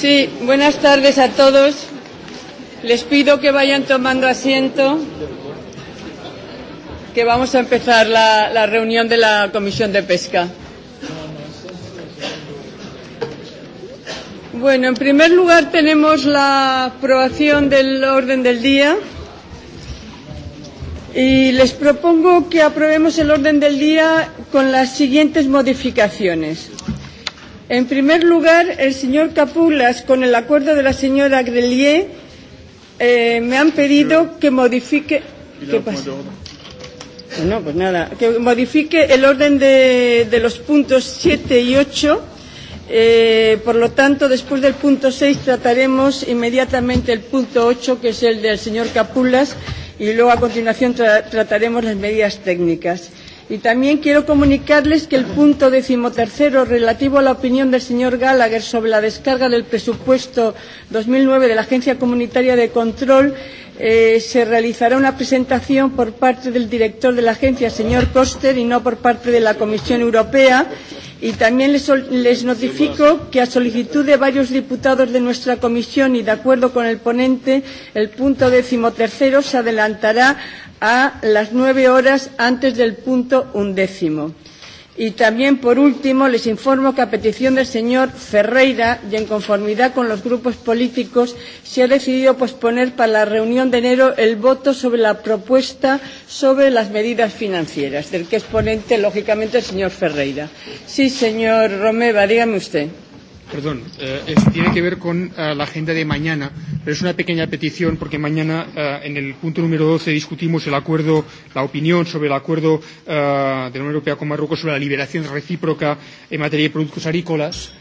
Sí, buenas tardes a todos. Les pido que vayan tomando asiento, que vamos a empezar la, la reunión de la Comisión de Pesca. Bueno, en primer lugar tenemos la aprobación del orden del día y les propongo que aprobemos el orden del día con las siguientes modificaciones. En primer lugar, el señor Capulas, con el acuerdo de la señora Grelier, eh, me han pedido que modifique. ¿Qué pasa? No, pues nada, que modifique el orden de, de los puntos 7 y 8. Eh, por lo tanto, después del punto 6 trataremos inmediatamente el punto 8, que es el del señor Capulas, y luego a continuación tra trataremos las medidas técnicas. Y también quiero comunicarles que el punto decimotercero relativo a la opinión del señor Gallagher sobre la descarga del presupuesto 2009 de la Agencia Comunitaria de Control eh, se realizará una presentación por parte del director de la agencia, señor Koster, y no por parte de la Comisión Europea. Y también les, les notifico que a solicitud de varios diputados de nuestra comisión y de acuerdo con el ponente, el punto decimotercero se adelantará a las nueve horas antes del punto undécimo. Y también, por último, les informo que a petición del señor Ferreira y en conformidad con los grupos políticos se ha decidido posponer para la reunión de enero el voto sobre la propuesta sobre las medidas financieras, del que es ponente, lógicamente, el señor Ferreira. Sí, señor Romeva, dígame usted. Perdón, eh, es, tiene que ver con eh, la agenda de mañana, pero es una pequeña petición porque mañana eh, en el punto número 12 discutimos el acuerdo, la opinión sobre el acuerdo eh, de la Unión Europea con Marruecos sobre la liberación recíproca en materia de productos agrícolas.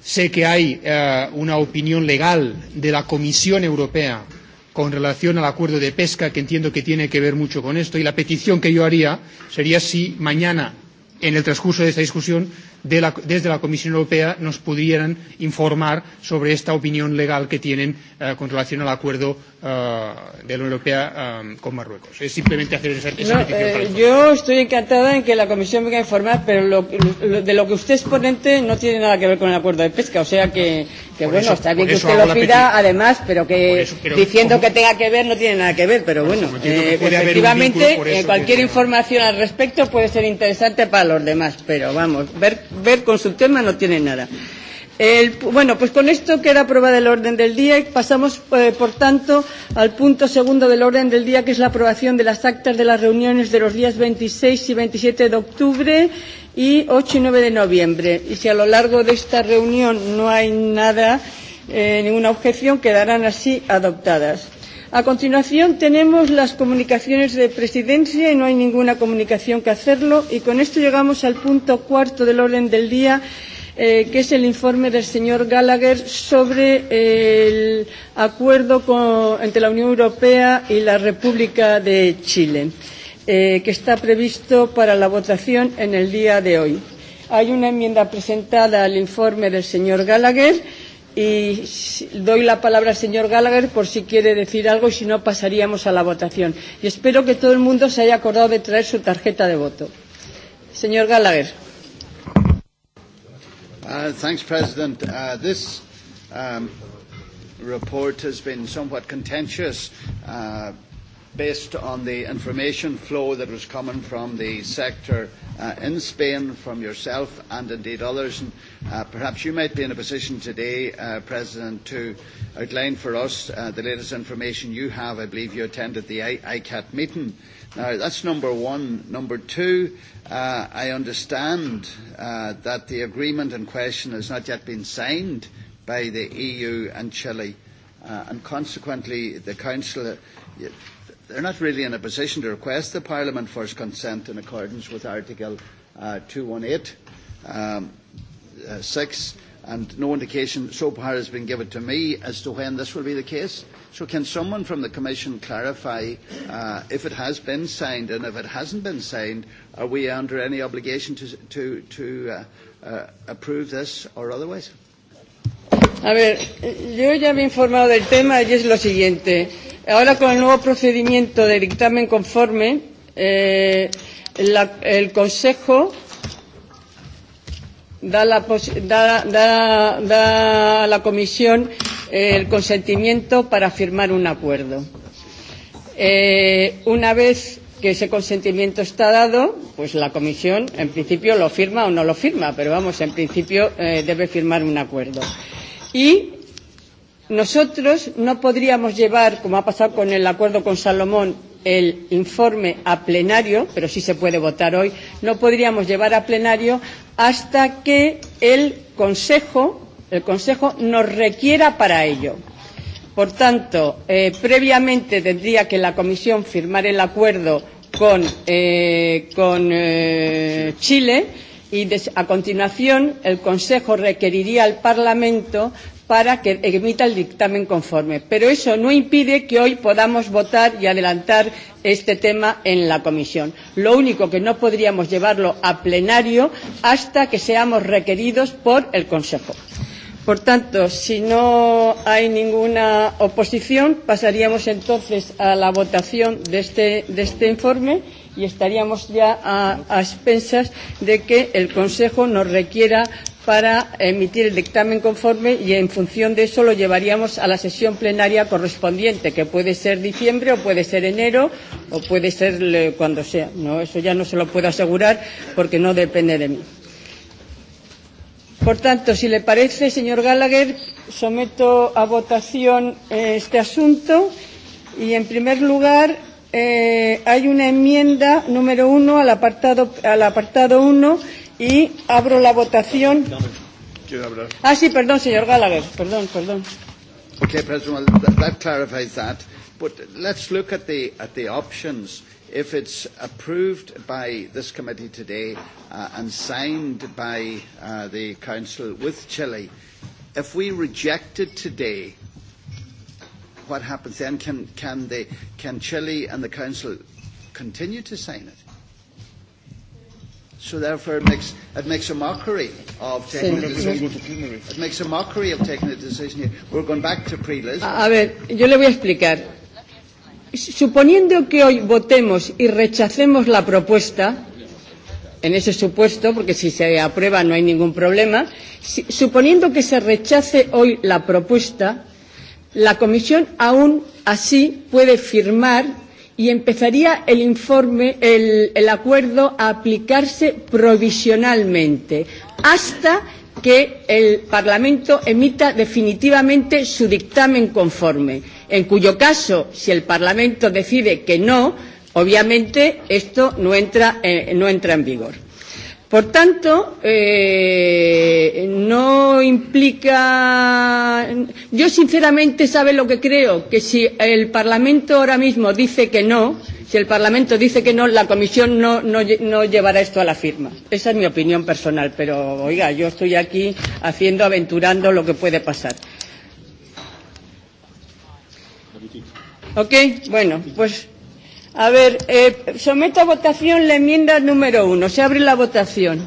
Sé que hay eh, una opinión legal de la Comisión Europea con relación al acuerdo de pesca, que entiendo que tiene que ver mucho con esto, y la petición que yo haría sería si mañana, en el transcurso de esta discusión, de la, desde la Comisión Europea nos pudieran informar sobre esta opinión legal que tienen uh, con relación al acuerdo uh, de la Unión Europea um, con Marruecos. Es simplemente hacer esa, esa no, eh, Yo estoy encantada en que la Comisión venga a informar, pero lo, lo, de lo que usted es ponente no tiene nada que ver con el acuerdo de pesca. O sea que, que bueno, eso, está bien que usted lo pida, además, pero que eso, pero, diciendo que tenga que ver no tiene nada que ver. Pero bueno, eh, efectivamente, eh, cualquier información al respecto puede ser interesante para los demás. Pero vamos, ver ver con su tema no tiene nada. El, bueno, pues con esto queda aprobada el orden del día y pasamos, eh, por tanto, al punto segundo del orden del día, que es la aprobación de las actas de las reuniones de los días 26 y 27 de octubre y 8 y 9 de noviembre. Y si a lo largo de esta reunión no hay nada, eh, ninguna objeción, quedarán así adoptadas. A continuación tenemos las comunicaciones de presidencia y no hay ninguna comunicación que hacerlo. Y con esto llegamos al punto cuarto del orden del día, eh, que es el informe del señor Gallagher sobre el acuerdo con, entre la Unión Europea y la República de Chile, eh, que está previsto para la votación en el día de hoy. Hay una enmienda presentada al informe del señor Gallagher y doy la palabra al señor Gallagher por si quiere decir algo y si no pasaríamos a la votación. Y espero que todo el mundo se haya acordado de traer su tarjeta de voto. Señor Gallagher. Uh, thanks, President. Uh, this um, report has been somewhat contentious. Uh, based on the information flow that was coming from the sector in Spain, from yourself and indeed others. perhaps you might be in a position today, President, to outline for us the latest information you have. I believe you attended the ICAT meeting. Now, that's number one. Number two, I understand that the agreement in question has not yet been signed by the EU and Chile, and consequently, the Council they're not really in a position to request the Parliament for its consent in accordance with Article uh, 218 um, uh, 6, and no indication so far has been given to me as to when this will be the case. So can someone from the Commission clarify uh, if it has been signed and if it hasn't been signed, are we under any obligation to, to, to uh, uh, approve this or otherwise? A ver, yo ya me he informado del tema y es lo siguiente. Ahora, con el nuevo procedimiento de dictamen conforme, eh, la, el Consejo da, la da, da, da a la Comisión el consentimiento para firmar un acuerdo. Eh, una vez que ese consentimiento está dado, pues la Comisión en principio lo firma o no lo firma, pero vamos, en principio eh, debe firmar un acuerdo. Y Nosotros no podríamos llevar, como ha pasado con el acuerdo con Salomón, el informe a plenario, pero sí se puede votar hoy, no podríamos llevar a plenario hasta que el Consejo, el Consejo nos requiera para ello. Por tanto, eh, previamente tendría que la Comisión firmar el acuerdo con, eh, con eh, Chile y a continuación el Consejo requeriría al Parlamento para que emita el dictamen conforme. Pero eso no impide que hoy podamos votar y adelantar este tema en la comisión. Lo único que no podríamos llevarlo a plenario hasta que seamos requeridos por el Consejo. Por tanto, si no hay ninguna oposición, pasaríamos entonces a la votación de este, de este informe y estaríamos ya a, a expensas de que el Consejo nos requiera para emitir el dictamen conforme y en función de eso lo llevaríamos a la sesión plenaria correspondiente, que puede ser diciembre o puede ser enero o puede ser cuando sea. No, eso ya no se lo puedo asegurar porque no depende de mí. Por tanto, si le parece, señor Gallagher, someto a votación eh, este asunto y, en primer lugar, eh, hay una enmienda número uno al apartado, al apartado uno y abro la votación. Ah, sí, perdón, señor Gallagher. Perdón, perdón. Okay, President, well, that, that clarifies that. But let's look at the, at the options. If it's approved by this committee today uh, and signed by uh, the Council with Chile, if we reject it today, what happens then? Can, can, the, can Chile and the Council continue to sign it? So therefore, it makes it makes a mockery of taking sí, a decision. It makes a mockery of taking a decision. Here. We're going back to pre-Lisbon. A ver, yo le voy a explicar. Suponiendo que hoy votemos y rechacemos la propuesta, en ese supuesto, porque si se aprueba no hay ningún problema, si, suponiendo que se rechace hoy la propuesta, la Comisión aún así puede firmar y empezaría el informe, el, el acuerdo a aplicarse provisionalmente hasta que el Parlamento emita definitivamente su dictamen conforme, en cuyo caso, si el Parlamento decide que no, obviamente esto no entra, eh, no entra en vigor. Por tanto, eh, no implica. Yo, sinceramente, ¿sabe lo que creo? Que si el Parlamento ahora mismo dice que no, si el Parlamento dice que no, la Comisión no, no, no llevará esto a la firma. Esa es mi opinión personal, pero oiga, yo estoy aquí haciendo, aventurando lo que puede pasar. Ok, bueno, pues A ver, eh, someto a votación la enmienda número uno. Se abre la votación.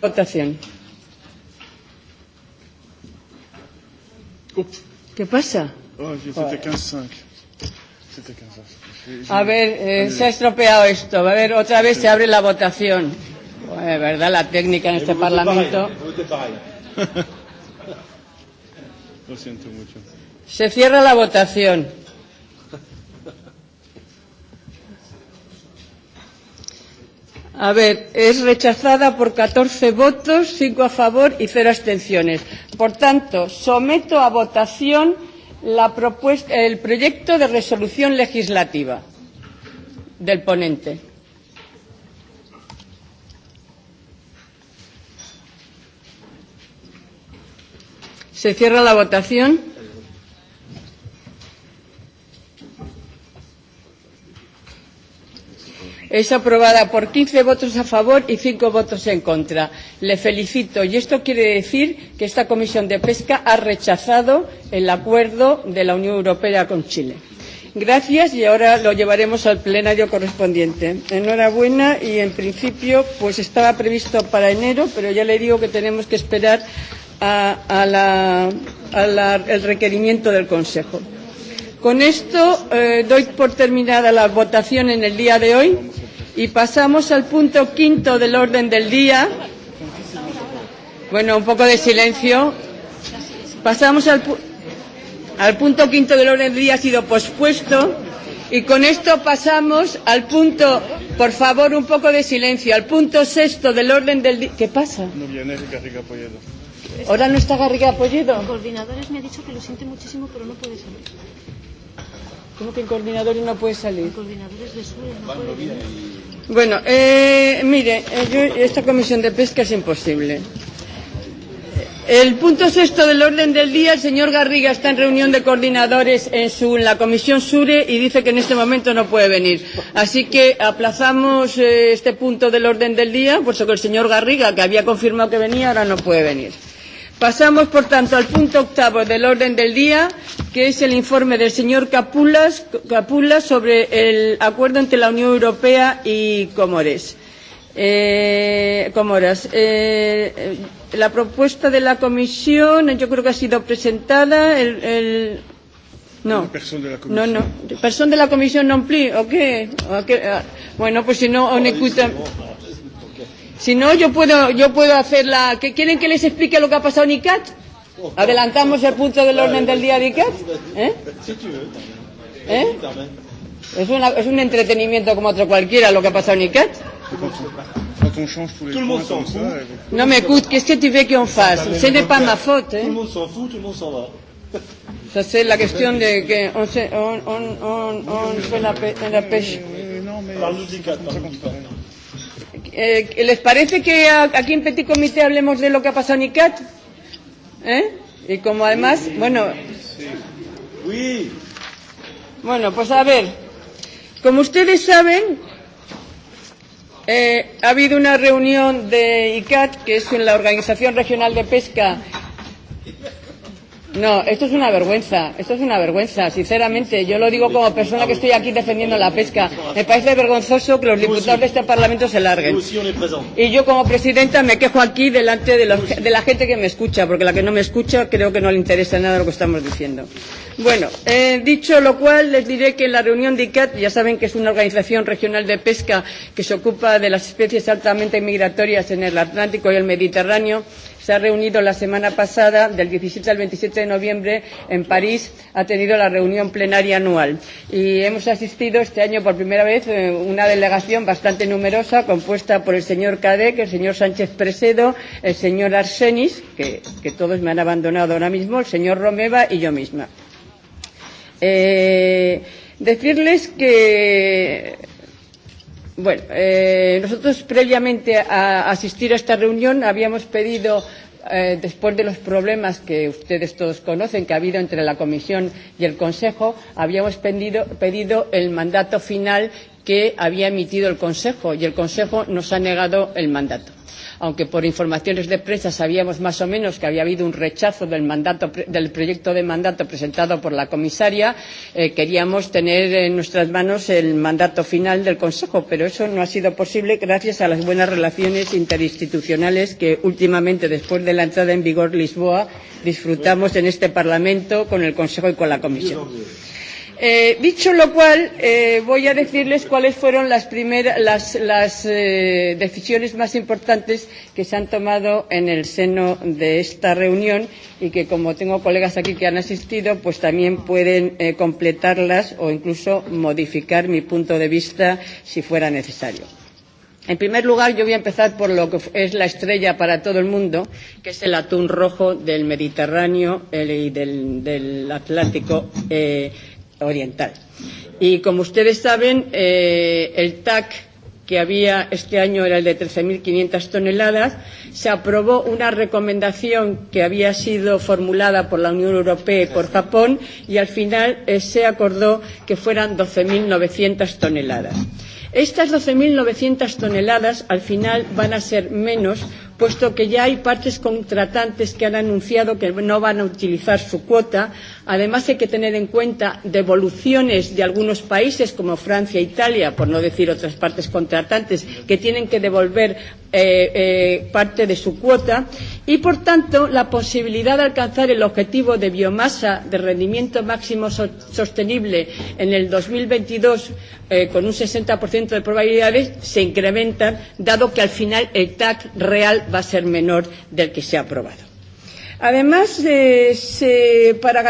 Votación. Ups. ¿Qué pasa? Oh, 15-5. 15-5. A ver, eh, se ha estropeado esto. A ver, otra vez se abre la votación. Bueno, verdad, la técnica en este Parlamento. Lo siento mucho. Se cierra la votación. A ver, es rechazada por 14 votos, 5 a favor y 0 abstenciones. Por tanto, someto a votación la propuesta, el proyecto de resolución legislativa del ponente. Se cierra la votación. Es aprobada por 15 votos a favor y 5 votos en contra. Le felicito. Y esto quiere decir que esta Comisión de Pesca ha rechazado el acuerdo de la Unión Europea con Chile. Gracias y ahora lo llevaremos al plenario correspondiente. Enhorabuena y en principio pues estaba previsto para enero, pero ya le digo que tenemos que esperar a, a la, a la, el requerimiento del Consejo. Con esto eh, doy por terminada la votación en el día de hoy y pasamos al punto quinto del orden del día. Bueno, un poco de silencio. Pasamos al, pu al punto quinto del orden del día, ha sido pospuesto. Y con esto pasamos al punto, por favor, un poco de silencio, al punto sexto del orden del día. ¿Qué pasa? No viene, que apoyado. ¿Ahora no está Garriga Apollido? El coordinadores me ha dicho que lo siente muchísimo, pero no puede salir. ¿Cómo que el coordinador no puede salir? En coordinadores de sur no puede Bueno, eh, mire, yo, esta comisión de pesca es imposible. El punto sexto del orden del día, el señor Garriga está en reunión de coordinadores en, su, en la Comisión SURE y dice que en este momento no puede venir. Así que aplazamos eh, este punto del orden del día, puesto que el señor Garriga, que había confirmado que venía, ahora no puede venir. Pasamos, por tanto, al punto octavo del orden del día, que es el informe del señor Capula sobre el acuerdo entre la Unión Europea y Comores. Eh, Comoras. Eh, la propuesta de la comisión, yo creo que ha sido presentada. El, el, No. No, no. Personne de la commission non plus, ok. okay. Bueno, pues si no, on Si no, yo puedo, yo puedo hacer la... ¿Qué quieren que les explique lo que ha pasado en ICAT? ¿Adelantamos el punto del orden del día de ICAT? ¿Eh? ¿Eh? Es, una, es un entretenimiento como otro cualquiera lo que ha pasado en ICAT. Quand on change tous les tout le monde s'en fout. Non mais écoute, qu'est-ce que on veux qu'on fasse Ce n'est pas ma faute. Hein. Tout le monde s'en fout, tout le monde s'en va. Ça c'est la question de que on, se, on, on, on, on fait la, la pêche. Non mais. Parle-nous d'ICAT, parle-nous d'ICAT eh, ¿les parece que a, aquí en Petit Comité hablemos de lo que ha pasado en ICAT? ¿Eh? Y como además, bueno... Sí. Bueno, pues a ver, como ustedes saben, eh, ha habido una reunión de ICAT, que es en la Organización Regional de Pesca No, esto es una vergüenza, esto es una vergüenza, sinceramente. Yo lo digo como persona que estoy aquí defendiendo la pesca. Me parece vergonzoso que los diputados de este Parlamento se larguen. Y yo como presidenta me quejo aquí delante de, los, de la gente que me escucha, porque la que no me escucha creo que no le interesa nada lo que estamos diciendo. Bueno, eh, dicho lo cual, les diré que en la reunión de ICAT, ya saben que es una organización regional de pesca que se ocupa de las especies altamente migratorias en el Atlántico y el Mediterráneo, se ha reunido la semana pasada, del 17 al 27 de noviembre, en París, ha tenido la reunión plenaria anual. Y hemos asistido este año por primera vez eh, una delegación bastante numerosa, compuesta por el señor Cadec, el señor Sánchez Presedo, el señor Arsenis, que, que todos me han abandonado ahora mismo, el señor Romeva y yo misma. Eh, decirles que Bueno, eh, nosotros previamente a asistir a esta reunión habíamos pedido eh, después de los problemas que ustedes todos conocen que ha habido entre la Comisión y el Consejo, habíamos pedido, pedido el mandato final que había emitido el Consejo y el Consejo nos ha negado el mandato aunque por informaciones de prensa sabíamos más o menos que había habido un rechazo del, mandato, del proyecto de mandato presentado por la comisaria, eh, queríamos tener en nuestras manos el mandato final del Consejo, pero eso no ha sido posible gracias a las buenas relaciones interinstitucionales que últimamente, después de la entrada en vigor Lisboa, disfrutamos en este Parlamento con el Consejo y con la Comisión. Eh, dicho lo cual, eh, voy a decirles cuáles fueron las, primeras, las, las eh, decisiones más importantes que se han tomado en el seno de esta reunión y que, como tengo colegas aquí que han asistido, pues también pueden eh, completarlas o incluso modificar mi punto de vista si fuera necesario. En primer lugar, yo voy a empezar por lo que es la estrella para todo el mundo, que es el atún rojo del Mediterráneo y del, del Atlántico. Eh, oriental. Y como ustedes saben, eh, el TAC que había este año era el de 13.500 toneladas, se aprobó una recomendación que había sido formulada por la Unión Europea y por Japón y al final eh, se acordó que fueran 12.900 toneladas. Estas 12.900 toneladas al final van a ser menos puesto que ya hay partes contratantes que han anunciado que no van a utilizar su cuota. Además, hay que tener en cuenta devoluciones de algunos países, como Francia e Italia, por no decir otras partes contratantes, que tienen que devolver eh, eh, parte de su cuota y, por tanto, la posibilidad de alcanzar el objetivo de biomasa de rendimiento máximo so sostenible en el 2022 eh, con un 60% de probabilidades se incrementa, dado que al final el TAC real va a ser menor del que se ha aprobado. Además, eh, se, para,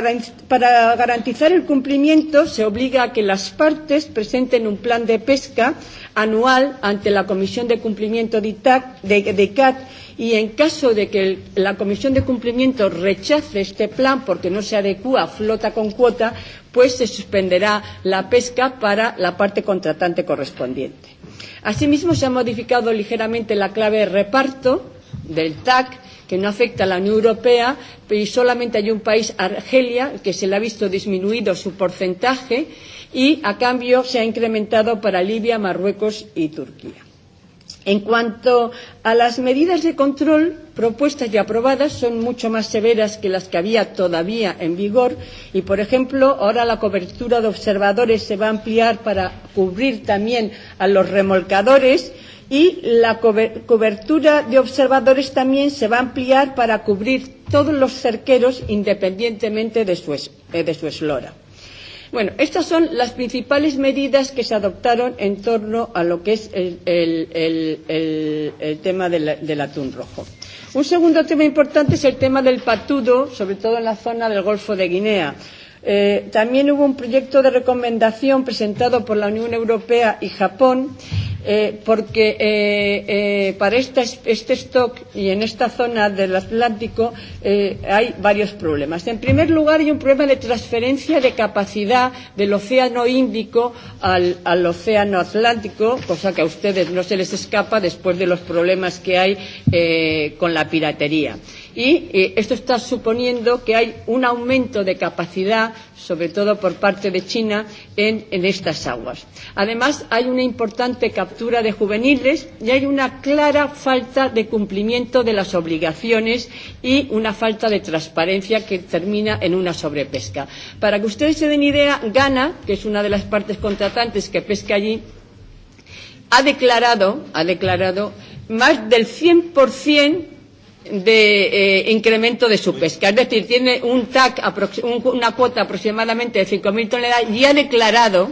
para garantizar el cumplimiento, se obliga a que las partes presenten un plan de pesca anual ante la Comisión de Cumplimiento de, ITAC, de, de CAT y en caso de que el, la Comisión de Cumplimiento rechace este plan porque no se adecúa a flota con cuota, pues se suspenderá la pesca para la parte contratante correspondiente. Asimismo, se ha modificado ligeramente la clave de reparto del TAC, que no afecta a la Unión Europea, y solamente hay un país, Argelia, que se le ha visto disminuido su porcentaje y, a cambio, se ha incrementado para Libia, Marruecos y Turquía. En cuanto a las medidas de control propuestas y aprobadas, son mucho más severas que las que había todavía en vigor y, por ejemplo, ahora la cobertura de observadores se va a ampliar para cubrir también a los remolcadores y la cobertura de observadores también se va a ampliar para cubrir todos los cerqueros independientemente de su, de su eslora. Bueno, estas son las principales medidas que se adoptaron en torno a lo que es el, el, el, el, el tema del, del atún rojo. Un segundo tema importante es el tema del patudo, sobre todo en la zona del Golfo de Guinea Eh, también hubo un proyecto de recomendación presentado por la Unión Europea y Japón, eh, porque eh, eh, para esta, este stock y en esta zona del Atlántico eh, hay varios problemas. En primer lugar, hay un problema de transferencia de capacidad del Océano Índico al, al Océano Atlántico, cosa que a ustedes no se les escapa después de los problemas que hay eh, con la piratería y eh, esto está suponiendo que hay un aumento de capacidad, sobre todo por parte de China, en, en estas aguas. Además, hay una importante captura de juveniles y hay una clara falta de cumplimiento de las obligaciones y una falta de transparencia que termina en una sobrepesca. Para que ustedes se den idea, Ghana, que es una de las partes contratantes que pesca allí, ha declarado, ha declarado más del 100% de eh, incremento de su pesca. Es decir, tiene un TAC, un, una cuota aproximadamente de 5.000 toneladas y ha declarado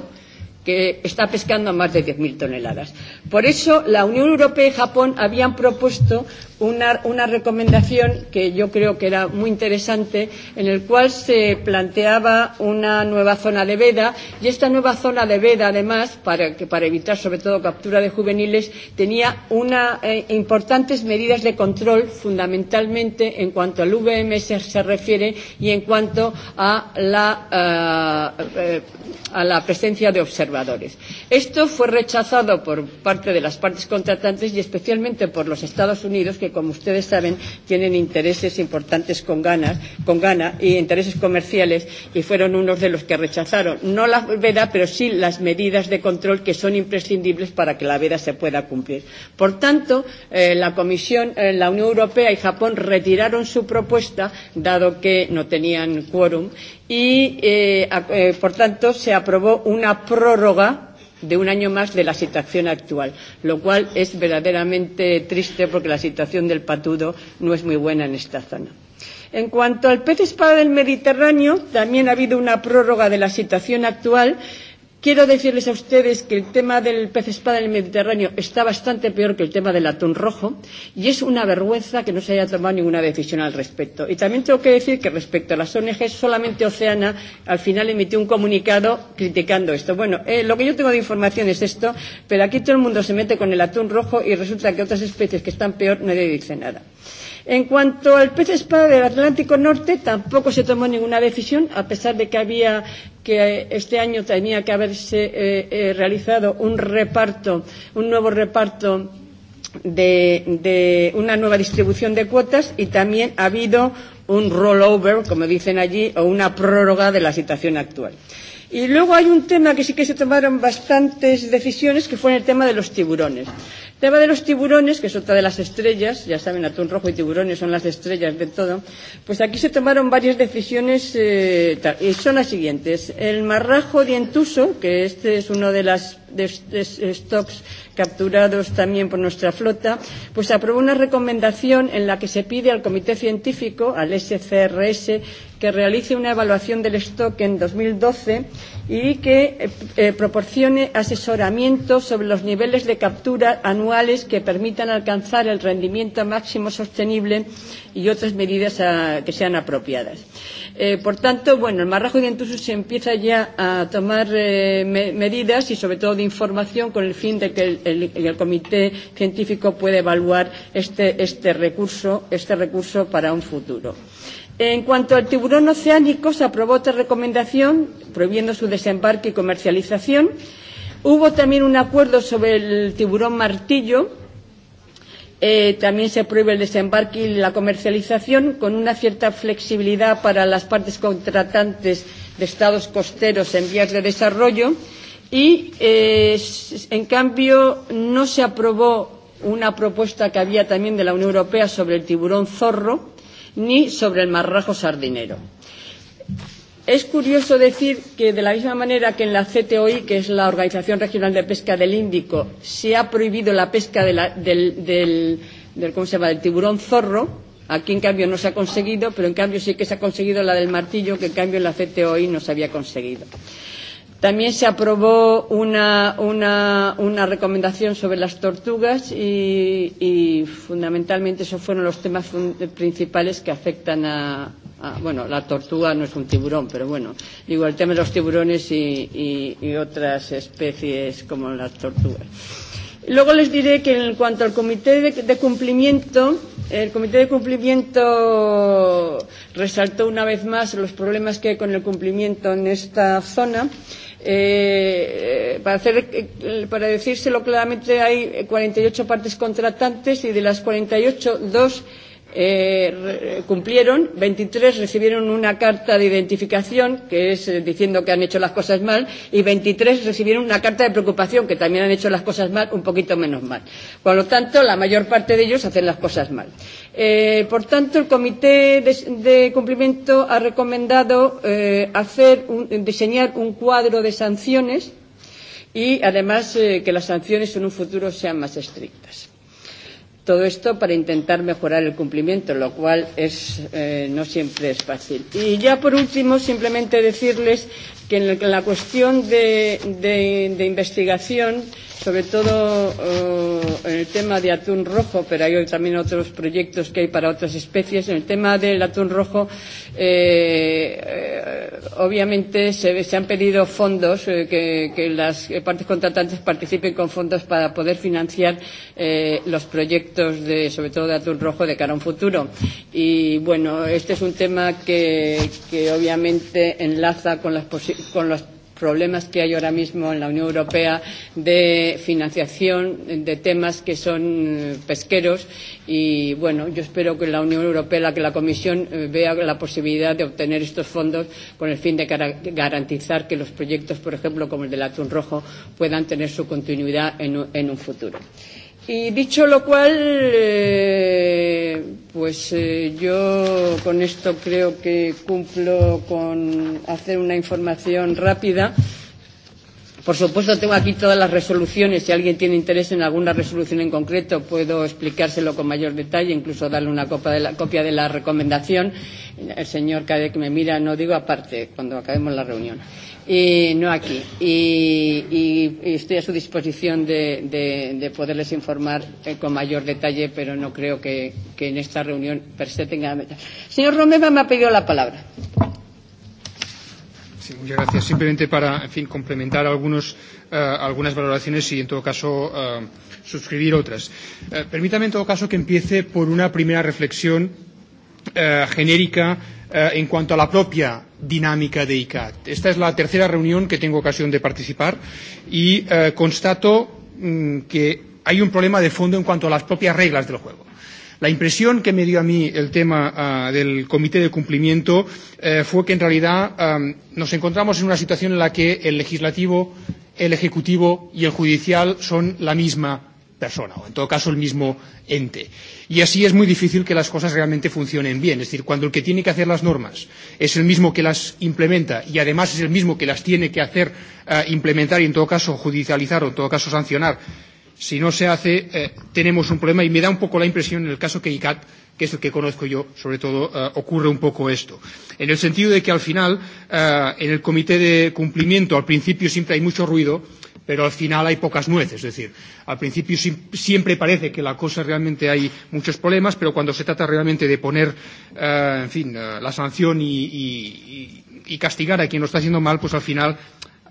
que está pescando a más de 10.000 toneladas. Por eso la Unión Europea y Japón habían propuesto una, una recomendación que yo creo que era muy interesante, en el cual se planteaba una nueva zona de veda y esta nueva zona de veda, además, para, que, para evitar sobre todo captura de juveniles, tenía una, eh, importantes medidas de control, fundamentalmente en cuanto al VM se, refiere y en cuanto a la, eh, a la presencia de observadores. Esto fue rechazado por parte de las partes contratantes y especialmente por los Estados Unidos, que como ustedes saben, tienen intereses importantes con Ghana, con Ghana y intereses comerciales y fueron unos de los que rechazaron no la veda, pero sí las medidas de control que son imprescindibles para que la veda se pueda cumplir. Por tanto, eh, la Comisión, eh, la Unión Europea y Japón retiraron su propuesta, dado que no tenían quórum, y, eh, eh, por tanto, se aprobó una prórroga de un año más de la situación actual, lo cual es verdaderamente triste porque la situación del patudo no es muy buena en esta zona. En cuanto al pez espada del Mediterráneo, también ha habido una prórroga de la situación actual Quiero decirles a ustedes que el tema del pez espada en el Mediterráneo está bastante peor que el tema del atún rojo y es una vergüenza que no se haya tomado ninguna decisión al respecto. Y también tengo que decir que respecto a las ONG, solamente Oceana al final emitió un comunicado criticando esto. Bueno, eh, lo que yo tengo de información es esto, pero aquí todo el mundo se mete con el atún rojo y resulta que otras especies que están peor nadie dice nada. En cuanto al pez espada del Atlántico Norte, tampoco se tomó ninguna decisión, a pesar de que había que este año tenía que haberse eh, eh, realizado un reparto, un nuevo reparto de, de una nueva distribución de cuotas y también ha habido un rollover, como dicen allí, o una prórroga de la situación actual. Y luego hay un tema que sí que se tomaron bastantes decisiones, que fue en el tema de los tiburones tema de los tiburones, que es otra de las estrellas, ya saben, atún rojo y tiburones son las estrellas de todo, pues aquí se tomaron varias decisiones eh, y son las siguientes. El marrajo dientuso, que este es uno de las de, de stocks capturados también por nuestra flota, pues aprobó una recomendación en la que se pide al Comité Científico, al SCRS, que realice una evaluación del stock en 2012 y que eh, proporcione asesoramiento sobre los niveles de captura anual anuales que permitan alcanzar el rendimiento máximo sostenible y otras medidas a, que sean apropiadas. Eh, por tanto, bueno, el marrajo de Entusus se empieza ya a tomar eh, me medidas y sobre todo de información con el fin de que el, el, el comité científico pueda evaluar este, este, recurso, este recurso para un futuro. En cuanto al tiburón oceánico, se aprobó otra recomendación prohibiendo su desembarque y comercialización. Hubo también un acuerdo sobre el tiburón martillo. Eh, también se prohíbe el desembarque y la comercialización con una cierta flexibilidad para las partes contratantes de estados costeros en vías de desarrollo y, eh, en cambio, no se aprobó una propuesta que había también de la Unión Europea sobre el tiburón zorro ni sobre el marrajo sardinero. Es curioso decir que de la misma manera que en la CTOI, que es la Organización Regional de Pesca del Índico, se ha prohibido la pesca de la, del, del, del, ¿cómo se llama? del tiburón zorro, aquí en cambio no se ha conseguido, pero en cambio sí que se ha conseguido la del martillo, que en cambio en la CTOI no se había conseguido. También se aprobó una, una, una recomendación sobre las tortugas y, y fundamentalmente esos fueron los temas principales que afectan a, Ah, bueno, la tortuga no es un tiburón, pero bueno. Digo, el tema de los tiburones y, y, y otras especies como las tortugas. Luego les diré que en cuanto al comité de, de cumplimiento, el comité de cumplimiento resaltó una vez más los problemas que hay con el cumplimiento en esta zona. Eh, para, hacer, para decírselo claramente, hay 48 partes contratantes y de las 48, dos eh, cumplieron, 23 recibieron una carta de identificación, que es eh, diciendo que han hecho las cosas mal, y 23 recibieron una carta de preocupación, que también han hecho las cosas mal, un poquito menos mal. Por lo tanto, la mayor parte de ellos hacen las cosas mal. Eh, por tanto, el Comité de, de Cumplimiento ha recomendado eh, hacer un, diseñar un cuadro de sanciones y, además, eh, que las sanciones en un futuro sean más estrictas. Todo esto para intentar mejorar el cumplimiento, lo cual es, eh, no siempre es fácil. Y ya por último, simplemente decirles que en la cuestión de, de, de investigación, sobre todo uh, en el tema de atún rojo, pero hay también otros proyectos que hay para otras especies, en el tema del atún rojo, eh, obviamente se, se han pedido fondos, eh, que, que las partes contratantes participen con fondos para poder financiar eh, los proyectos, de, sobre todo de atún rojo, de cara a un futuro. Y bueno, este es un tema que, que obviamente enlaza con las posibilidades con los problemas que hay ahora mismo en la Unión Europea de financiación de temas que son pesqueros y bueno, yo espero que la Unión Europea, que la Comisión vea la posibilidad de obtener estos fondos con el fin de garantizar que los proyectos, por ejemplo, como el del atún rojo, puedan tener su continuidad en, en un futuro. Y dicho lo cual, eh, pues eh, yo con esto creo que cumplo con hacer una información rápida. Por supuesto, tengo aquí todas las resoluciones. Si alguien tiene interés en alguna resolución en concreto, puedo explicárselo con mayor detalle, incluso darle una copia de la, copia de la recomendación. El señor Cadec me mira, no digo aparte, cuando acabemos la reunión y no aquí. Y, y, y estoy a su disposición de, de, de poderles informar con mayor detalle, pero no creo que, que en esta reunión per se tenga. Señor Romeva me ha pedido la palabra. Sí, muchas gracias. Simplemente para, en fin, complementar algunos, eh, algunas valoraciones y, en todo caso, eh, suscribir otras. Eh, permítame, en todo caso, que empiece por una primera reflexión eh, genérica eh, en cuanto a la propia dinámica de ICAT. Esta es la tercera reunión que tengo ocasión de participar y eh, constato mmm, que hay un problema de fondo en cuanto a las propias reglas del juego. La impresión que me dio a mí el tema uh, del comité de cumplimiento eh, fue que en realidad um, nos encontramos en una situación en la que el legislativo, el ejecutivo y el judicial son la misma persona o en todo caso el mismo ente. Y así es muy difícil que las cosas realmente funcionen bien. Es decir, cuando el que tiene que hacer las normas es el mismo que las implementa y además es el mismo que las tiene que hacer eh, implementar y en todo caso judicializar o en todo caso sancionar, si no se hace eh, tenemos un problema y me da un poco la impresión en el caso que ICAT que es el que conozco yo, sobre todo uh, ocurre un poco esto. En el sentido de que al final, uh, en el comité de cumplimiento, al principio siempre hay mucho ruido, pero al final hay pocas nueces. Es decir, al principio siempre parece que la cosa realmente hay muchos problemas, pero cuando se trata realmente de poner, eh, en fin, eh, la sanción y, y, y castigar a quien lo está haciendo mal, pues al final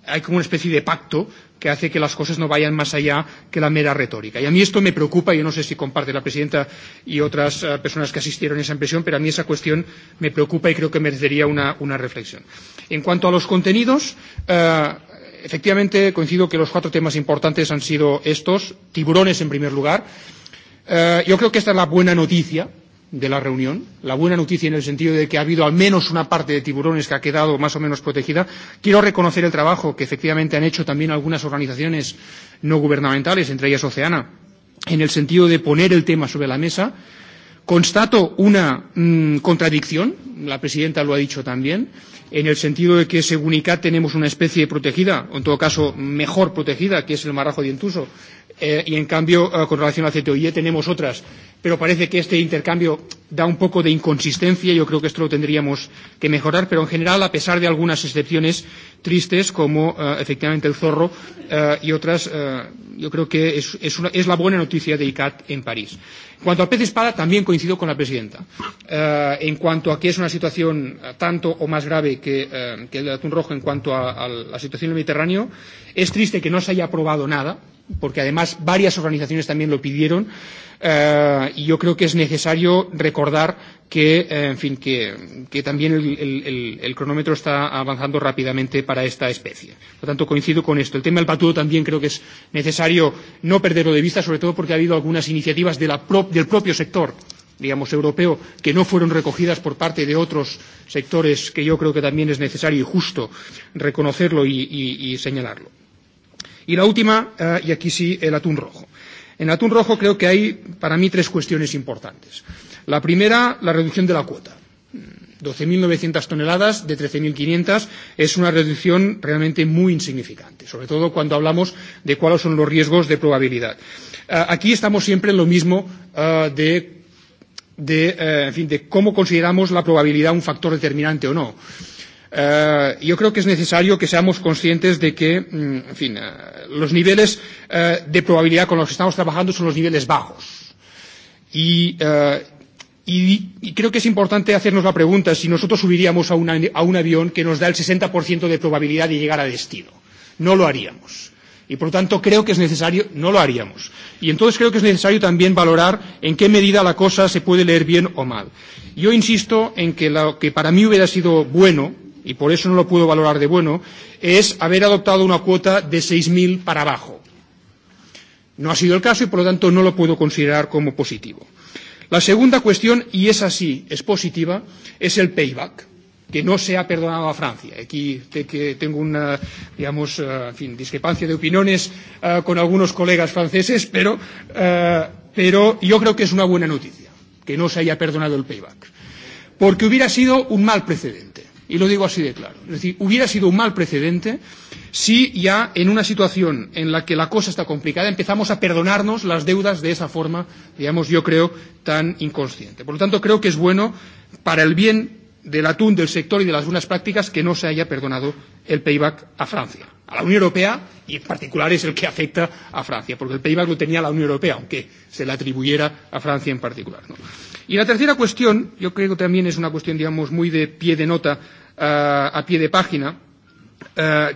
hay como una especie de pacto que hace que las cosas no vayan más allá que la mera retórica. Y a mí esto me preocupa, yo no sé si comparte la presidenta y otras uh, personas que asistieron a esa impresión, pero a mí esa cuestión me preocupa y creo que merecería una, una reflexión. En cuanto a los contenidos, uh, efectivamente, coincido que los cuatro temas importantes han sido estos. Tiburones, en primer lugar. Eh, yo creo que esta es la buena noticia de la reunión. La buena noticia en el sentido de que ha habido al menos una parte de tiburones que ha quedado más o menos protegida. Quiero reconocer el trabajo que efectivamente han hecho también algunas organizaciones no gubernamentales, entre ellas Oceana, en el sentido de poner el tema sobre la mesa Constato una mmm, contradicción, la presidenta lo ha dicho también, en el sentido de que según ICAT tenemos una especie protegida, o en todo caso mejor protegida, que es el marrajo dientuso, eh, y en cambio eh, con relación al CTOIE tenemos otras. Pero parece que este intercambio da un poco de inconsistencia. Yo creo que esto lo tendríamos que mejorar. Pero en general, a pesar de algunas excepciones tristes, como eh, efectivamente el zorro eh, y otras, eh, yo creo que es, es, una, es la buena noticia de ICAT en París. En cuanto al pez espada, también coincido con la presidenta. Eh, en cuanto a que es una situación tanto o más grave que, eh, que el atún rojo en cuanto a, a la situación en el Mediterráneo, es triste que no se haya aprobado nada porque además varias organizaciones también lo pidieron, eh, y yo creo que es necesario recordar que, eh, en fin, que, que también el, el, el, el cronómetro está avanzando rápidamente para esta especie. Por lo tanto, coincido con esto. El tema del patudo también creo que es necesario no perderlo de vista, sobre todo porque ha habido algunas iniciativas de la pro, del propio sector digamos, europeo, que no fueron recogidas por parte de otros sectores que yo creo que también es necesario y justo reconocerlo y, y, y señalarlo. Y la última, eh, y aquí sí, el atún rojo. En el atún rojo creo que hay para mí tres cuestiones importantes. La primera, la reducción de la cuota. 12.900 toneladas de 13.500 es una reducción realmente muy insignificante, sobre todo cuando hablamos de cuáles son los riesgos de probabilidad. Eh, aquí estamos siempre en lo mismo eh, de, de, eh, en fin, de cómo consideramos la probabilidad un factor determinante o no. Eh, Eh, yo creo que es necesario que seamos conscientes de que, en fin, eh, los niveles eh, de probabilidad con los que estamos trabajando son los niveles bajos. Y, eh, y, y creo que es importante hacernos la pregunta si nosotros subiríamos a, una, a un avión que nos da el 60% de probabilidad de llegar a destino. No lo haríamos. Y por lo tanto creo que es necesario, no lo haríamos. Y entonces creo que es necesario también valorar en qué medida la cosa se puede leer bien o mal. Yo insisto en que lo que para mí hubiera sido bueno y por eso no lo puedo valorar de bueno, es haber adoptado una cuota de 6.000 para abajo. No ha sido el caso y, por lo tanto, no lo puedo considerar como positivo. La segunda cuestión, y es así, es positiva, es el payback, que no se ha perdonado a Francia. Aquí tengo una, digamos, en fin, discrepancia de opiniones con algunos colegas franceses, pero, pero yo creo que es una buena noticia que no se haya perdonado el payback, porque hubiera sido un mal precedente Y lo digo así de claro. Es decir, hubiera sido un mal precedente si ya en una situación en la que la cosa está complicada empezamos a perdonarnos las deudas de esa forma, digamos, yo creo, tan inconsciente. Por lo tanto, creo que es bueno para el bien del atún, del sector y de las buenas prácticas que no se haya perdonado el payback a Francia, a la Unión Europea y en particular es el que afecta a Francia, porque el payback lo tenía la Unión Europea, aunque se le atribuyera a Francia en particular. ¿no? Y la tercera cuestión, yo creo que también es una cuestión, digamos, muy de pie de nota a pie de página,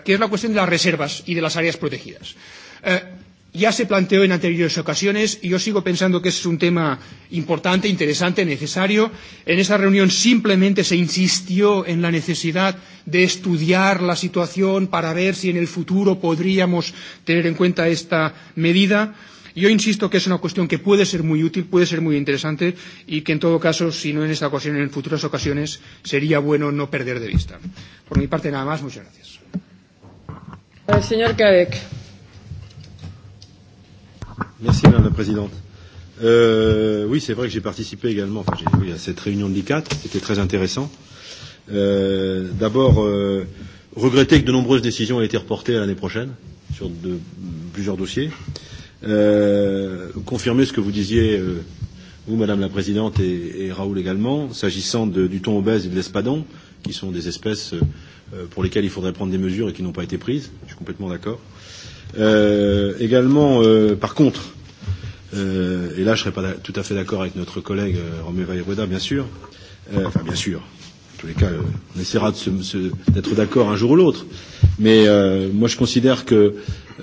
que es la cuestión de las reservas y de las áreas protegidas. ya se planteó en anteriores ocasiones y yo sigo pensando que es un tema importante, interesante, necesario. En esa reunión simplemente se insistió en la necesidad de estudiar la situación para ver si en el futuro podríamos tener en cuenta esta medida. Eh, Yo insisto que es una cuestión que puede ser muy útil, puede ser muy interesante y que en todo caso, si no en esta ocasión, en futuras ocasiones, sería bueno no perder de vista. Por mi parte, nada más. Muchas gracias. El señor Cadec. Merci, Madame la Présidente. Euh, oui, c'est vrai que j'ai participé également enfin, oui, à cette réunion de l'ICAT. C'était très intéressant. Euh, D'abord, euh, regretter que de nombreuses décisions aient été reportées à l'année prochaine sur de, plusieurs dossiers. Euh, euh, confirmer ce que vous disiez, euh, vous, Madame la Présidente, et, et Raoul également, s'agissant du thon obèse et de l'espadon, qui sont des espèces euh, pour lesquelles il faudrait prendre des mesures et qui n'ont pas été prises. Je suis complètement d'accord. Euh, également, euh, par contre, euh, et là je ne serais pas tout à fait d'accord avec notre collègue euh, Romé Vailleboda, bien sûr, euh, enfin bien sûr, en tous les cas, euh, on essaiera d'être d'accord un jour ou l'autre, mais euh, moi je considère que euh,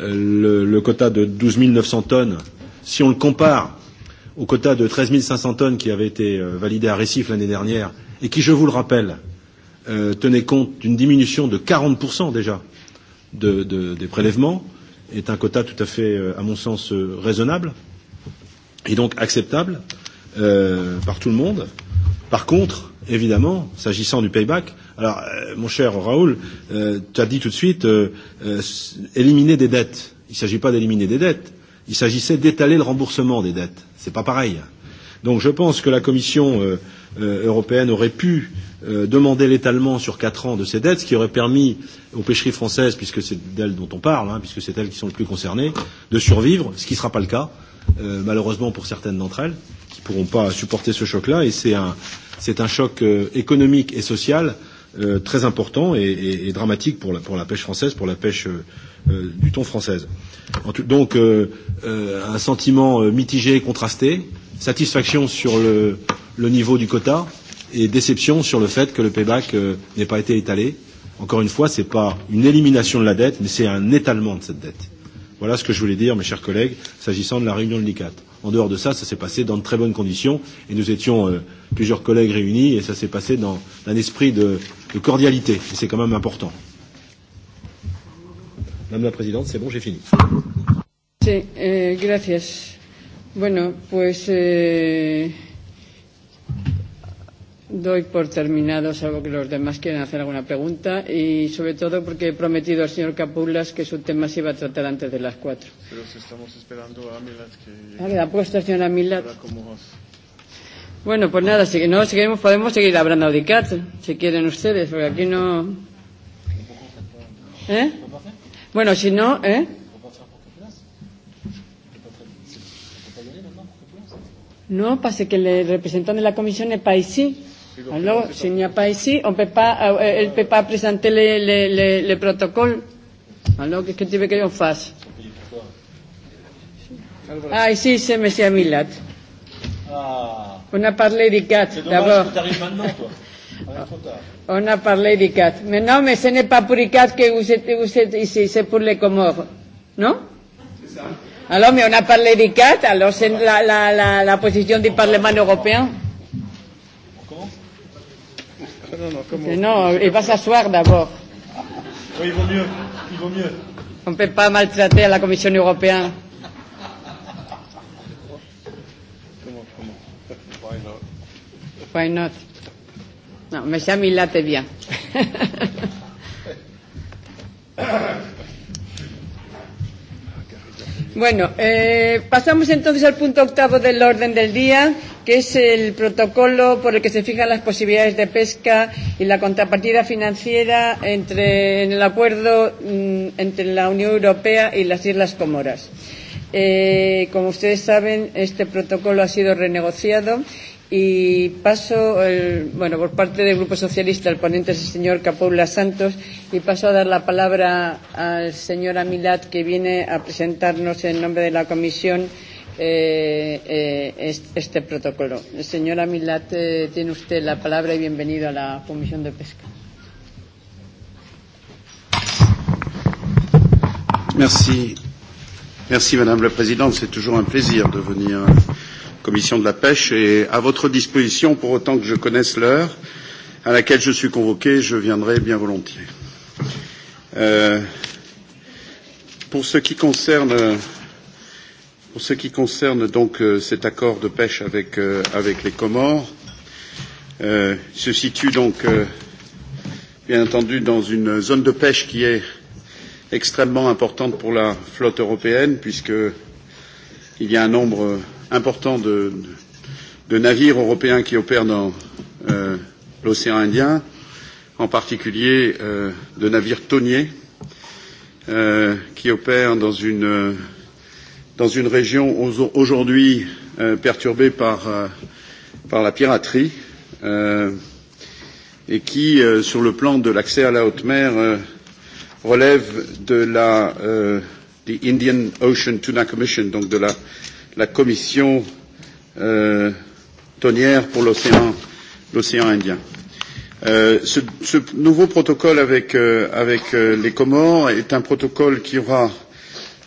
le, le quota de 12 900 tonnes, si on le compare au quota de 13 500 tonnes qui avait été validé à Récif l'année dernière et qui, je vous le rappelle, euh, tenait compte d'une diminution de 40% déjà de, de, des prélèvements, est un quota tout à fait, à mon sens, raisonnable et donc acceptable euh, par tout le monde. Par contre, évidemment, s'agissant du payback, Alors, mon cher Raoul, euh, tu as dit tout de suite euh, euh, éliminer des dettes. Il ne s'agit pas d'éliminer des dettes. Il s'agissait d'étaler le remboursement des dettes. Ce n'est pas pareil. Donc, je pense que la Commission euh, euh, européenne aurait pu euh, demander l'étalement sur quatre ans de ces dettes, ce qui aurait permis aux pêcheries françaises, puisque c'est d'elles dont on parle, hein, puisque c'est elles qui sont le plus concernées, de survivre, ce qui ne sera pas le cas, euh, malheureusement pour certaines d'entre elles, qui ne pourront pas supporter ce choc-là. Et c'est un, un choc euh, économique et social euh, euh, très important et, et, et dramatique pour la, pour la pêche française, pour la pêche euh, du thon française. En tout, donc euh, euh, un sentiment euh, mitigé et contrasté, satisfaction sur le, le niveau du quota et déception sur le fait que le payback euh, n'ait pas été étalé. Encore une fois, ce n'est pas une élimination de la dette, mais c'est un étalement de cette dette. Voilà ce que je voulais dire, mes chers collègues, s'agissant de la réunion de l'ICAT. En dehors de ça, ça s'est passé dans de très bonnes conditions et nous étions euh, plusieurs collègues réunis et ça s'est passé dans un esprit de, de cordialité et c'est quand même important. Madame la Présidente, c'est bon, j'ai fini. Sí, eh, gracias. Bueno, pues eh, Doy por terminado, salvo que los demás quieran hacer alguna pregunta, y sobre todo porque he prometido al señor Capulas que su tema se iba a tratar antes de las cuatro. Pero si estamos esperando a Milat que... Ah, queda señora Milat. Bueno, pues nada, si no, si queremos podemos seguir hablando de ICAT, si quieren ustedes, porque aquí no... ¿Eh? Bueno, si no, ¿eh? ¿no? pase que le representan de la comisión de país sí. Alors, s'il n'y a pas ici, on peut pas, euh, elle ne peut pas présenter les, les, les, les protocoles. Alors, qu'est-ce que tu veux que l'on fasse Ah, ici, c'est M. Amilat. Ah. On a parlé du quatre d'abord. On a parlé des 4. Mais non, mais ce n'est pas pour les quatre que vous êtes, vous êtes ici, c'est pour les Comores. Non C'est ça. Alors, mais on a parlé des quatre, alors c'est la, la, la, la position du Parlement européen non, non, comment Non, il va s'asseoir d'abord. Oui, il vaut mieux. Il vaut mieux. On ne peut pas maltraiter à la Commission européenne. Comment, comment Why not Why not Non, mais Sam, il l'a bien. Bueno, eh, pasamos entonces al punto octavo del orden del día, que es el protocolo por el que se fijan las posibilidades de pesca y la contrapartida financiera entre, en el acuerdo mm, entre la Unión Europea y las Islas Comoras. Eh, como ustedes saben, este protocolo ha sido renegociado Y paso, el, bueno, por parte del Grupo Socialista, el ponente es el señor Capoula Santos, y paso a dar la palabra al señor Amilat, que viene a presentarnos en nombre de la Comisión eh, eh, este protocolo. Señora Milat, eh, tiene usted la palabra y bienvenido a la Comisión de Pesca. Merci. Merci, Madame la Présidente. C'est toujours un plaisir de venir commission de la pêche est à votre disposition pour autant que je connaisse l'heure à laquelle je suis convoqué, je viendrai bien volontiers. Euh, pour ce qui concerne pour ce qui concerne donc euh, cet accord de pêche avec, euh, avec les Comores, euh, se situe donc euh, bien entendu dans une zone de pêche qui est extrêmement importante pour la flotte européenne puisque il y a un nombre important de, de navires européens qui opèrent dans euh, l'océan Indien, en particulier euh, de navires tonniers euh, qui opèrent dans une, dans une région aujourd'hui euh, perturbée par, euh, par la piraterie euh, et qui, euh, sur le plan de l'accès à la haute mer, euh, relève de la euh, the Indian Ocean Tuna Commission, donc de la la commission euh, tonnière pour l'océan, Indien. Euh, ce, ce nouveau protocole avec, euh, avec euh, les Comores est un protocole qui aura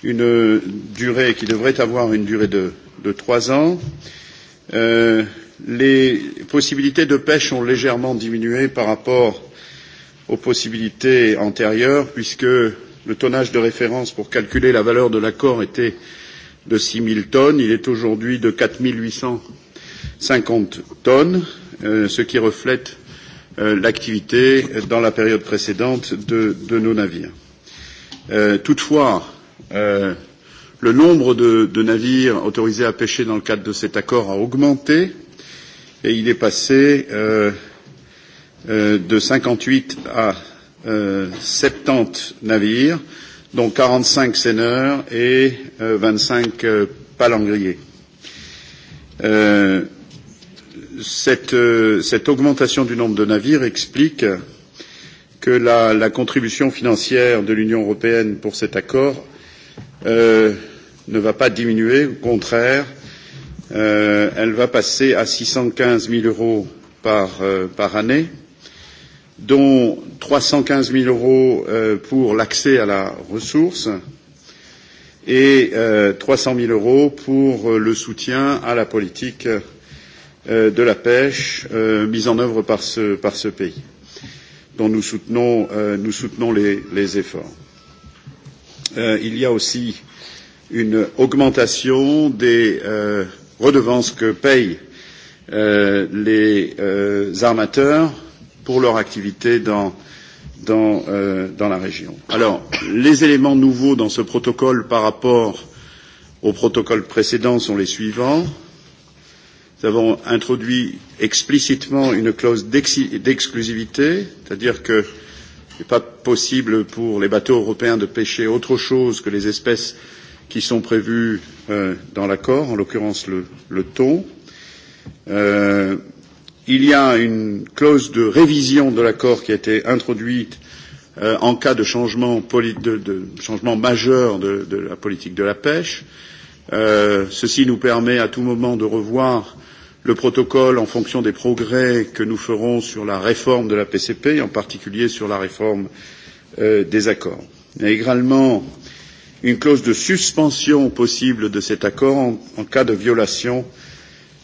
une durée, qui devrait avoir une durée de, de trois ans. Euh, les possibilités de pêche ont légèrement diminué par rapport aux possibilités antérieures, puisque le tonnage de référence pour calculer la valeur de l'accord était euh, de 6 000 tonnes. Il est aujourd'hui de 4 850 tonnes, ce qui reflète l'activité dans la période précédente de, de nos navires. Euh, toutefois, euh, le nombre de, de navires autorisés à pêcher dans le cadre de cet accord a augmenté et il est passé euh, euh, de 58 à euh, 70 navires, euh, dont 45 seineurs et euh, 25 euh, palangriers. Euh, cette, euh, cette augmentation du nombre de navires explique que la, la contribution financière de l'Union européenne pour cet accord euh, ne va pas diminuer, au contraire, euh, elle va passer à 615 000 euros par, euh, par année, euh, dont 315 000 euros pour l'accès à la ressource et trois 300 000 euros pour le soutien à la politique de la pêche mise en œuvre par ce, par ce pays, dont nous soutenons, nous soutenons les, les efforts. il y a aussi une augmentation des redevances que payent les armateurs pour leur activité dans, dans, euh, dans la région. Alors, les éléments nouveaux dans ce protocole par rapport au protocole précédent sont les suivants. Nous avons introduit explicitement une clause d'exclusivité, c'est-à-dire que il n'est pas possible pour les bateaux européens de pêcher autre chose que les espèces qui sont prévues euh, dans l'accord, en l'occurrence le, le thon. Euh, Il y a une clause de révision de l'accord qui a été introduite euh, en cas de changement, de, de changement majeur de, de la politique de la pêche. Euh, ceci nous permet à tout moment de revoir le protocole en fonction des progrès que nous ferons sur la réforme de la PCP, en particulier sur la réforme euh, des accords. Il y a également une clause de suspension possible de cet accord en, en cas de violation euh,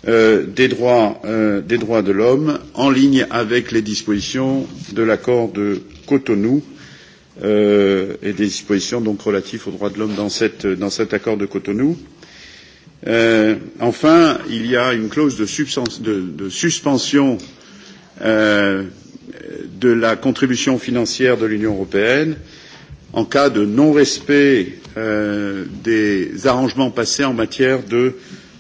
des droits, de l'homme en ligne avec les dispositions de l'accord de Cotonou et des dispositions donc relatives aux droits de l'homme dans, cet accord de Cotonou. enfin, il y a une clause de, suspension de la contribution financière de l'Union européenne en cas de non-respect des arrangements passés en matière de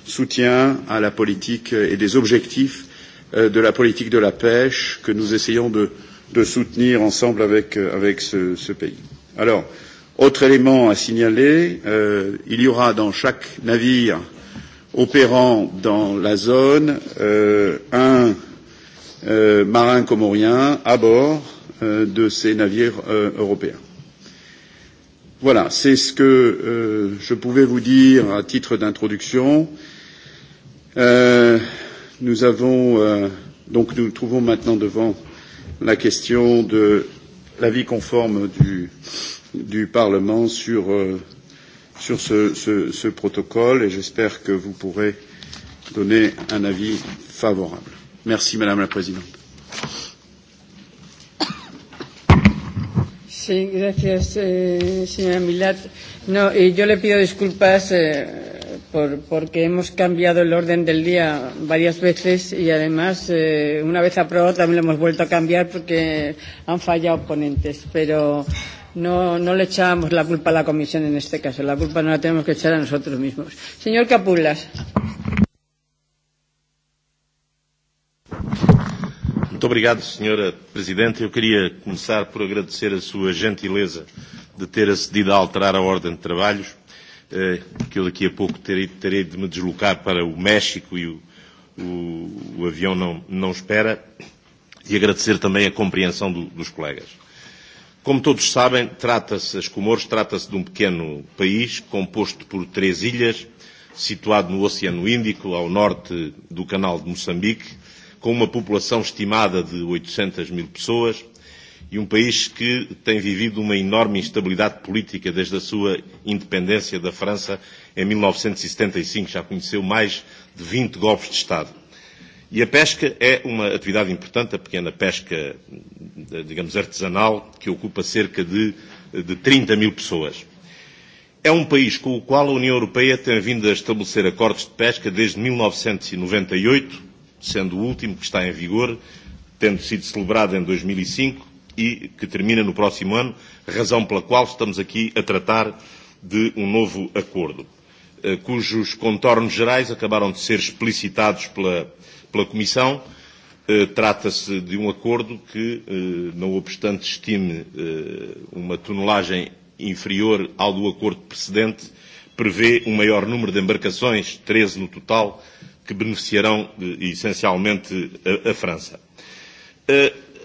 soutien à la politique et des objectifs de la politique de la pêche que nous essayons de, de soutenir ensemble avec, avec ce, ce pays. Alors, autre élément à signaler, euh, il y aura dans chaque navire opérant dans la zone euh, un euh, marin comorien à bord euh, de ces navires euh, européens. Voilà, c'est ce que euh, je pouvais vous dire à titre d'introduction. Euh, nous avons euh, donc nous nous trouvons maintenant devant la question de l'avis conforme du, du Parlement sur, euh, sur ce, ce, ce protocole et j'espère que vous pourrez donner un avis favorable. Merci Madame la Présidente. Sí, gracias, eh, señora Milat. No, y yo le pido disculpas. Eh, por, porque hemos cambiado el orden del día varias veces y además eh, una vez aprobado también lo hemos vuelto a cambiar porque han fallado ponentes. Pero no, no le echábamos la culpa a la comisión en este caso, la culpa no la tenemos que echar a nosotros mismos. Señor Capulas. Muito obrigado, Sra. Presidente. Eu queria começar por agradecer a sua gentileza de ter acedido a alterar a ordem de trabalhos que eu daqui a pouco terei, terei de me deslocar para o México e o, o, o avião não, não espera, e agradecer também a compreensão do, dos colegas. Como todos sabem, trata-se, as Comores, trata-se de um pequeno país composto por três ilhas, situado no Oceano Índico, ao norte do canal de Moçambique, com uma população estimada de 800 mil pessoas, e um país que tem vivido uma enorme instabilidade política desde a sua independência da França em 1975. Já conheceu mais de 20 golpes de Estado. E a pesca é uma atividade importante, a pequena pesca, digamos, artesanal, que ocupa cerca de, de 30 mil pessoas. É um país com o qual a União Europeia tem vindo a estabelecer acordos de pesca desde 1998, sendo o último que está em vigor, tendo sido celebrado em 2005, e que termina no próximo ano, razão pela qual estamos aqui a tratar de um novo acordo, cujos contornos gerais acabaram de ser explicitados pela, pela Comissão. Trata-se de um acordo que, não obstante estime uma tonelagem inferior ao do acordo precedente, prevê um maior número de embarcações, 13 no total, que beneficiarão essencialmente a, a França.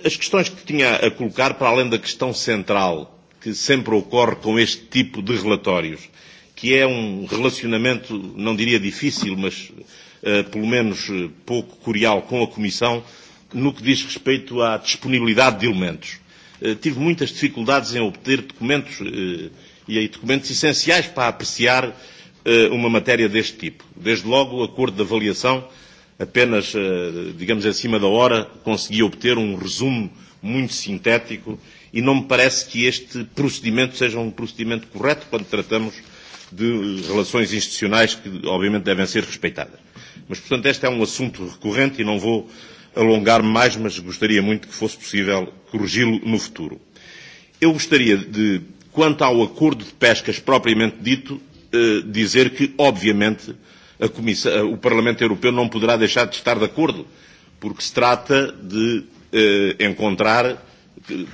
As questões que tinha a colocar, para além da questão central, que sempre ocorre com este tipo de relatórios, que é um relacionamento, não diria difícil, mas uh, pelo menos uh, pouco curial com a Comissão, no que diz respeito à disponibilidade de elementos. Uh, tive muitas dificuldades em obter documentos, uh, e aí documentos essenciais para apreciar uh, uma matéria deste tipo. Desde logo o acordo de avaliação apenas, digamos, acima da hora, consegui obter um resumo muito sintético e não me parece que este procedimento seja um procedimento correto quando tratamos de relações institucionais que, obviamente, devem ser respeitadas. Mas, portanto, este é um assunto recorrente e não vou alongar-me mais, mas gostaria muito que fosse possível corrigi-lo no futuro. Eu gostaria de, quanto ao acordo de pescas propriamente dito, dizer que, obviamente, a comissão, o Parlamento Europeu não poderá deixar de estar de acordo, porque se trata de eh, encontrar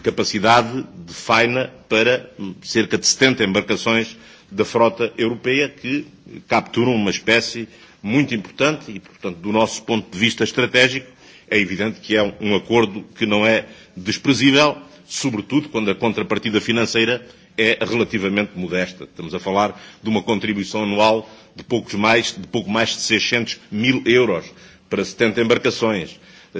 capacidade de faina para cerca de 70 embarcações da frota europeia que capturam uma espécie muito importante e, portanto, do nosso ponto de vista estratégico, é evidente que é um acordo que não é desprezível, sobretudo quando a contrapartida financeira é relativamente modesta. Estamos a falar de uma contribuição anual de, poucos mais, de pouco mais de 600 mil euros para 70 embarcações.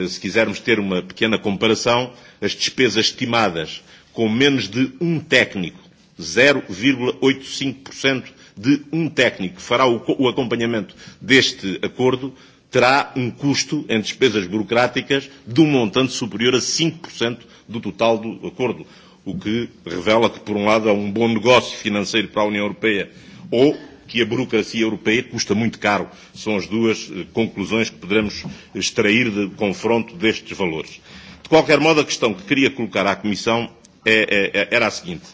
Se quisermos ter uma pequena comparação, as despesas estimadas com menos de um técnico, 0,85% de um técnico que fará o acompanhamento deste acordo, terá um custo em despesas burocráticas de um montante superior a 5% do total do acordo o que revela que, por um lado, é um bom negócio financeiro para a União Europeia ou que a burocracia europeia custa muito caro. São as duas conclusões que poderemos extrair de confronto destes valores. De qualquer modo, a questão que queria colocar à Comissão é, é, era a seguinte.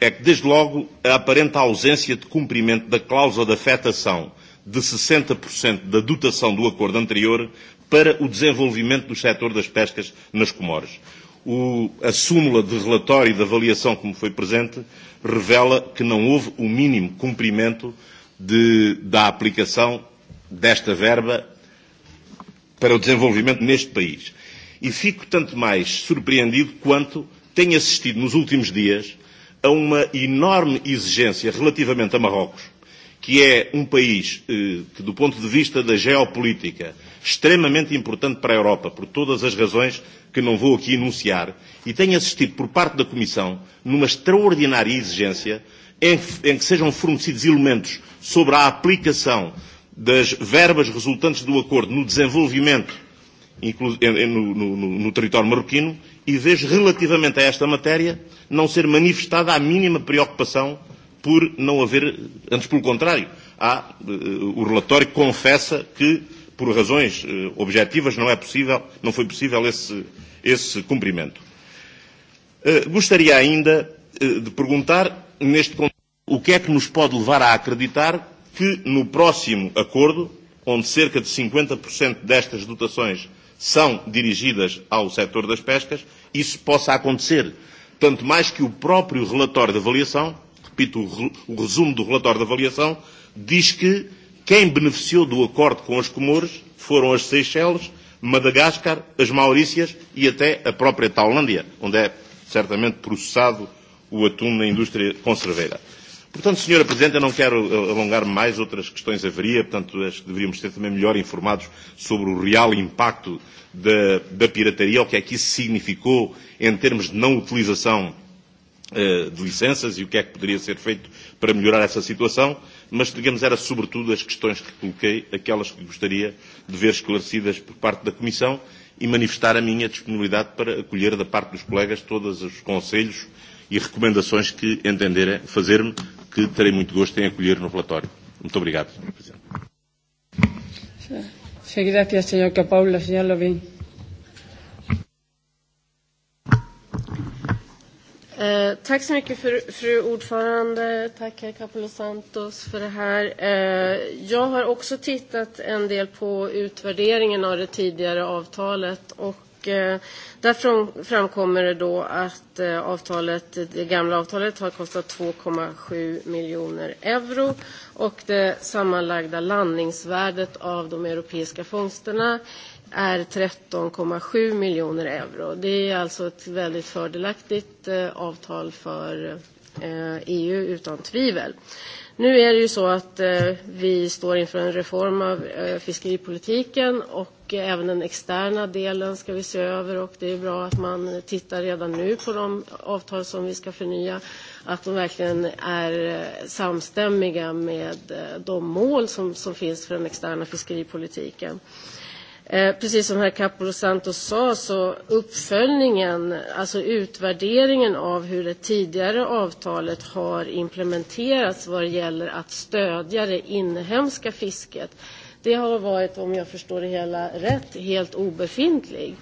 É que, desde logo, a aparente ausência de cumprimento da cláusula de afetação de 60% da dotação do acordo anterior para o desenvolvimento do setor das pescas nas Comores o, a súmula de relatório e de avaliação como foi presente revela que não houve o mínimo cumprimento de, da aplicação desta verba para o desenvolvimento neste país. E fico tanto mais surpreendido quanto tenho assistido nos últimos dias a uma enorme exigência relativamente a Marrocos, que é um país que, do ponto de vista da geopolítica, extremamente importante para a Europa, por todas as razões que não vou aqui enunciar, e tenho assistido por parte da Comissão, numa extraordinária exigência, em, em que sejam fornecidos elementos sobre a aplicação das verbas resultantes do acordo no desenvolvimento no, no, no território marroquino e vejo relativamente a esta matéria não ser manifestada a mínima preocupação por não haver, antes pelo contrário, há, o relatório confessa que por razões uh, objetivas, não, é possível, não foi possível esse, esse cumprimento. Uh, gostaria ainda uh, de perguntar, neste contexto, o que é que nos pode levar a acreditar que no próximo acordo, onde cerca de 50% destas dotações são dirigidas ao setor das pescas, isso possa acontecer. Tanto mais que o próprio relatório de avaliação, repito, o resumo do relatório de avaliação, diz que Quem beneficiou do acordo com os Comores foram as Seychelles, Madagascar, as Maurícias e até a própria Tailândia, onde é certamente processado o atum na indústria conserveira. Portanto, Sra. Presidente, eu não quero alongar mais, outras questões haveria, portanto, acho que deveríamos ser também melhor informados sobre o real impacto da, da pirataria, o que é que isso significou em termos de não utilização uh, de licenças e o que é que poderia ser feito para melhorar essa situação, mas, digamos, era sobretudo as questões que coloquei, aquelas que gostaria de ver esclarecidas por parte da Comissão e manifestar a minha disponibilidade para acolher da parte dos colegas todos os conselhos e recomendações que entenderem fazer-me, que terei muito gosto em acolher no relatório. Muito obrigado, Sr. Presidente. Sí, gracias, señor Capaula. Señor Lobin. Tack så mycket fru ordförande. Tack herr Capoulo Santos för det här. Jag har också tittat en del på utvärderingen av det tidigare avtalet och där framkommer det då att avtalet, det gamla avtalet har kostat 2,7 miljoner euro och det sammanlagda landningsvärdet av de europeiska fångsterna är 13,7 miljoner euro. Det är alltså ett väldigt fördelaktigt avtal för EU utan tvivel. Nu är det ju så att vi står inför en reform av fiskeripolitiken och även den externa delen ska vi se över och det är bra att man tittar redan nu på de avtal som vi ska förnya, att de verkligen är samstämmiga med de mål som finns för den externa fiskeripolitiken. Precis som herr Capolo sa så uppföljningen, alltså utvärderingen av hur det tidigare avtalet har implementerats vad gäller att stödja det inhemska fisket, det har varit, om jag förstår det hela rätt, helt obefintlig.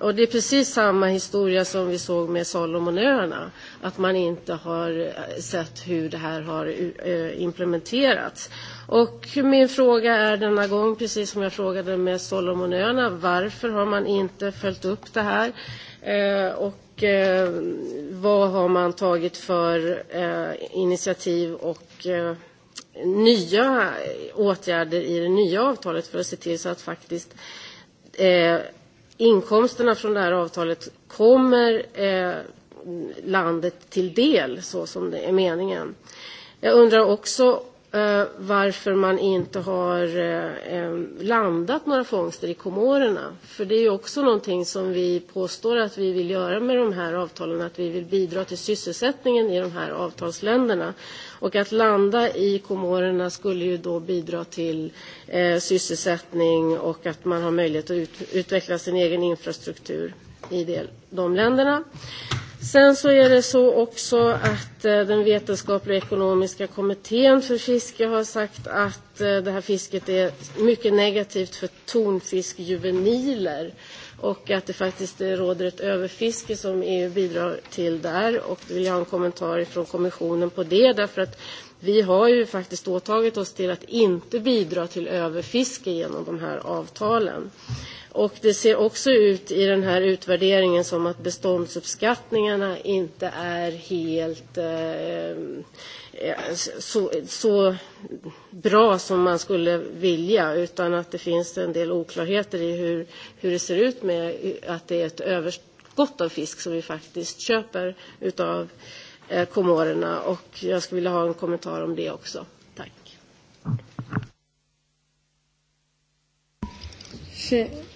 Och det är precis samma historia som vi såg med Salomonöarna, att man inte har sett hur det här har implementerats. Och min fråga är denna gång, precis som jag frågade med Salomonöarna, varför har man inte följt upp det här? Och vad har man tagit för initiativ och nya åtgärder i det nya avtalet för att se till så att faktiskt inkomsterna från det här avtalet kommer landet till del så som det är meningen. Jag undrar också varför man inte har landat några fångster i Komorerna. För det är ju också någonting som vi påstår att vi vill göra med de här avtalen, att vi vill bidra till sysselsättningen i de här avtalsländerna. Och att landa i Komorerna skulle ju då bidra till eh, sysselsättning och att man har möjlighet att ut, utveckla sin egen infrastruktur i del, de länderna. Sen så är det så också att den vetenskapliga ekonomiska kommittén för fiske har sagt att det här fisket är mycket negativt för tonfiskjuveniler och att det faktiskt råder ett överfiske som EU bidrar till där. Och vill jag ha en kommentar från kommissionen på det, därför att vi har ju faktiskt åtagit oss till att inte bidra till överfiske genom de här avtalen. Och det ser också ut i den här utvärderingen som att beståndsuppskattningarna inte är helt så, så bra som man skulle vilja utan att det finns en del oklarheter i hur, hur det ser ut med att det är ett överskott av fisk som vi faktiskt köper utav Komorerna och jag skulle vilja ha en kommentar om det också. Tack.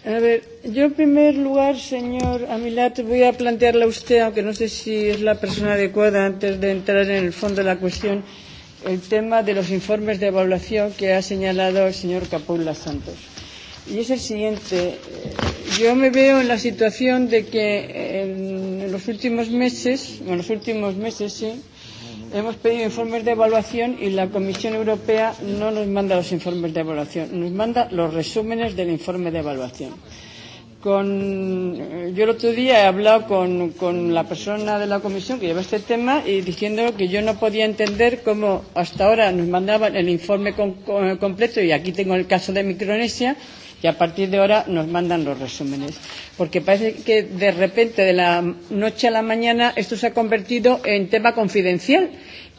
A ver, yo en primer lugar, señor Amilat, voy a plantearle a usted, aunque no sé si es la persona adecuada antes de entrar en el fondo de la cuestión, el tema de los informes de evaluación que ha señalado el señor Capoula Santos. Y es el siguiente. Yo me veo en la situación de que en los últimos meses, en los últimos meses sí, hemos pedido informes de evaluación y la Comisión Europea no nos manda los informes de evaluación, nos manda los resúmenes del informe de evaluación. Con, yo el otro día he hablado con, con la persona de la comisión que lleva este tema y diciendo que yo no podía entender cómo hasta ahora nos mandaban el informe con, con, completo y aquí tengo el caso de Micronesia y a partir de ahora nos mandan los resúmenes. Porque parece que de repente, de la noche a la mañana, esto se ha convertido en tema confidencial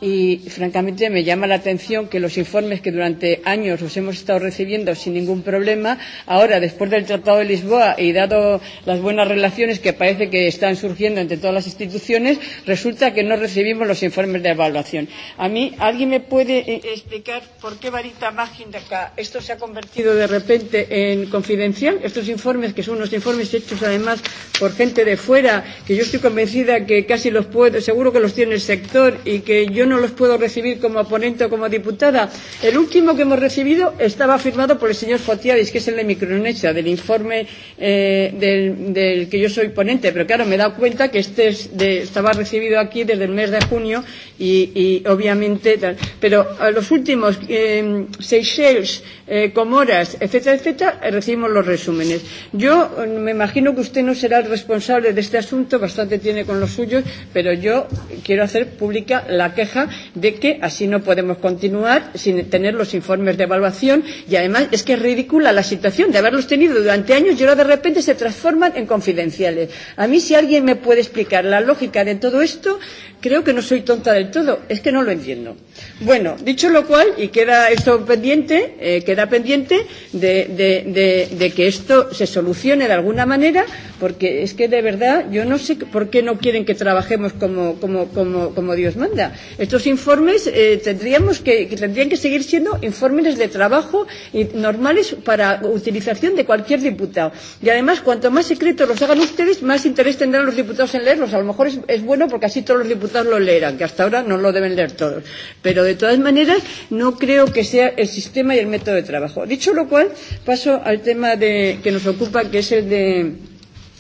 y francamente me llama la atención que los informes que durante años los hemos estado recibiendo sin ningún problema, ahora después del Tratado de Lisboa y dado las buenas relaciones que parece que están surgiendo entre todas las instituciones, resulta que no recibimos los informes de evaluación. A mí, ¿alguien me puede explicar por qué varita mágica esto se ha convertido de repente en confidencial? Estos informes, que son unos informes hechos además por gente de fuera, que yo estoy convencida que casi los puedo, seguro que los tiene el sector y que yo no los puedo recibir como ponente o como diputada. El último que hemos recibido estaba firmado por el señor Fotiadis, que es el de Micronesia, del informe eh, del, del que yo soy ponente. Pero claro, me he dado cuenta que este es de, estaba recibido aquí desde el mes de junio y, y obviamente. Pero a los últimos, eh, Seychelles, eh, Comoras, etcétera, etcétera, recibimos los resúmenes. Yo me imagino que usted no será el responsable de este asunto, bastante tiene con los suyos, pero yo quiero hacer pública la queja queja de que así no podemos continuar sin tener los informes de evaluación y además es que es ridícula la situación de haberlos tenido durante años y ahora de repente se transforman en confidenciales. A mí si alguien me puede explicar la lógica de todo esto, creo que no soy tonta del todo, es que no lo entiendo. Bueno, dicho lo cual, y queda esto pendiente, eh, queda pendiente de, de, de, de que esto se solucione de alguna manera, porque es que de verdad yo no sé por qué no quieren que trabajemos como, como, como, como Dios manda. Estos informes eh, tendríamos que, que tendrían que seguir siendo informes de trabajo y normales para utilización de cualquier diputado. Y además, cuanto más secretos los hagan ustedes, más interés tendrán los diputados en leerlos. A lo mejor es, es bueno porque así todos los diputados lo leerán, que hasta ahora no lo deben leer todos. Pero de todas maneras, no creo que sea el sistema y el método de trabajo. Dicho lo cual, paso al tema de, que nos ocupa, que es el de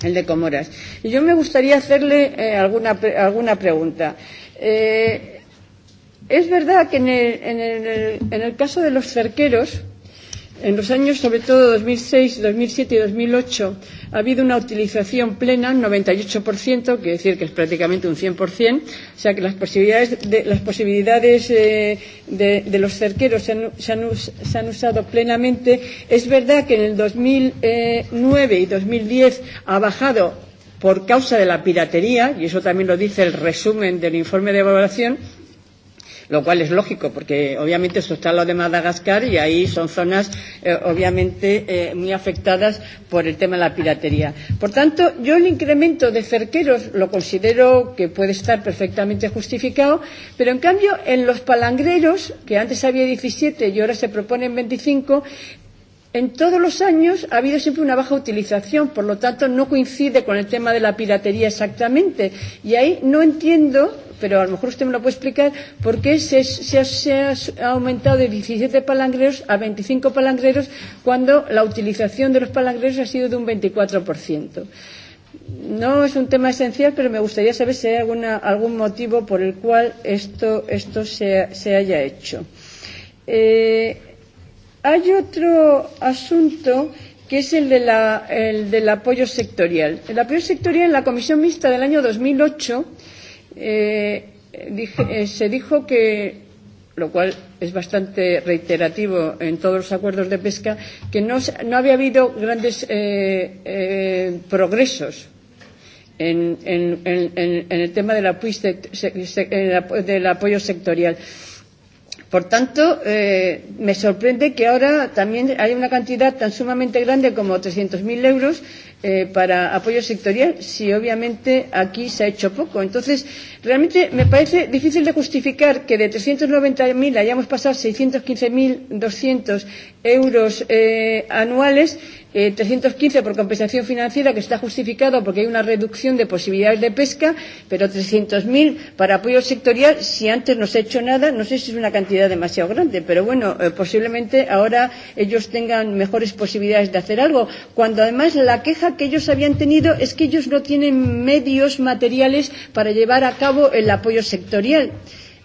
el de Comoras. Y yo me gustaría hacerle eh, alguna, alguna pregunta. Eh, Es verdad que en el, en el, en el caso de los cerqueros, en los años sobre todo 2006, 2007 y 2008 ha habido una utilización plena, un 98%, quiere decir que es prácticamente un 100%, o sea que las posibilidades de, las posibilidades, eh, de, de los cerqueros se han, se, han, se han usado plenamente. Es verdad que en el 2009 y 2010 ha bajado por causa de la piratería, y eso también lo dice el resumen del informe de evaluación, lo cual es lógico, porque obviamente eso está lo de Madagascar y ahí son zonas eh, obviamente eh, muy afectadas por el tema de la piratería. Por tanto, yo el incremento de cerqueros lo considero que puede estar perfectamente justificado, pero en cambio en los palangreros, que antes había 17 y ahora se proponen 25, En todos los años ha habido siempre una baja utilización, por lo tanto no coincide con el tema de la piratería exactamente. Y ahí no entiendo pero a lo mejor usted me lo puede explicar, ¿por qué se, se, ha, se ha aumentado de 17 palangreros a 25 palangreros cuando la utilización de los palangreros ha sido de un 24%? No es un tema esencial, pero me gustaría saber si hay alguna, algún motivo por el cual esto, esto se, se haya hecho. Eh, hay otro asunto que es el, de la, el del apoyo sectorial. El apoyo sectorial, en la Comisión Mixta del año 2008 eh, dije, eh, se dijo que, lo cual es bastante reiterativo en todos los acuerdos de pesca, que no, no había habido grandes eh, eh, progresos en, en, en, en el tema del apoyo, del apoyo sectorial. Por tanto, eh, me sorprende que ahora también hay una cantidad tan sumamente grande como 300.000 euros eh, para apoyo sectorial si obviamente aquí se ha hecho poco. Entonces, realmente me parece difícil de justificar que de 390.000 hayamos pasado 615.200 euros eh, anuales, eh, 315 por compensación financiera, que está justificado porque hay una reducción de posibilidades de pesca, pero 300.000 para apoyo sectorial, si antes no se ha hecho nada, no sé si es una cantidad demasiado grande, pero bueno, eh, posiblemente ahora ellos tengan mejores posibilidades de hacer algo, cuando además la queja que ellos habían tenido es que ellos no tienen medios materiales para llevar a cabo el apoyo sectorial.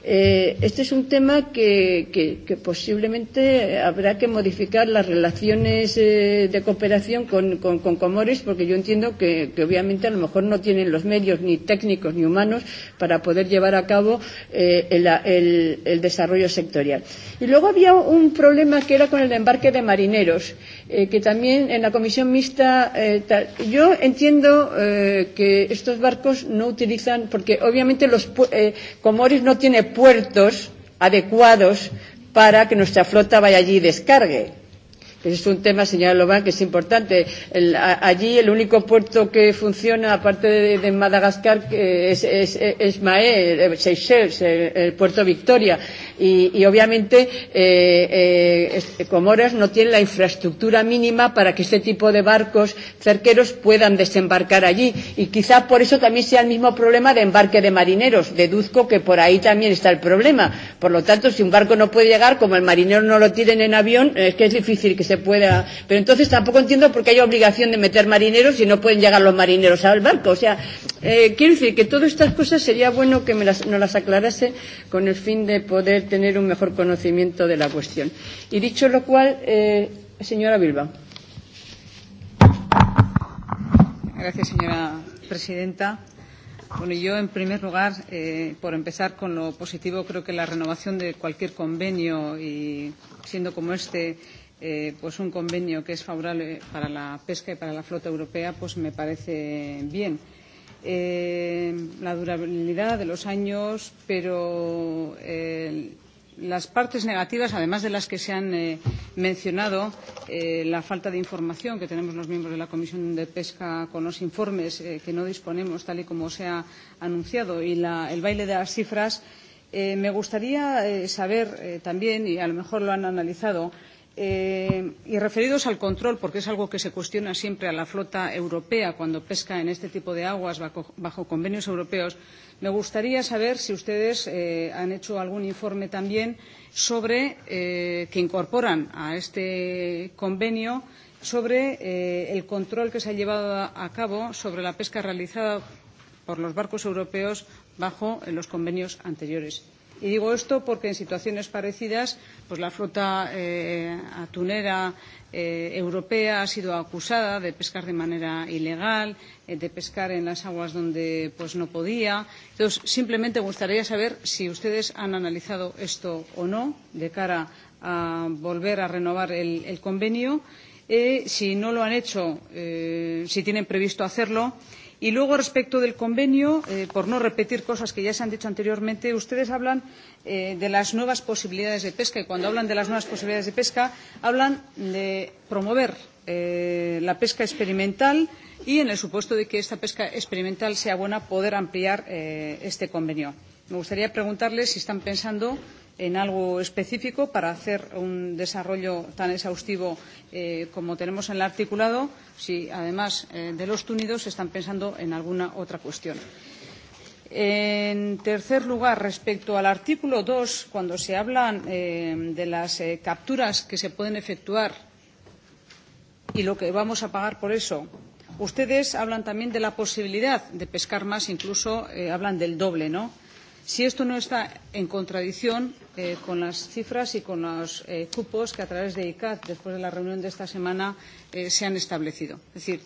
Eh, este es un tema que, que, que posiblemente habrá que modificar las relaciones eh, de cooperación con, con, con Comores, porque yo entiendo que, que obviamente a lo mejor no tienen los medios ni técnicos ni humanos para poder llevar a cabo eh, el, el, el desarrollo sectorial. Y luego había un problema que era con el embarque de marineros eh, que también en la comisión mixta eh, tal, yo entiendo eh, que estos barcos no utilizan porque obviamente los eh, Comores no tiene puertos adecuados para que nuestra flota vaya allí y descargue. Ese es un tema, señora Lobán, que es importante. El, a, allí el único puerto que funciona, aparte de, de Madagascar, es, es, es Mae, Seychelles, el, el puerto Victoria. Y, y obviamente eh, eh, Comoras no tiene la infraestructura mínima para que este tipo de barcos cerqueros puedan desembarcar allí. Y quizá por eso también sea el mismo problema de embarque de marineros. Deduzco que por ahí también está el problema. Por lo tanto, si un barco no puede llegar, como el marinero no lo tienen en avión, es que es difícil que se pueda. Pero entonces tampoco entiendo por qué hay obligación de meter marineros si no pueden llegar los marineros al barco. O sea, eh, quiero decir que todas estas cosas sería bueno que me las, nos las aclarase con el fin de poder tener un mejor conocimiento de la cuestión. Y dicho lo cual, eh, señora Bilbao. Gracias, señora presidenta. Bueno, yo, en primer lugar, eh, por empezar con lo positivo, creo que la renovación de cualquier convenio, y siendo como este eh, pues un convenio que es favorable para la pesca y para la flota europea, pues me parece bien. Eh, eh, la durabilidad de los años, pero eh, las partes negativas, además de las que se han eh, mencionado, eh, la falta de información que tenemos los miembros de la Comisión de Pesca con los informes eh, que no disponemos, tal y como se ha anunciado, y la, el baile de las cifras, eh, me gustaría eh, saber eh, también, y a lo mejor lo han analizado, eh, y referidos al control, porque es algo que se cuestiona siempre a la flota europea cuando pesca en este tipo de aguas bajo, convenios europeos, me gustaría saber si ustedes han hecho algún informe también sobre que incorporan a este convenio sobre el control que se ha llevado a cabo sobre la pesca realizada por los barcos europeos bajo los convenios anteriores. Y digo esto porque en situaciones parecidas, pues la flota eh, atunera eh, europea ha sido acusada de pescar de manera ilegal, eh, de pescar en las aguas donde pues no podía. Entonces, simplemente gustaría saber si ustedes han analizado esto o no de cara a volver a renovar el, el convenio. Eh, si no lo han hecho, eh, si tienen previsto hacerlo y luego respecto del convenio por no repetir cosas que ya se han dicho anteriormente ustedes hablan de las nuevas posibilidades de pesca y cuando hablan de las nuevas posibilidades de pesca hablan de promover la pesca experimental y en el supuesto de que esta pesca experimental sea buena poder ampliar este convenio. me gustaría preguntarles si están pensando en en algo específico para hacer un desarrollo tan exhaustivo eh, como tenemos en el articulado, si además eh, de los túnidos están pensando en alguna otra cuestión. En tercer lugar, respecto al artículo 2, cuando se habla eh, de las eh, capturas que se pueden efectuar y lo que vamos a pagar por eso, ustedes hablan también de la posibilidad de pescar más, incluso eh, hablan del doble, ¿no? Si esto no está en contradicción eh, con las cifras y con los eh, cupos que a través de ICAT, después de la reunión de esta semana, eh, se han establecido. Es decir,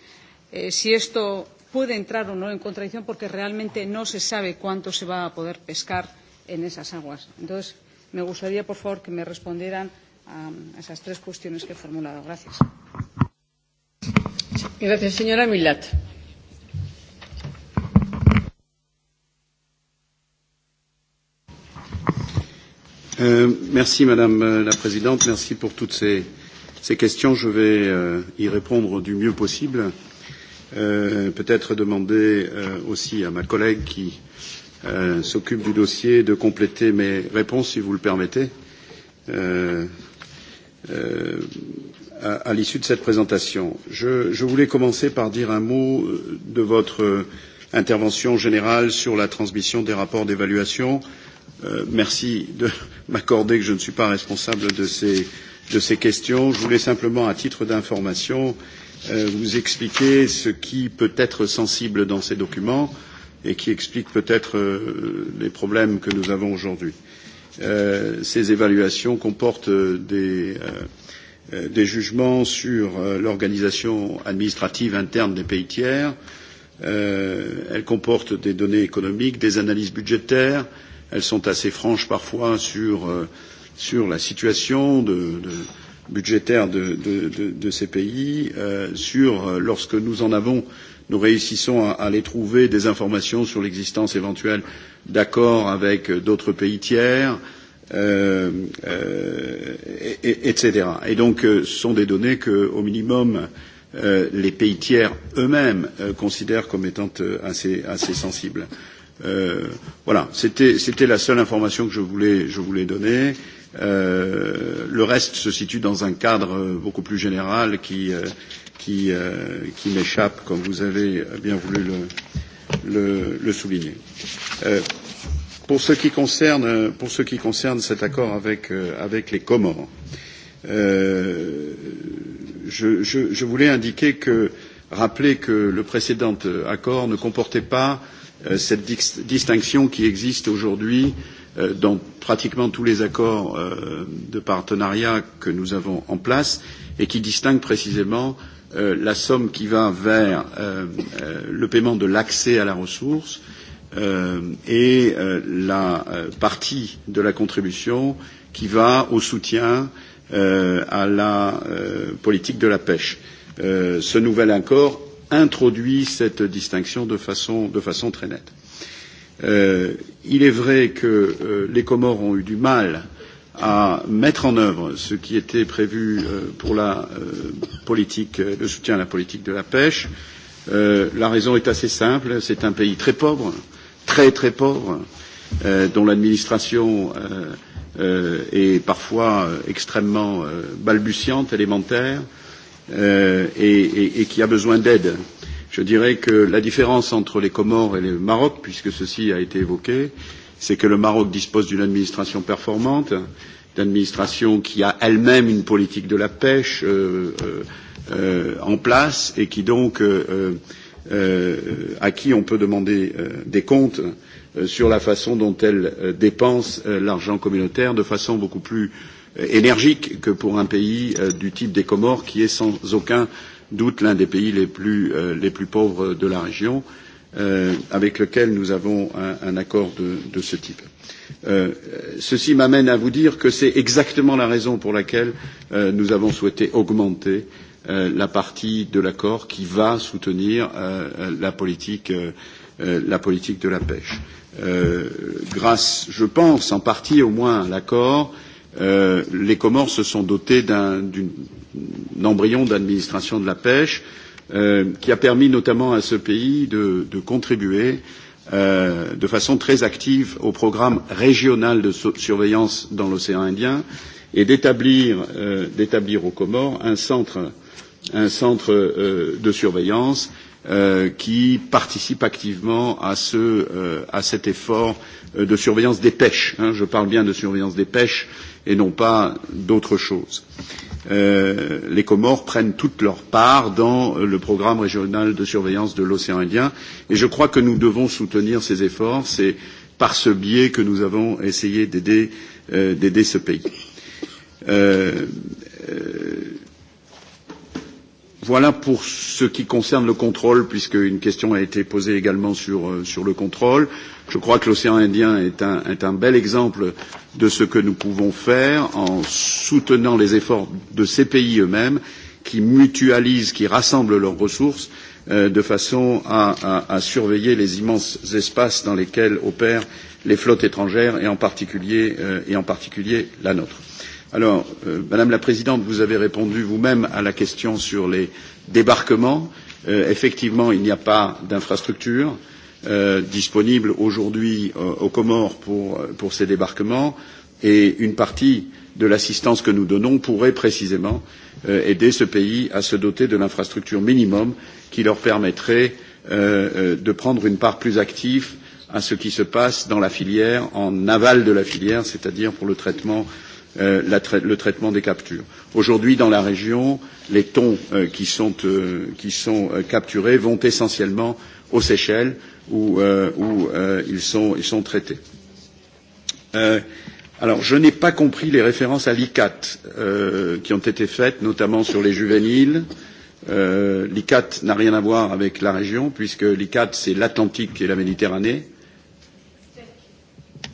eh, si esto puede entrar o no en contradicción porque realmente no se sabe cuánto se va a poder pescar en esas aguas. Entonces, me gustaría, por favor, que me respondieran a esas tres cuestiones que he formulado. Gracias. Gracias, señora Milat. merci Madame la Présidente, merci pour toutes ces, ces questions. Je vais euh, y répondre du mieux possible. Euh, Peut-être demander euh, aussi à ma collègue qui euh, s'occupe du dossier de compléter mes réponses, si vous le permettez. Euh, euh, à, à l'issue de cette présentation. Je, je voulais commencer par dire un mot de votre intervention générale sur la transmission des rapports d'évaluation. Euh, merci de m'accorder que je ne suis pas responsable de ces, de ces questions. Je voulais simplement, à titre d'information, vous expliquer ce qui peut être sensible dans ces documents et qui explique peut-être les problèmes que nous avons aujourd'hui. ces évaluations comportent des, jugements sur l'organisation administrative interne des pays tiers. elles comportent des données économiques, des analyses budgétaires, euh, elles sont assez franches parfois sur, sur la situation de, de, budgétaire de, de, de, de ces pays, euh, sur lorsque nous en avons, nous réussissons à, aller trouver des informations sur l'existence éventuelle d'accords avec d'autres pays tiers, euh, euh, et, etc. Et donc, ce sont des données que, au minimum, euh, les pays tiers eux-mêmes euh, considèrent comme étant euh, assez, assez sensibles. Euh, Euh, voilà, c'était la seule information que je voulais, je voulais donner. Euh, le reste se situe dans un cadre beaucoup plus général qui, qui, qui m'échappe, comme vous avez bien voulu le, le, le souligner. Euh, pour ce qui concerne, pour ce qui concerne cet accord avec, avec les Comores, euh, je, je, je voulais indiquer que, rappeler que le précédent accord ne comportait pas euh, cette distinction qui existe aujourd'hui dans pratiquement tous les accords de partenariat que nous avons en place et qui distingue précisément la somme qui va vers le paiement de l'accès à la ressource et la partie de la contribution qui va au soutien à la politique de la pêche. ce nouvel accord introduit cette distinction de façon, de façon très nette. Euh, il est vrai que euh, les Comores ont eu du mal à mettre en œuvre ce qui était prévu euh, pour la, euh, politique, le soutien à la politique de la pêche. Euh, la raison est assez simple, c'est un pays très pauvre, très très pauvre, euh, dont l'administration euh, euh, est parfois extrêmement euh, balbutiante, élémentaire, euh, euh, et, et, et qui a besoin d'aide. Je dirais que la différence entre les Comores et le Maroc, puisque ceci a été évoqué, c'est que le Maroc dispose d'une administration performante, d'administration qui a elle-même une politique de la pêche euh, euh, en place et qui donc euh, euh, à qui on peut demander euh, des comptes euh, sur la façon dont elle euh, dépense euh, l'argent communautaire de façon beaucoup plus euh, énergique que pour un pays du type des Comores, qui est sans aucun doute l'un des pays les plus, les plus pauvres de la région, avec lequel nous avons un, accord de, ce type. ceci m'amène à vous dire que c'est exactement la raison pour laquelle nous avons souhaité augmenter la partie de l'accord qui va soutenir la politique la politique de la pêche. grâce, je pense, en partie au moins à l'accord, les Comores se sont dotées d'un embryon d'administration de la pêche qui a permis notamment à ce pays de, contribuer de façon très active au programme régional de surveillance dans l'océan Indien et d'établir aux Comores un centre un centre de surveillance qui participe activement à, cet effort de surveillance des pêches. je parle bien de surveillance des pêches et non pas d'autre chose. les Comores prennent toute leur part dans le programme régional de surveillance de l'océan Indien et je crois que nous devons soutenir ces efforts. C'est par ce biais que nous avons essayé d'aider ce pays Voilà pour ce qui concerne le contrôle, puisque une question a été posée également sur, sur le contrôle. Je crois que l'océan Indien est un, est un bel exemple de ce que nous pouvons faire en soutenant les efforts de ces pays eux-mêmes qui mutualisent, qui rassemblent leurs ressources euh, de façon à, à, à surveiller les immenses espaces dans lesquels opèrent les flottes étrangères et en particulier, euh, et en particulier la nôtre. Alors, euh, Madame la Présidente, vous avez répondu vous-même à la question sur les débarquements. Euh, effectivement, il n'y a pas d'infrastructure euh, disponible aujourd'hui euh, aux Comores pour, pour ces débarquements et une partie de l'assistance que nous donnons pourrait précisément euh, aider ce pays à se doter de l'infrastructure minimum qui leur permettrait euh, de prendre une part plus active à ce qui se passe dans la filière, en aval de la filière, c'est-à-dire pour le traitement euh, le traitement des captures. Aujourd'hui, dans la région, les thons qui sont, capturés vont essentiellement aux Seychelles où, ils, sont, traités. alors, je n'ai pas compris les références à l'ICAT qui ont été faites, notamment sur les juvéniles. L'ICAT n'a rien à voir avec la région, puisque l'ICAT, c'est l'Atlantique et la Méditerranée.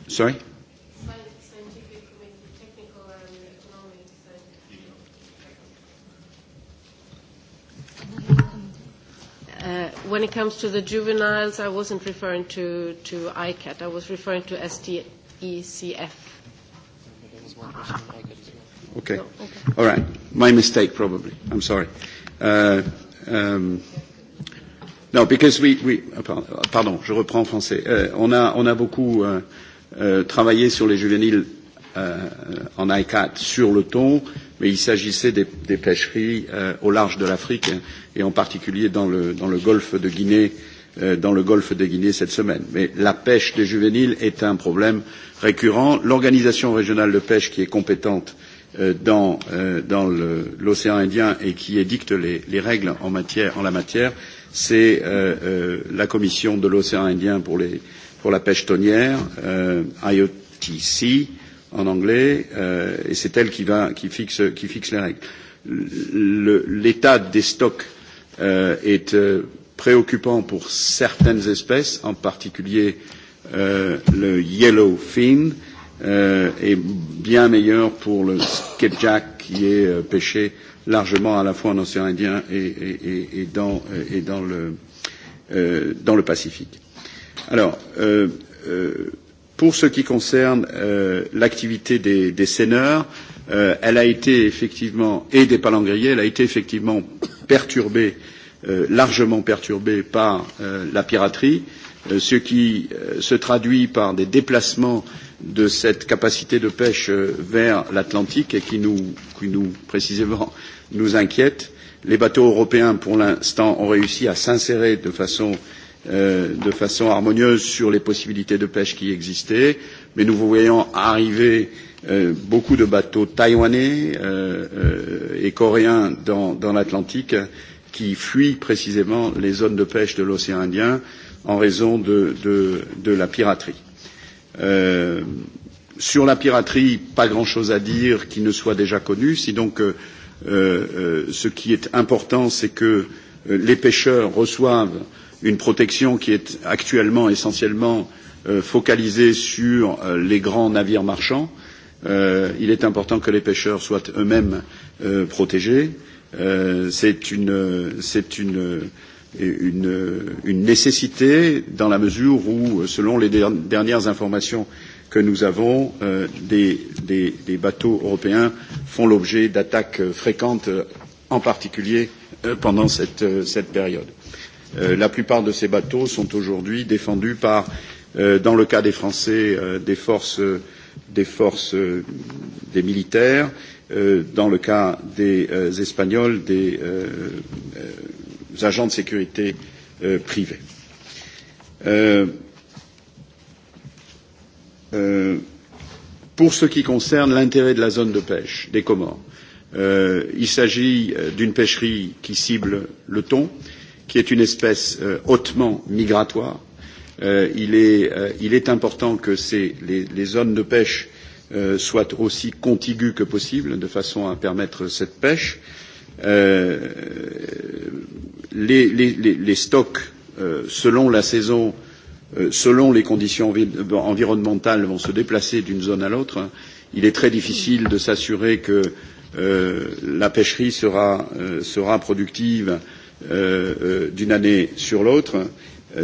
Sorry When it comes to the juveniles, I wasn't referring to to ICAT. I was referring to STECF. Okay. All right. My mistake, probably. I'm sorry. No, because we... we Pardon, je reprends en français. On a on a beaucoup travaillé sur les juvéniles en ICAT sur le ton mais il s'agissait des, des pêcheries euh, au large de l'Afrique et en particulier dans le, dans le golfe de Guinée euh, dans le golfe de Guinée cette semaine. Mais la pêche des juvéniles est un problème récurrent. L'organisation régionale de pêche qui est compétente euh, dans, euh, dans l'océan Indien et qui édicte les, les règles en, matière, en la matière, c'est euh, euh, la commission de l'océan Indien pour, les, pour la pêche tonnière, euh, IOTC, euh, en anglais, euh, et c'est elle qui, va, qui, fixe, qui fixe les règles. L'état des stocks euh, est euh, préoccupant pour certaines espèces, en particulier euh, le yellowfin, euh, et bien meilleur pour le skipjack qui est euh, pêché largement à la fois en océan Indien et, et, et, et, dans, et dans, le, euh, dans le Pacifique. Alors, euh, euh, Pour ce qui concerne l'activité des, seineurs, elle a été effectivement et des palangriers, elle a été effectivement perturbée, largement perturbée par la piraterie, ce qui se traduit par des déplacements de cette capacité de pêche vers l'Atlantique et qui nous, précisément nous inquiète. Les bateaux européens, pour l'instant, ont réussi à s'insérer de façon euh, de façon harmonieuse sur les possibilités de pêche qui existaient, mais nous voyons arriver beaucoup de bateaux taïwanais et coréens dans, l'Atlantique qui fuient précisément les zones de pêche de l'océan Indien en raison de, la piraterie. sur la piraterie, pas grand-chose à dire qui ne soit déjà connu, si donc ce qui est important, c'est que les pêcheurs reçoivent euh, une protection qui est actuellement essentiellement focalisée sur les grands navires marchands. il est important que les pêcheurs soient eux-mêmes protégés. C'est une, nécessité dans la mesure où, selon les dernières informations que nous avons, des, bateaux européens font l'objet d'attaques fréquentes, en particulier pendant cette période la plupart de ces bateaux sont aujourd'hui défendus par, dans le cas des Français, des forces, des militaires, dans le cas des Espagnols, des agents de sécurité privés. pour ce qui concerne l'intérêt de la zone de pêche des Comores, il s'agit d'une pêcherie qui cible le thon, euh, qui est une espèce hautement migratoire. il, est, important que les, zones de pêche soient aussi contiguës que possible, de façon à permettre cette pêche. les, stocks, selon la saison, selon les conditions environnementales, vont se déplacer d'une zone à l'autre. Il est très difficile de s'assurer que la pêcherie sera, productive d'une année sur l'autre.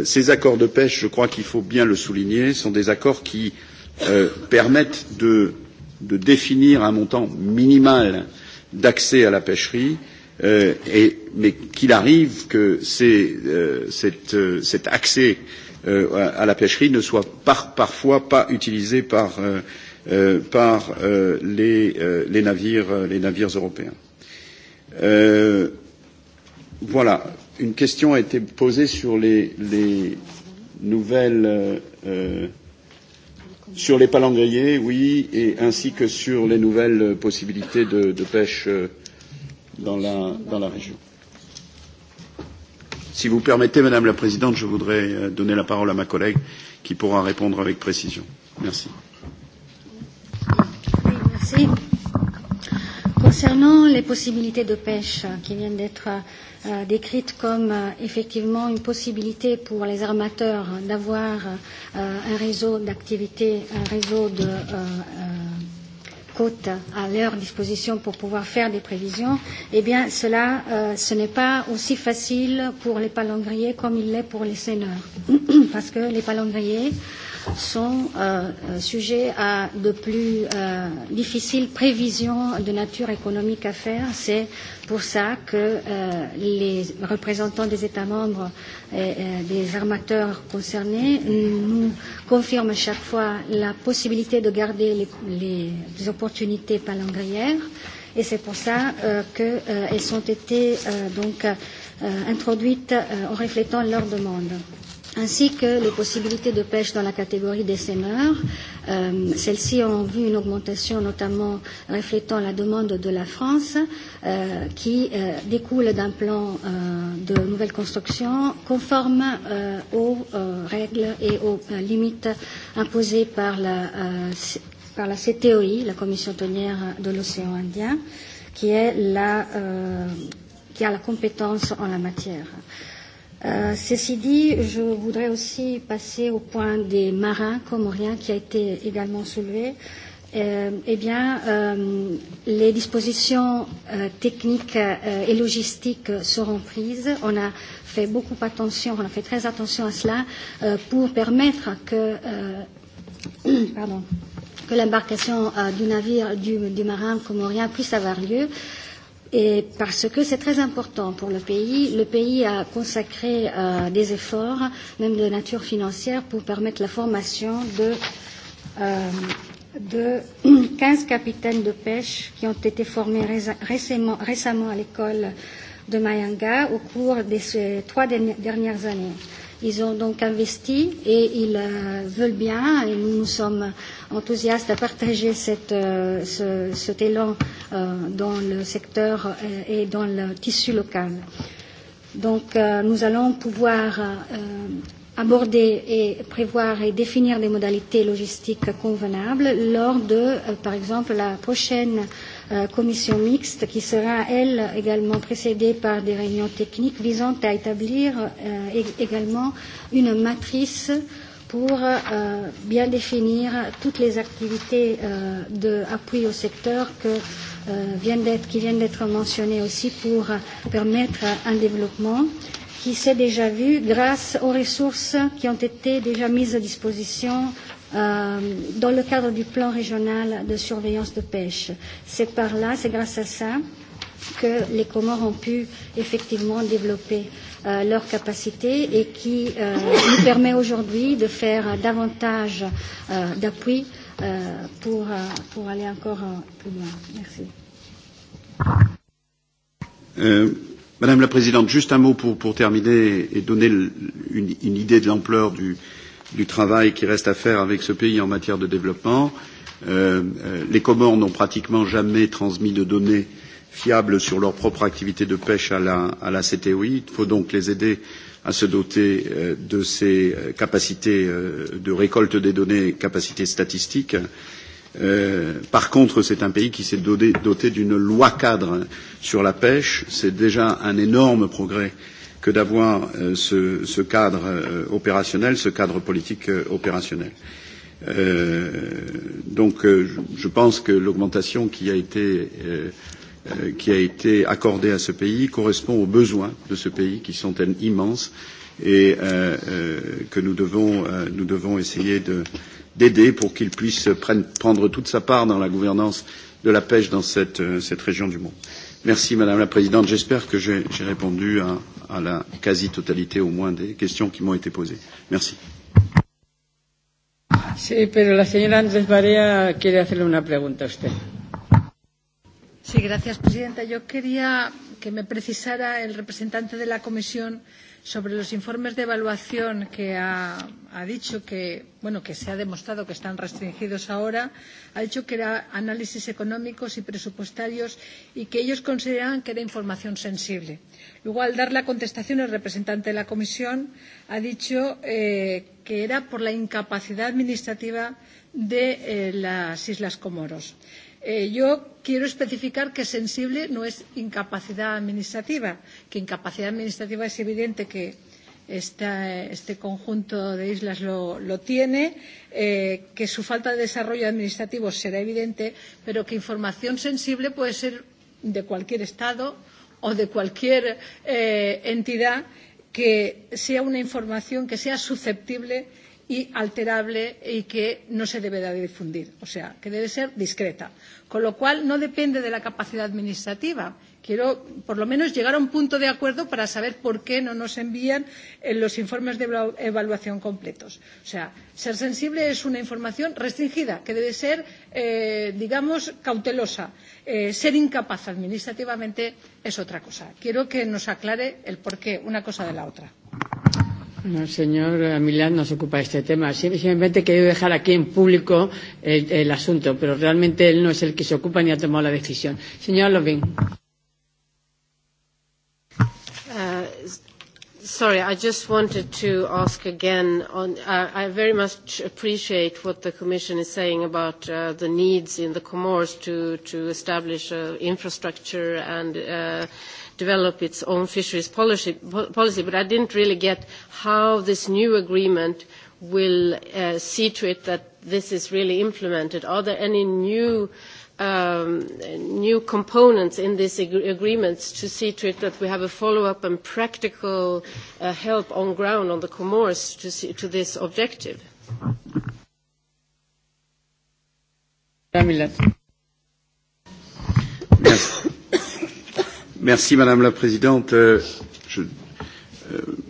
Ces accords de pêche, je crois qu'il faut bien le souligner, sont des accords qui permettent de, définir un montant minimal d'accès à la pêcherie, mais qu'il arrive que cet accès à la pêcherie ne soit parfois pas utilisé par, les, navires, européens Voilà, une question a été posée sur les, les nouvelles. Euh, sur les palangriers, oui, et ainsi que sur les nouvelles possibilités de, de pêche dans la, dans la région. Si vous permettez, Madame la Présidente, je voudrais donner la parole à ma collègue qui pourra répondre avec précision. Merci. Oui, merci. Concernant les possibilités de pêche qui viennent d'être décrite comme euh, effectivement une possibilité pour les armateurs d'avoir euh, un réseau d'activités, un réseau de euh, euh, côtes à leur disposition pour pouvoir faire des prévisions, eh bien cela, euh, ce n'est pas aussi facile pour les palangriers comme il l'est pour les seineurs. Parce que les palangriers, euh, sont euh, sujets à de plus euh, difficiles prévisions de nature économique à faire. C'est pour ça que euh, les représentants des États membres et euh, des armateurs concernés nous confirment chaque fois la possibilité de garder les, les opportunités palangrières. Et c'est pour ça euh, qu'elles euh, ont été euh, donc euh, introduites euh, en reflétant leurs demandes ainsi que les possibilités de pêche dans la catégorie des semeurs. Euh, Celles-ci ont vu une augmentation, notamment reflétant la demande de la France, euh, qui euh, découle d'un plan euh, de nouvelle construction conforme euh, aux euh, règles et aux euh, limites imposées par la, euh, par la CTOI, la Commission tonnière de l'océan Indien, qui, est la, euh, qui a la compétence en la matière. Euh, ceci dit, je voudrais aussi passer au point des marins comoriens qui a été également soulevé. Euh, eh bien, euh, les dispositions euh, techniques euh, et logistiques seront prises. On a fait beaucoup attention, on a fait très attention à cela euh, pour permettre que, euh, pardon, que l'embarcation euh, du navire du, du marin comorien puisse avoir lieu. Euh, et parce que c'est très important pour le pays. Le pays a consacré euh, des efforts, même de nature financière, pour permettre la formation de, euh, de 15 capitaines de pêche qui ont été formés récemment, récemment à l'école de Mayanga au cours des trois dernières années. Ils ont donc investi et ils veulent bien, et nous nous sommes enthousiastes à partager cette, ce, cet élan dans le secteur et dans le tissu local. Donc nous allons pouvoir aborder et prévoir et définir des modalités logistiques convenables lors de, par exemple, la prochaine euh, commission mixte qui sera, elle, également précédée par des réunions techniques visant à établir également une matrice pour bien définir toutes les activités d'appui au secteur que, qui viennent d'être mentionnées aussi pour permettre un développement qui s'est déjà vu grâce aux ressources qui ont été déjà mises à disposition dans le cadre du plan régional de surveillance de pêche. C'est par là, c'est grâce à ça que les Comores ont pu effectivement développer euh, leurs capacités et qui euh, nous permet aujourd'hui de faire davantage euh, d'appui euh, pour, pour aller encore plus loin. Merci. Euh, Madame la Présidente, juste un mot pour, pour terminer et donner une, une idée de l'ampleur du, euh, du travail qui reste à faire avec ce pays en matière de développement. les Comores n'ont pratiquement jamais transmis de données fiables sur leur propre activité de pêche à la, CTOI. Il faut donc les aider à se doter de ces capacités de récolte des données, capacités statistiques. par contre, c'est un pays qui s'est doté, d'une loi cadre sur la pêche. C'est déjà un énorme progrès euh, que d'avoir ce, ce cadre opérationnel, ce cadre politique opérationnel. donc je pense que l'augmentation qui a été qui a été accordée à ce pays correspond aux besoins de ce pays qui sont immenses et que nous devons, essayer d'aider pour qu'il puisse prendre toute sa part dans la gouvernance de la pêche dans cette, région du monde. Merci Madame la Présidente. J'espère que j'ai répondu à, à la quasi-totalité au moins des questions qui m'ont été posées. Merci. Sí, pero la señora Andrés Barea quiere hacerle una pregunta a usted. Sí, gracias, Presidenta. Yo quería que me precisara el representante de la Comisión sobre los informes de evaluación que ha, ha dicho que, bueno, que se ha demostrado que están restringidos ahora, ha dicho que eran análisis económicos y presupuestarios y que ellos consideraban que era información sensible. Luego, al dar la contestación, el representante de la Comisión ha dicho eh, que era por la incapacidad administrativa de eh, las Islas Comoros. Eh, yo quiero especificar que sensible no es incapacidad administrativa, que incapacidad administrativa es evidente que este conjunto de islas lo, lo tiene, eh, que su falta de desarrollo administrativo será evidente, pero que información sensible puede ser de cualquier Estado o de cualquier eh, entidad que sea una información que sea susceptible de y alterable y que no se debe de difundir, o sea, que debe ser discreta. Con lo cual, no depende de la capacidad administrativa. Quiero, por lo menos, llegar a un punto de acuerdo para saber por qué no nos envían los informes de evaluación completos. O sea, ser sensible es una información restringida, que debe ser, eh, digamos, cautelosa. Eh, ser incapaz administrativamente es otra cosa. Quiero que nos aclare el por qué una cosa de la otra. No, señor Milán nos ocupa este tema. Simplemente he querido dejar aquí en público el, el asunto, pero realmente él no es el que se ocupa ni ha tomado la decisión. Señor Lovin. Uh, sorry, I just wanted to ask again. On, uh, I very much appreciate what the Commission is saying about uh, the needs in the Comores to, to establish uh, infrastructure and. Uh, develop its own fisheries policy, but I didn't really get how this new agreement will see to it that this is really implemented. Are there any new new components in these agreements to see to it that we have a follow-up and practical help on ground on the Comores to this objective? Madame la Présidente. Je,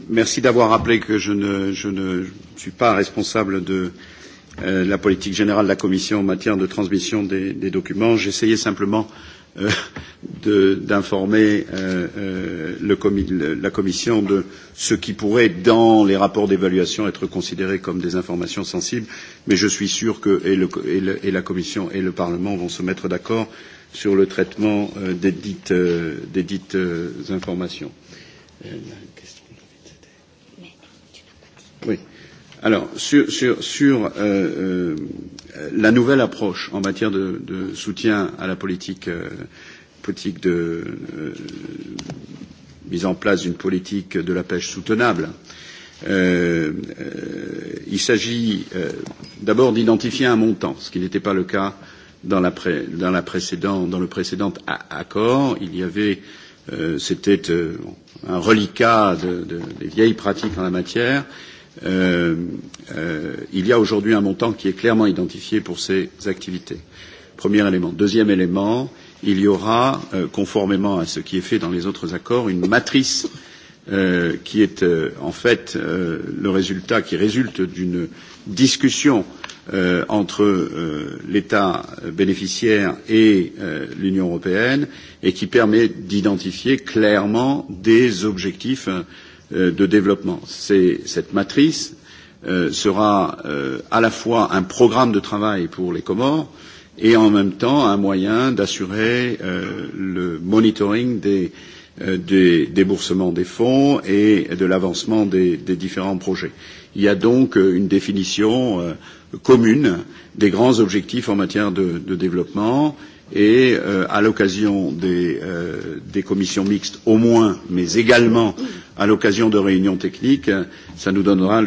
merci d'avoir rappelé que je ne, je ne suis pas responsable de la politique générale de la Commission en matière de transmission des, des documents. J'essayais simplement d'informer la Commission de ce qui pourrait, dans les rapports d'évaluation, être considéré comme des informations sensibles, mais je suis sûr que et, la Commission et le Parlement vont se mettre d'accord sur le traitement euh, des dites, euh, des dites euh, informations. oui. Alors, sur, sur, sur euh, euh, la nouvelle approche en matière de, de soutien à la politique, euh, politique de euh, mise en place d'une politique de la pêche soutenable, euh, euh, il s'agit euh, d'abord d'identifier un montant, ce qui n'était pas le cas euh, dans, la pré, dans, la précédent, dans le précédent accord, il y avait euh, c'était euh, un reliquat de, de, des vieilles pratiques en la matière. Euh, euh, il y a aujourd'hui un montant qui est clairement identifié pour ces activités. Premier élément. Deuxième élément, il y aura, euh, conformément à ce qui est fait dans les autres accords, une matrice euh, qui est euh, en fait euh, le résultat qui résulte d'une discussion euh, euh, entre euh, l'État bénéficiaire et euh, l'Union européenne et qui permet d'identifier clairement des objectifs euh, de développement. Cette matrice euh, sera euh, à la fois un programme de travail pour les Comores et en même temps un moyen d'assurer euh, le monitoring des, euh, des déboursements des fonds et de l'avancement des, des différents projets. Il y a donc une définition euh, commune des grands objectifs en matière de, de développement et euh, à l'occasion des, euh, des commissions mixtes au moins, mais également à l'occasion de réunions techniques, ça nous donnera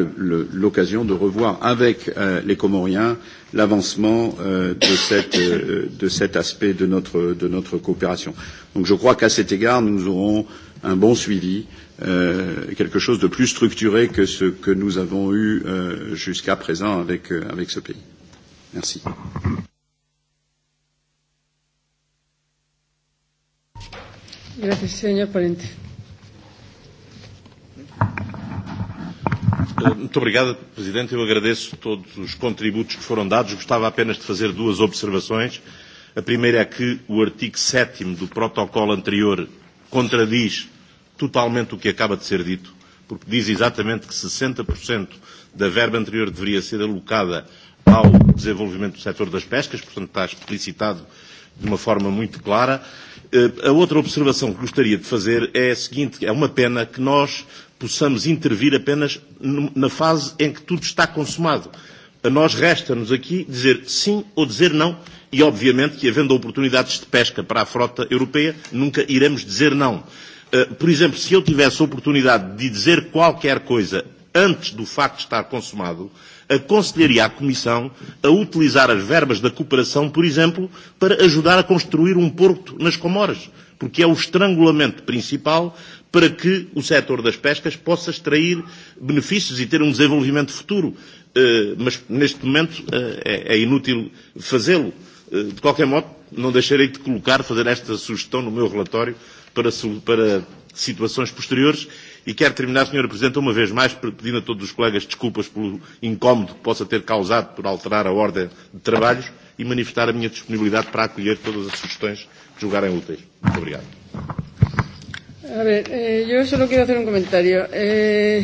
l'occasion de revoir avec euh, les Comoriens l'avancement euh, de, euh, de cet aspect de notre, de notre coopération. Donc je crois qu'à cet égard, nous aurons un bon suivi quelque chose de plus structuré que ce que nous avons eu euh, jusqu'à présent avec, euh, avec ce pays. Merci. Gracias, señor ponente. Muito obrigado, Presidente. Eu agradeço todos os contributos que foram dados. Gostava apenas de fazer duas observações. A primeira é que o artigo 7 do protocolo anterior contradiz totalmente o que acaba de ser dito, porque diz exatamente que 60% da verba anterior deveria ser alocada ao desenvolvimento do setor das pescas, portanto está explicitado de uma forma muito clara. A outra observação que gostaria de fazer é a seguinte: é uma pena que nós possamos intervir apenas na fase em que tudo está consumado. A nós resta-nos aqui dizer sim ou dizer não, e obviamente que havendo oportunidades de pesca para a frota europeia, nunca iremos dizer não. Por exemplo, se eu tivesse a oportunidade de dizer qualquer coisa antes do facto de estar consumado, aconselharia a Comissão a utilizar as verbas da cooperação, por exemplo, para ajudar a construir um porto nas Comoras, porque é o estrangulamento principal para que o setor das pescas possa extrair benefícios e ter um desenvolvimento futuro. Mas neste momento é inútil fazê-lo. De qualquer modo, não deixarei de colocar, fazer esta sugestão no meu relatório, para, para situações posteriores. E quero terminar, Sra. Presidente, uma vez mais, pedindo a todos os colegas desculpas pelo incómodo que possa ter causado por alterar a ordem de trabalhos e manifestar a minha disponibilidade para acolher todas as sugestões que julgarem úteis. Muito obrigado. A ver, eh, yo solo quiero hacer un comentario. Eh,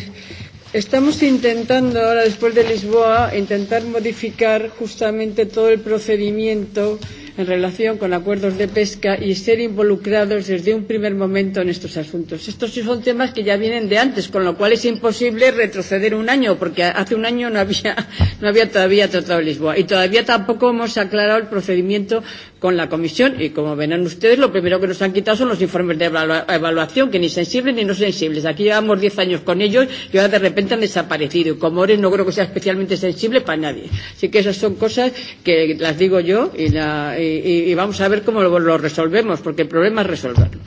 estamos intentando ahora, después de Lisboa, intentar modificar justamente todo el procedimiento en relación con acuerdos de pesca y ser involucrados desde un primer momento en estos asuntos. Estos sí son temas que ya vienen de antes, con lo cual es imposible retroceder un año, porque hace un año no había, no había todavía Tratado de Lisboa y todavía tampoco hemos aclarado el procedimiento con la Comisión y como verán ustedes lo primero que nos han quitado son los informes de evaluación que ni sensibles ni no sensibles. Aquí llevamos diez años con ellos y ahora de repente han desaparecido y como ahora no creo que sea especialmente sensible para nadie. Así que esas son cosas que las digo yo y, la, y, y vamos a ver cómo lo, lo resolvemos, porque el problema es resolverlo.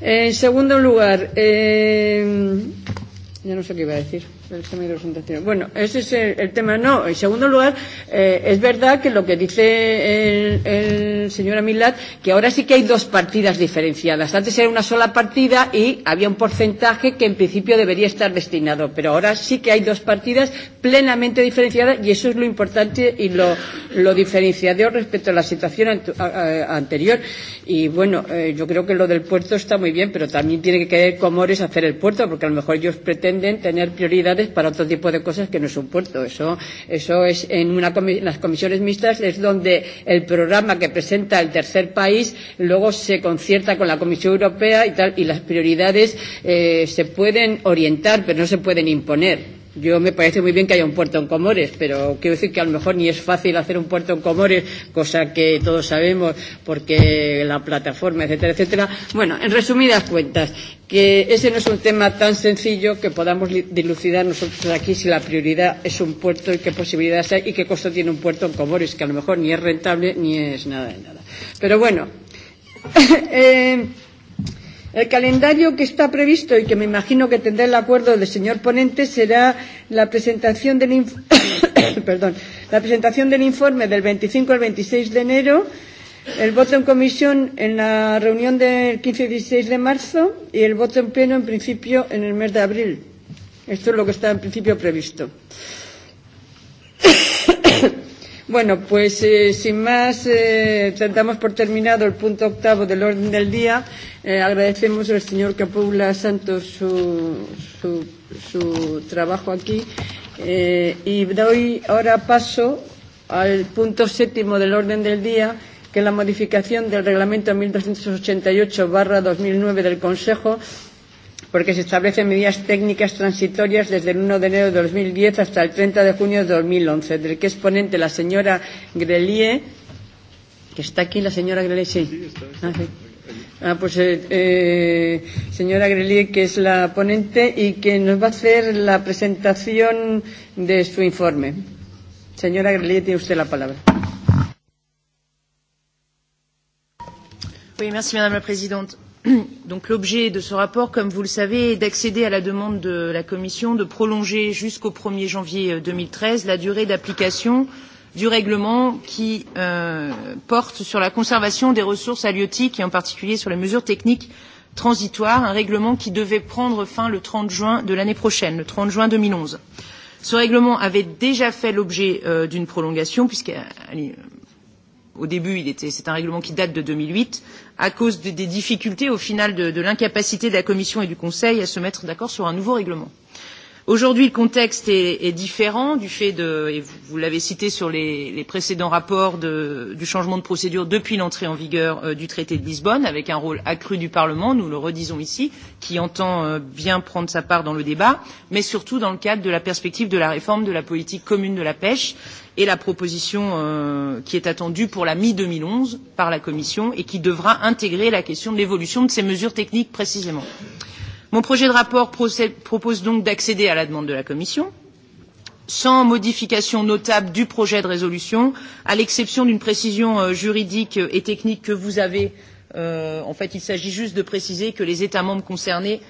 En segundo lugar, eh, ya no sé qué iba a decir. El tema de los Bueno, ese es el, el tema. No, en segundo lugar, eh, es verdad que lo que dice el, el señor Amilat, que ahora sí que hay dos partidas diferenciadas. Antes era una sola partida y había un porcentaje que en principio debería estar destinado, pero ahora sí que hay dos partidas plenamente diferenciadas y eso es lo importante y lo, lo diferenciador respecto a la situación an a, a, anterior. Y bueno, eh, yo creo que lo del puerto está muy bien, pero también tiene que con Comores hacer el puerto, porque a lo mejor ellos pretenden tener prioridad coordinadores para otro tipo de cosas que no es un puerto. Eso, eso es en una comi las comisiones mixtas es donde el programa que presenta el tercer país luego se concierta con la Comisión Europea y tal y las prioridades eh, se pueden orientar pero no se pueden imponer. Yo me parece muy bien que haya un puerto en Comores, pero quiero decir que a lo mejor ni es fácil hacer un puerto en Comores, cosa que todos sabemos porque la plataforma, etcétera, etcétera. Bueno, en resumidas cuentas, que ese no es un tema tan sencillo que podamos dilucidar nosotros aquí si la prioridad es un puerto y qué posibilidades hay y qué costo tiene un puerto en Comores, que a lo mejor ni es rentable ni es nada de nada. Pero bueno. eh, El calendario que está previsto y que me imagino que tendrá el acuerdo del señor ponente será la presentación del, inf perdón, la presentación del informe del 25 al 26 de enero, el voto en comisión en la reunión del 15 y 16 de marzo y el voto en pleno en principio en el mes de abril. Esto es lo que está en principio previsto. Bueno, pues eh, sin más, eh, damos por terminado el punto octavo del orden del día. Eh, agradecemos al señor Capula Santos su, su, su trabajo aquí eh, y doy ahora paso al punto séptimo del orden del día, que es la modificación del reglamento 1288-2009 del Consejo porque se establecen medidas técnicas transitorias desde el 1 de enero de 2010 hasta el 30 de junio de 2011, del que es ponente la señora Grelier, que está aquí la señora Grelier, sí. Ah, sí. Ah, pues eh, eh, señora Grelier, que es la ponente y que nos va a hacer la presentación de su informe. Señora Grelier, tiene usted la palabra. Oui, merci Madame la Présidente. Donc l'objet de ce rapport, comme vous le savez, est d'accéder à la demande de la Commission de prolonger jusqu'au 1er janvier 2013 la durée d'application du règlement qui porte sur la conservation des ressources halieutiques et en particulier sur les mesures techniques transitoires, un règlement qui devait prendre fin le 30 juin de l'année prochaine, le 30 juin 2011. Ce règlement avait déjà fait l'objet d'une prolongation, puisqu'à au début, c'est un règlement qui date de deux mille huit, à cause des difficultés au final de, de l'incapacité de la Commission et du Conseil à se mettre d'accord sur un nouveau règlement. Aujourd'hui, le contexte est, différent du fait de, et vous, l'avez cité sur les, précédents rapports du changement de procédure depuis l'entrée en vigueur du traité de Lisbonne, avec un rôle accru du Parlement, nous le redisons ici, qui entend bien prendre sa part dans le débat, mais surtout dans le cadre de la perspective de la réforme de la politique commune de la pêche et la proposition qui est attendue pour la mi deux mille onze par la Commission et qui devra intégrer la question de l'évolution de ces mesures techniques précisément. Euh, Mon projet de rapport propose donc d'accéder à la demande de la Commission, sans modification notable du projet de résolution, à l'exception d'une précision juridique et technique que vous avez. en fait, il s'agit juste de préciser que les États membres concernés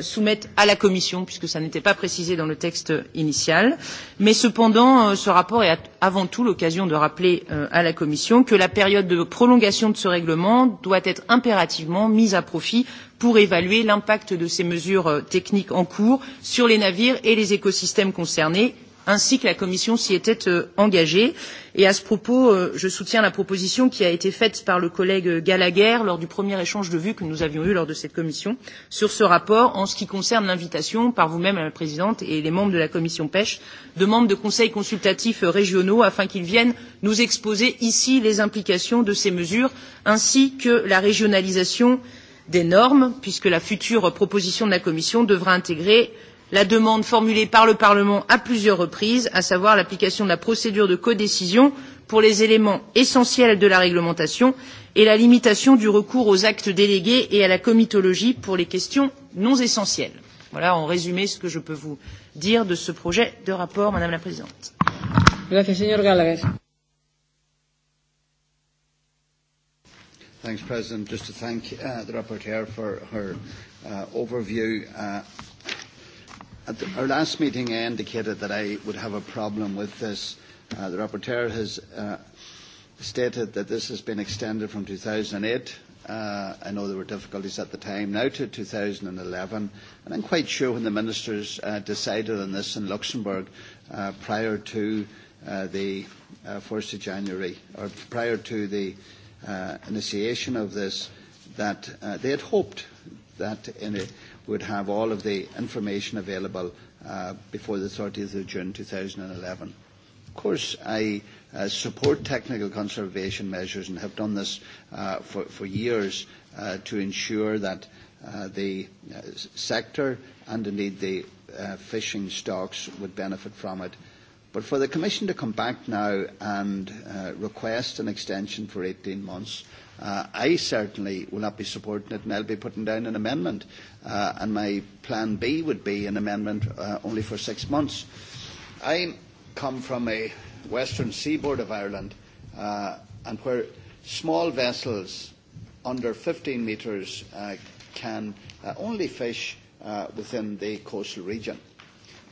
soumettent à la Commission, puisque cela n'était pas précisé dans le texte initial. Mais cependant, ce rapport est avant tout l'occasion de rappeler à la Commission que la période de prolongation de ce règlement doit être impérativement mise à profit pour évaluer l'impact de ces mesures techniques en cours sur les navires et les écosystèmes concernés ainsi que la Commission s'y était engagée. Et à ce propos, je soutiens la proposition qui a été faite par le collègue Gallagher lors du premier échange de vues que nous avions eu lors de cette commission sur ce rapport en ce qui concerne l'invitation par vous-même Madame la présidente et les membres de la commission pêche de membres de conseils consultatifs régionaux afin qu'ils viennent nous exposer ici les implications de ces mesures ainsi que la régionalisation euh, des normes, puisque la future proposition de la Commission devra intégrer la demande formulée par le Parlement à plusieurs reprises, à savoir l'application de la procédure de codécision pour les éléments essentiels de la réglementation et la limitation du recours aux actes délégués et à la comitologie pour les questions non essentielles. Voilà en résumé ce que je peux vous dire de ce projet de rapport, Madame la Présidente. Thanks, President. Just to thank uh, the rapporteur for her uh, overview. Uh, at the, our last meeting, I indicated that I would have a problem with this. Uh, the rapporteur has uh, stated that this has been extended from 2008 Uh, I know there were difficulties at the time, now to 2011. And I'm quite sure when the ministers uh, decided on this in Luxembourg uh, prior to uh, the uh, 1st of January, or prior to the uh, initiation of this that uh, they had hoped that in it would have all of the information available uh, before the 30th of June 2011. Of course, I uh, support technical conservation measures and have done this uh, for, for years uh, to ensure that uh, the uh, sector and indeed the uh, fishing stocks would benefit from it. Uh, But for the Commission to come back now and uh, request an extension for 18 months, uh, I certainly will not be supporting it and I'll be putting down an amendment. Uh, and my plan B would be an amendment uh, only for six months. I come from a western seaboard of Ireland uh, and where small vessels under 15 metres uh, can uh, only fish uh, within the coastal region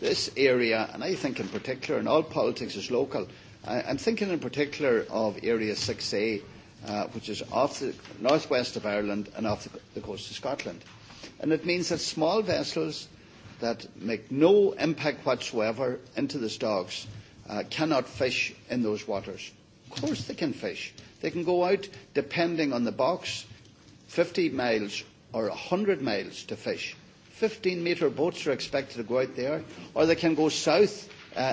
this area, and I think in particular, and all politics is local, I, I'm thinking in particular of Area 6A, uh, which is off the northwest of Ireland and off the, the coast of Scotland. And it means that small vessels that make no impact whatsoever into the stocks uh, cannot fish in those waters. Of course they can fish. They can go out, depending on the box, 50 miles or 100 miles to fish fifteen metre boats are expected to go out there, or they can go south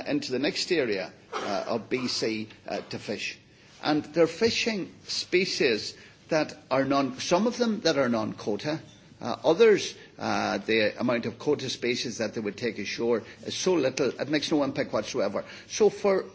into the next area of BC to fish. And they are fishing species that are non, some of them that are non-quota, others the amount of quota species that they would take ashore is so little, it makes no impact whatsoever. So for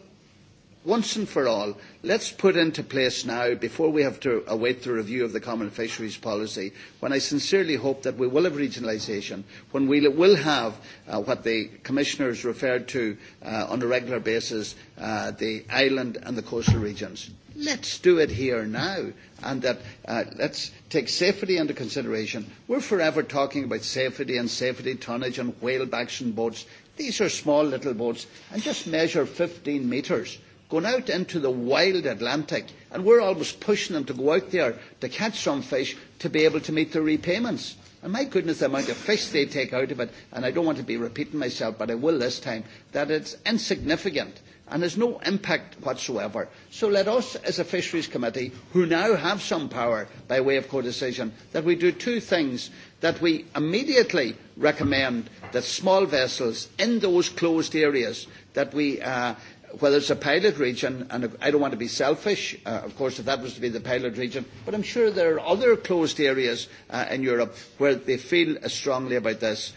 once and for all, let's put into place now, before we have to await the review of the common fisheries policy, when I sincerely hope that we will have regionalisation, when we will have uh, what the Commissioner has referred to uh, on a regular basis, uh, the island and the coastal regions. Let's do it here now, and that uh, let's take safety into consideration. We're forever talking about safety and safety tonnage and whale and boats. These are small little boats, and just measure 15 metres going out into the wild Atlantic, and we're always pushing them to go out there to catch some fish to be able to meet their repayments. And my goodness, the amount of fish they take out of it, and I don't want to be repeating myself, but I will this time, that it's insignificant and has no impact whatsoever. So let us, as a Fisheries Committee, who now have some power by way of codecision, that we do two things. That we immediately recommend that small vessels in those closed areas, that we uh, whether it's a pilot region, and I don't want to be selfish, uh, of course, if that was to be the pilot region, but I'm sure there are other closed areas uh, in Europe where they feel as strongly about this.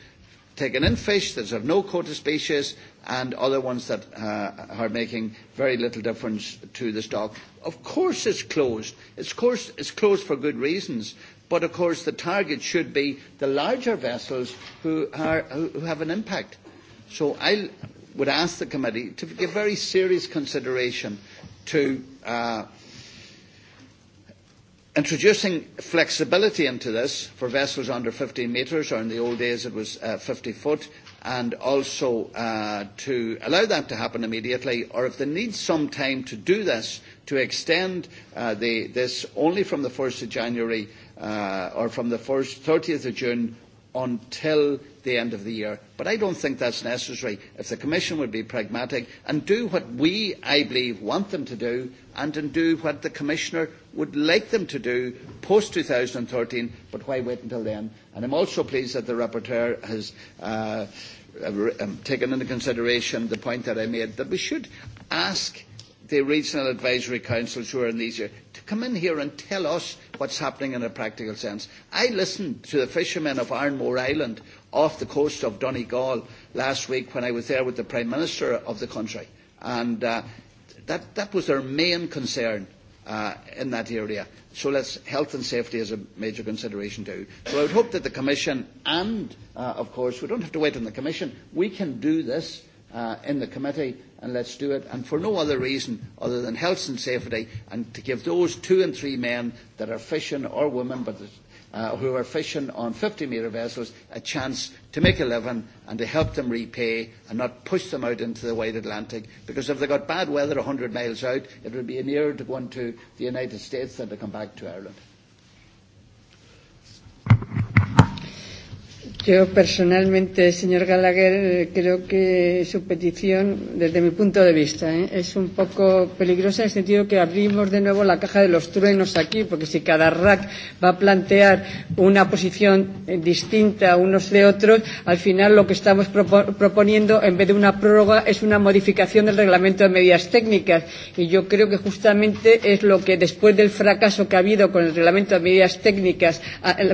Taking in fish that have no quota species and other ones that uh, are making very little difference to the stock. Of course it's closed. It's, course, it's closed for good reasons. But of course the target should be the larger vessels who, are, who have an impact. So I'll would ask the committee to give very serious consideration to uh, introducing flexibility into this for vessels under 50 metres, or in the old days it was uh, 50 foot, and also uh, to allow that to happen immediately, or if they need some time to do this, to extend uh, the, this only from the 1st of January uh, or from the 1st, 30th of June until the end of the year. But I don't think that's necessary. If the Commission would be pragmatic and do what we, I believe, want them to do and do what the Commissioner would like them to do post 2013, but why wait until then? And I'm also pleased that the Rapporteur has uh, taken into consideration the point that I made that we should ask the regional advisory councils who are in these areas to come in here and tell us what's happening in a practical sense. I listened to the fishermen of Ironmore Island off the coast of Donegal last week when I was there with the Prime Minister of the country. And uh, that, that was their main concern uh, in that area. So let's, health and safety is a major consideration too. So I would hope that the Commission and, uh, of course, we don't have to wait on the Commission. We can do this uh, in the committee and let's do it, and for no other reason other than health and safety, and to give those two and three men that are fishing or women, but uh, who are fishing on 50 metre vessels, a chance to make a living and to help them repay and not push them out into the wide Atlantic. Because if they got bad weather 100 miles out, it would be nearer to going to the United States than to come back to Ireland. Yo personalmente, señor Gallagher, creo que su petición, desde mi punto de vista, ¿eh? es un poco peligrosa en el sentido que abrimos de nuevo la caja de los truenos aquí, porque si cada RAC va a plantear una posición distinta unos de otros, al final lo que estamos proponiendo, en vez de una prórroga, es una modificación del reglamento de medidas técnicas. Y yo creo que justamente es lo que, después del fracaso que ha habido con el reglamento de medidas técnicas,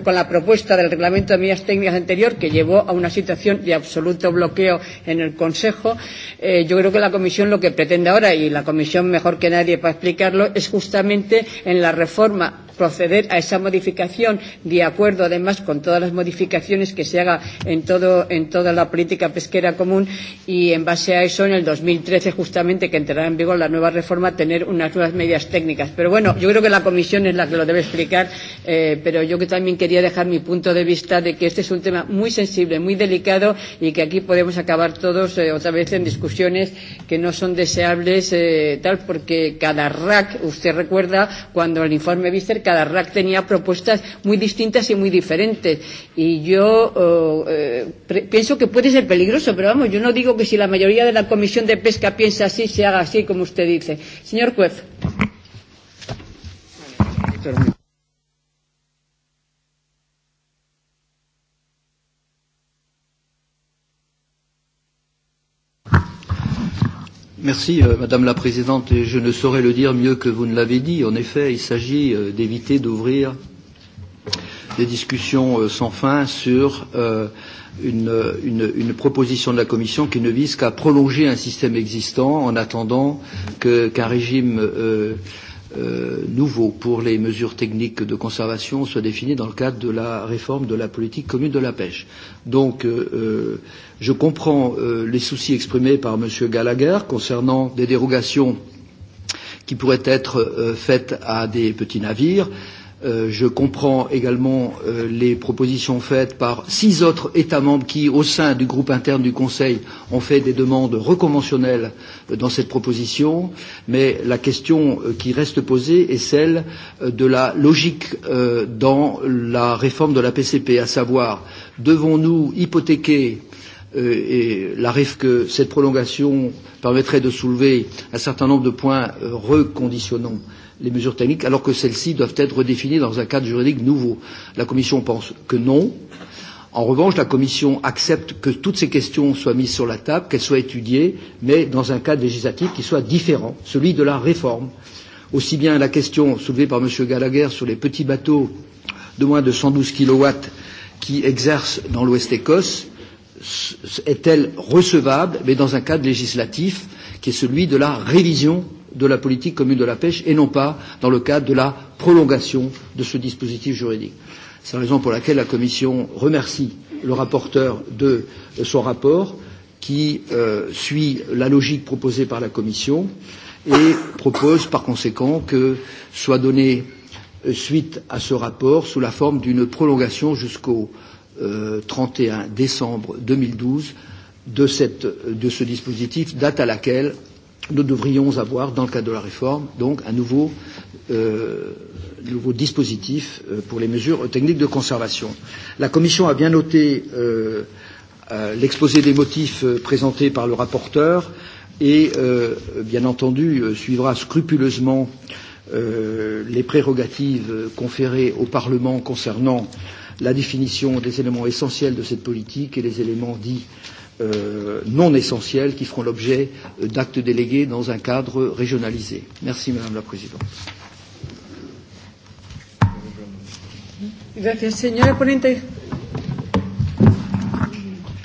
con la propuesta del reglamento de medidas técnicas anterior, anterior que llevó a una situación de absoluto bloqueo en el Consejo. Eh, yo creo que la Comisión lo que pretende ahora, y la Comisión mejor que nadie para explicarlo, es justamente en la reforma proceder a esa modificación de acuerdo además con todas las modificaciones que se haga en, todo, en toda la política pesquera común y en base a eso en el 2013 justamente que entrará en vigor la nueva reforma tener unas nuevas medidas técnicas. Pero bueno, yo creo que la comisión es la que lo debe explicar, eh, pero yo que también quería dejar mi punto de vista de que este es un tema muy sensible, muy delicado y que aquí podemos acabar todos eh, otra vez en discusiones que no son deseables, eh, tal, porque cada RAC, usted recuerda, cuando el informe Víster, cada RAC tenía propuestas muy distintas y muy diferentes. Y yo eh, pienso que puede ser peligroso, pero vamos, yo no digo que si la mayoría de la Comisión de Pesca piensa así, se haga así, como usted dice. Señor Cuef. Gracias. Merci, euh, Madame la Présidente. Et je ne saurais le dire mieux que vous ne l'avez dit. En effet, il s'agit euh, d'éviter d'ouvrir des discussions euh, sans fin sur euh, une, une, une proposition de la Commission qui ne vise qu'à prolonger un système existant en attendant qu'un qu régime euh, nouveau pour les mesures techniques de conservation soit défini dans le cadre de la réforme de la politique commune de la pêche. Donc, euh, je comprends euh, les soucis exprimés par M. Gallagher concernant des dérogations qui pourraient être euh, faites à des petits navires. Euh, je comprends également les propositions faites par six autres États membres qui, au sein du groupe interne du Conseil, ont fait des demandes reconventionnelles dans cette proposition, mais la question qui reste posée est celle de la logique dans la réforme de la PCP, à savoir devons-nous hypothéquer et la que cette prolongation permettrait de soulever un certain nombre de points reconditionnants euh, les mesures techniques, alors que celles-ci doivent être redéfinies dans un cadre juridique nouveau. La Commission pense que non. En revanche, la Commission accepte que toutes ces questions soient mises sur la table, qu'elles soient étudiées, mais dans un cadre législatif qui soit différent, celui de la réforme. Aussi bien la question soulevée par M. Gallagher sur les petits bateaux de moins de 112 kW qui exercent dans l'Ouest Écosse est-elle recevable, mais dans un cadre législatif qui est celui de la révision de la politique commune de la pêche et non pas dans le cadre de la prolongation de ce dispositif juridique. C'est la raison pour laquelle la Commission remercie le rapporteur de son rapport qui euh, suit la logique proposée par la Commission et propose par conséquent que soit donnée suite à ce rapport sous la forme d'une prolongation jusqu'au euh, 31 décembre 2012 de, cette, de ce dispositif, date à laquelle nous devrions avoir, dans le cadre de la réforme, donc un nouveau, euh, nouveau dispositif pour les mesures techniques de conservation. La Commission a bien noté euh, l'exposé des motifs présenté par le rapporteur et, euh, bien entendu, suivra scrupuleusement euh, les prérogatives conférées au Parlement concernant la définition des éléments essentiels de cette politique et les éléments dits non essentielles qui feront l'objet d'actes délégués dans un cadre régionalisé. Merci Madame la Présidente.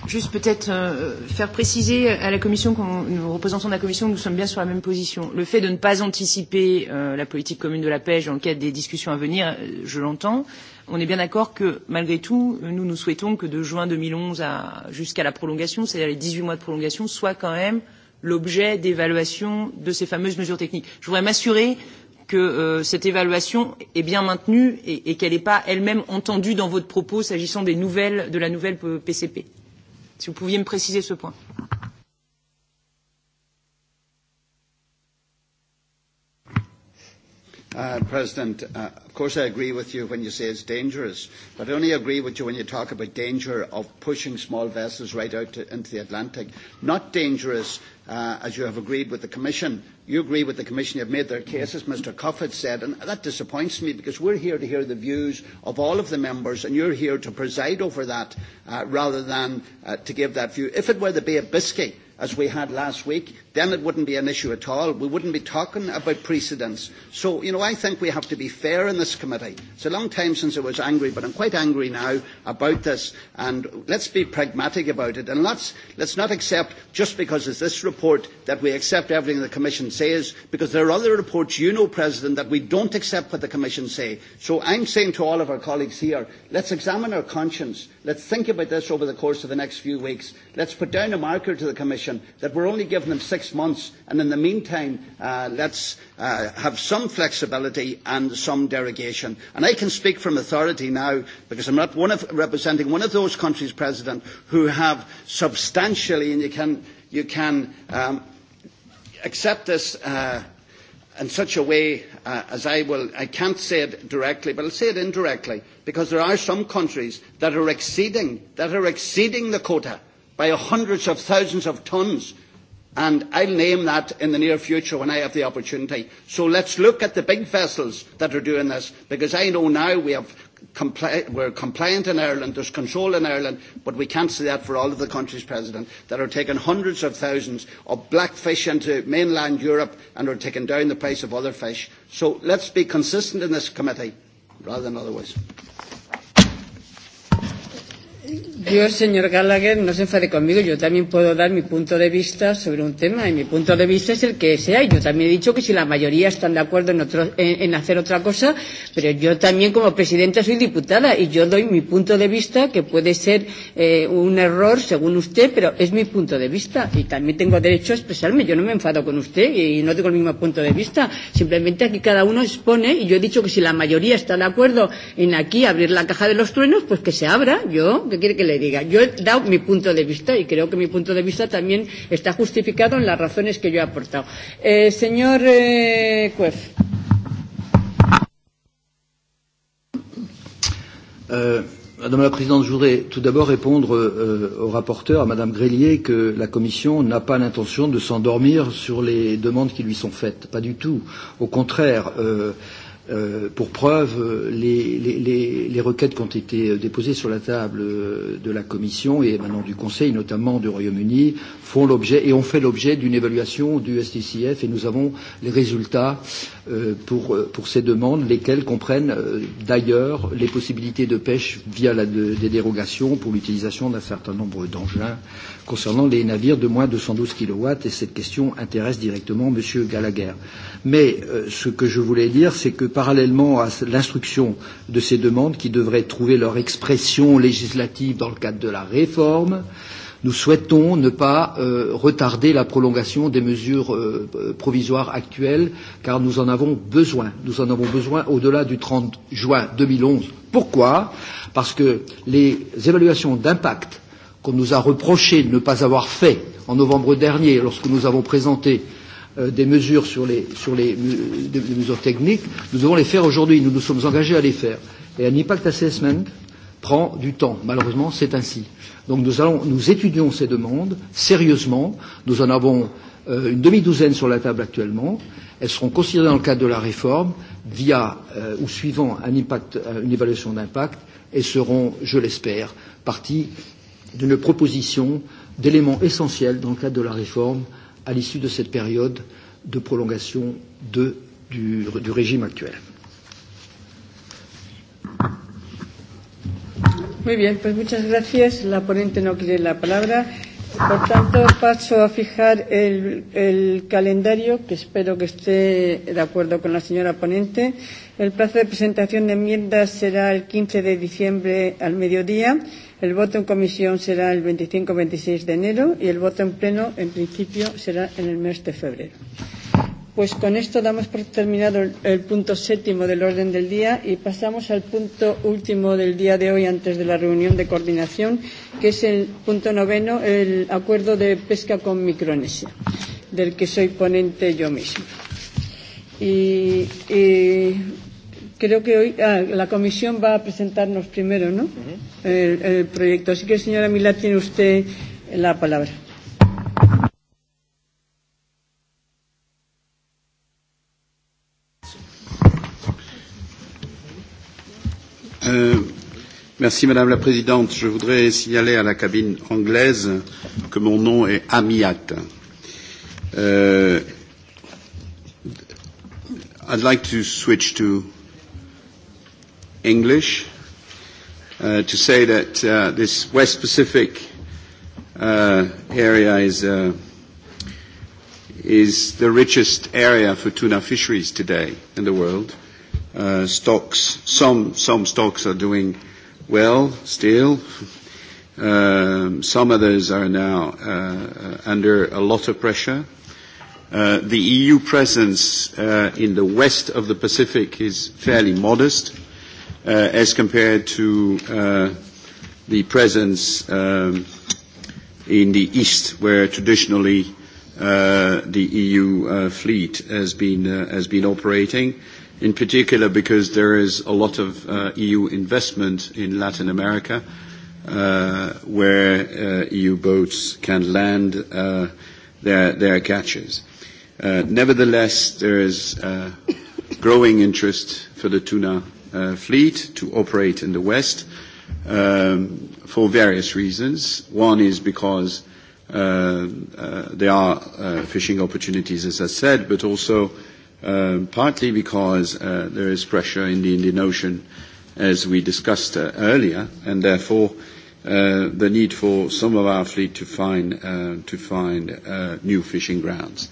Juste peut-être euh, faire préciser à la Commission, qu'on, nous représentants de la Commission, que nous sommes bien sur la même position. Le fait de ne pas anticiper euh, la politique commune de la pêche dans le cadre des discussions à venir, je l'entends. Euh, on est bien d'accord que, malgré tout, nous, nous souhaitons que de juin 2011 à, jusqu'à la prolongation, c'est-à-dire les 18 mois de prolongation, soit quand même l'objet d'évaluation de ces fameuses mesures techniques. Je voudrais m'assurer que euh, cette évaluation est bien maintenue et, et qu'elle n'est pas elle-même entendue dans votre propos s'agissant des nouvelles, de la nouvelle PCP. Si vous pouviez me préciser ce point. Mr President. Uh, of course, I agree with you when you say it's dangerous, but I only agree with you when you talk about danger of pushing small vessels right out to, into the Atlantic. Not dangerous, uh, as you have agreed with the Commission. You agree with the Commission, you have made their cases, Mr. Cuff said, and that disappoints me because we're here to hear the views of all of the members, and you're here to preside over that uh, rather than uh, to give that view. If it were the Bay of Biscay, as we had last week, then it wouldn't be an issue at all. We wouldn't be talking about precedents. So, you know, I think we have to be fair in this committee. It's a long time since I was angry, but I'm quite angry now about this. And let's be pragmatic about it. And let's, let's not accept, just because it's this report, that we accept everything the Commission says, because there are other reports, you know, President, that we don't accept what the Commission say. So I'm saying to all of our colleagues here, let's examine our conscience. Let's think about this over the course of the next few weeks. Let's put down a marker to the Commission position that we are only giving them six months and in the meantime let us have some flexibility and some derogation. I can speak from authority now because I am not representing one of those countries, President, who have substantially, and you can, accept this in such a way as I will, I can't say it directly, but I will say it indirectly, because there are some countries that are exceeding, that are exceeding the quota by hundreds of thousands of tonnes. And I'll name that in the near future when I have the opportunity. So let's look at the big vessels that are doing this, because I know now we have compli- we're compliant in Ireland, there's control in Ireland, but we can't say that for all of the countries, President, that are taking hundreds of thousands of black fish into mainland Europe and are taking down the price of other fish. So let's be consistent in this committee rather than otherwise. Yo, señor Gallagher, no se enfade conmigo. Yo también puedo dar mi punto de vista sobre un tema y mi punto de vista es el que sea. Yo también he dicho que si la mayoría están de acuerdo en, otro, en, en hacer otra cosa, pero yo también como presidenta soy diputada y yo doy mi punto de vista que puede ser eh, un error según usted, pero es mi punto de vista y también tengo derecho a expresarme. Yo no me enfado con usted y no tengo el mismo punto de vista. Simplemente aquí cada uno expone y yo he dicho que si la mayoría está de acuerdo en aquí abrir la caja de los truenos, pues que se abra. Yo, que quiere que le diga? Yo he dado mi punto de vista y creo que mi punto de vista también está justificado en las razones que yo he aportado. Eh, señor eh, Cuef. Euh, Madame la Présidente, je voudrais tout d'abord répondre euh, au rapporteur, à Madame Grélier, que la Commission n'a pas l'intention de s'endormir sur les demandes qui lui sont faites. Pas du tout. Au contraire, euh, pour preuve les, les, les, les requêtes qui ont été déposées sur la table de la Commission et maintenant du Conseil, notamment du Royaume-Uni, font l'objet et ont fait l'objet d'une évaluation du STCF et nous avons les résultats pour, pour ces demandes, lesquelles comprennent d'ailleurs les possibilités de pêche via la, de, des dérogations pour l'utilisation d'un certain nombre d'engins concernant les navires de moins de 112 kW et cette question intéresse directement M. Gallagher. Mais euh, ce que je voulais dire, c'est que parallèlement à l'instruction de ces demandes qui devraient trouver leur expression législative dans le cadre de la réforme, nous souhaitons ne pas euh, retarder la prolongation des mesures euh, provisoires actuelles, car nous en avons besoin. Nous en avons besoin au-delà du 30 juin 2011. Pourquoi Parce que les évaluations d'impact qu'on nous a reproché de ne pas avoir fait en novembre dernier, lorsque nous avons présenté des mesures sur les, sur les des mesures techniques, nous devons les faire aujourd'hui. Nous nous sommes engagés à les faire. Et un impact assessment prend du temps. Malheureusement, c'est ainsi. Donc nous, allons, nous étudions ces demandes sérieusement. Nous en avons euh, une demi-douzaine sur la table actuellement. Elles seront considérées dans le cadre de la réforme via euh, ou suivant un impact, une évaluation d'impact et seront, je l'espère, partie d'une proposition d'éléments essentiels dans le cadre de la réforme à l'issue de cette période de prolongation de, du, du régime actuel. Muy bien, pues muchas gracias. La ponente no quiere la palabra. Por tanto, paso a fijar el, el calendario, que espero que esté de acuerdo con la señora ponente. El plazo de presentación de enmiendas será el 15 de diciembre al mediodía. El voto en comisión será el 25-26 de enero y el voto en pleno, en principio, será en el mes de febrero. Pues con esto damos por terminado el punto séptimo del orden del día y pasamos al punto último del día de hoy antes de la reunión de coordinación, que es el punto noveno, el acuerdo de pesca con Micronesia, del que soy ponente yo mismo. Y, y creo que hoy ah, la comisión va a presentarnos primero ¿no? el, el proyecto. Así que, señora Milá, tiene usted la palabra. Madame la Présidente. Je voudrais signaler à la cabine anglaise que mon nom est Amiat. Uh, I'd like to switch to English uh, to say that uh, this West Pacific uh, area is, uh, is the richest area for tuna fisheries today in the world stocks. Some, some stocks are doing well still. Um, some others are now uh, under a lot of pressure. Uh, the EU presence uh, in the west of the Pacific is fairly modest uh, as compared to uh, the presence um, in the east, where traditionally uh, the EU uh, fleet has been, uh, has been operating. Uh, in particular because there is a lot of uh, EU investment in Latin America uh, where uh, EU boats can land uh, their, their catches. Uh, nevertheless, there is growing interest for the tuna uh, fleet to operate in the West um, for various reasons. One is because uh, uh, there are uh, fishing opportunities, as I said, but also uh, partly because there is pressure in the Indian Ocean, as we discussed earlier, and therefore the need for some of our fleet to find new fishing grounds.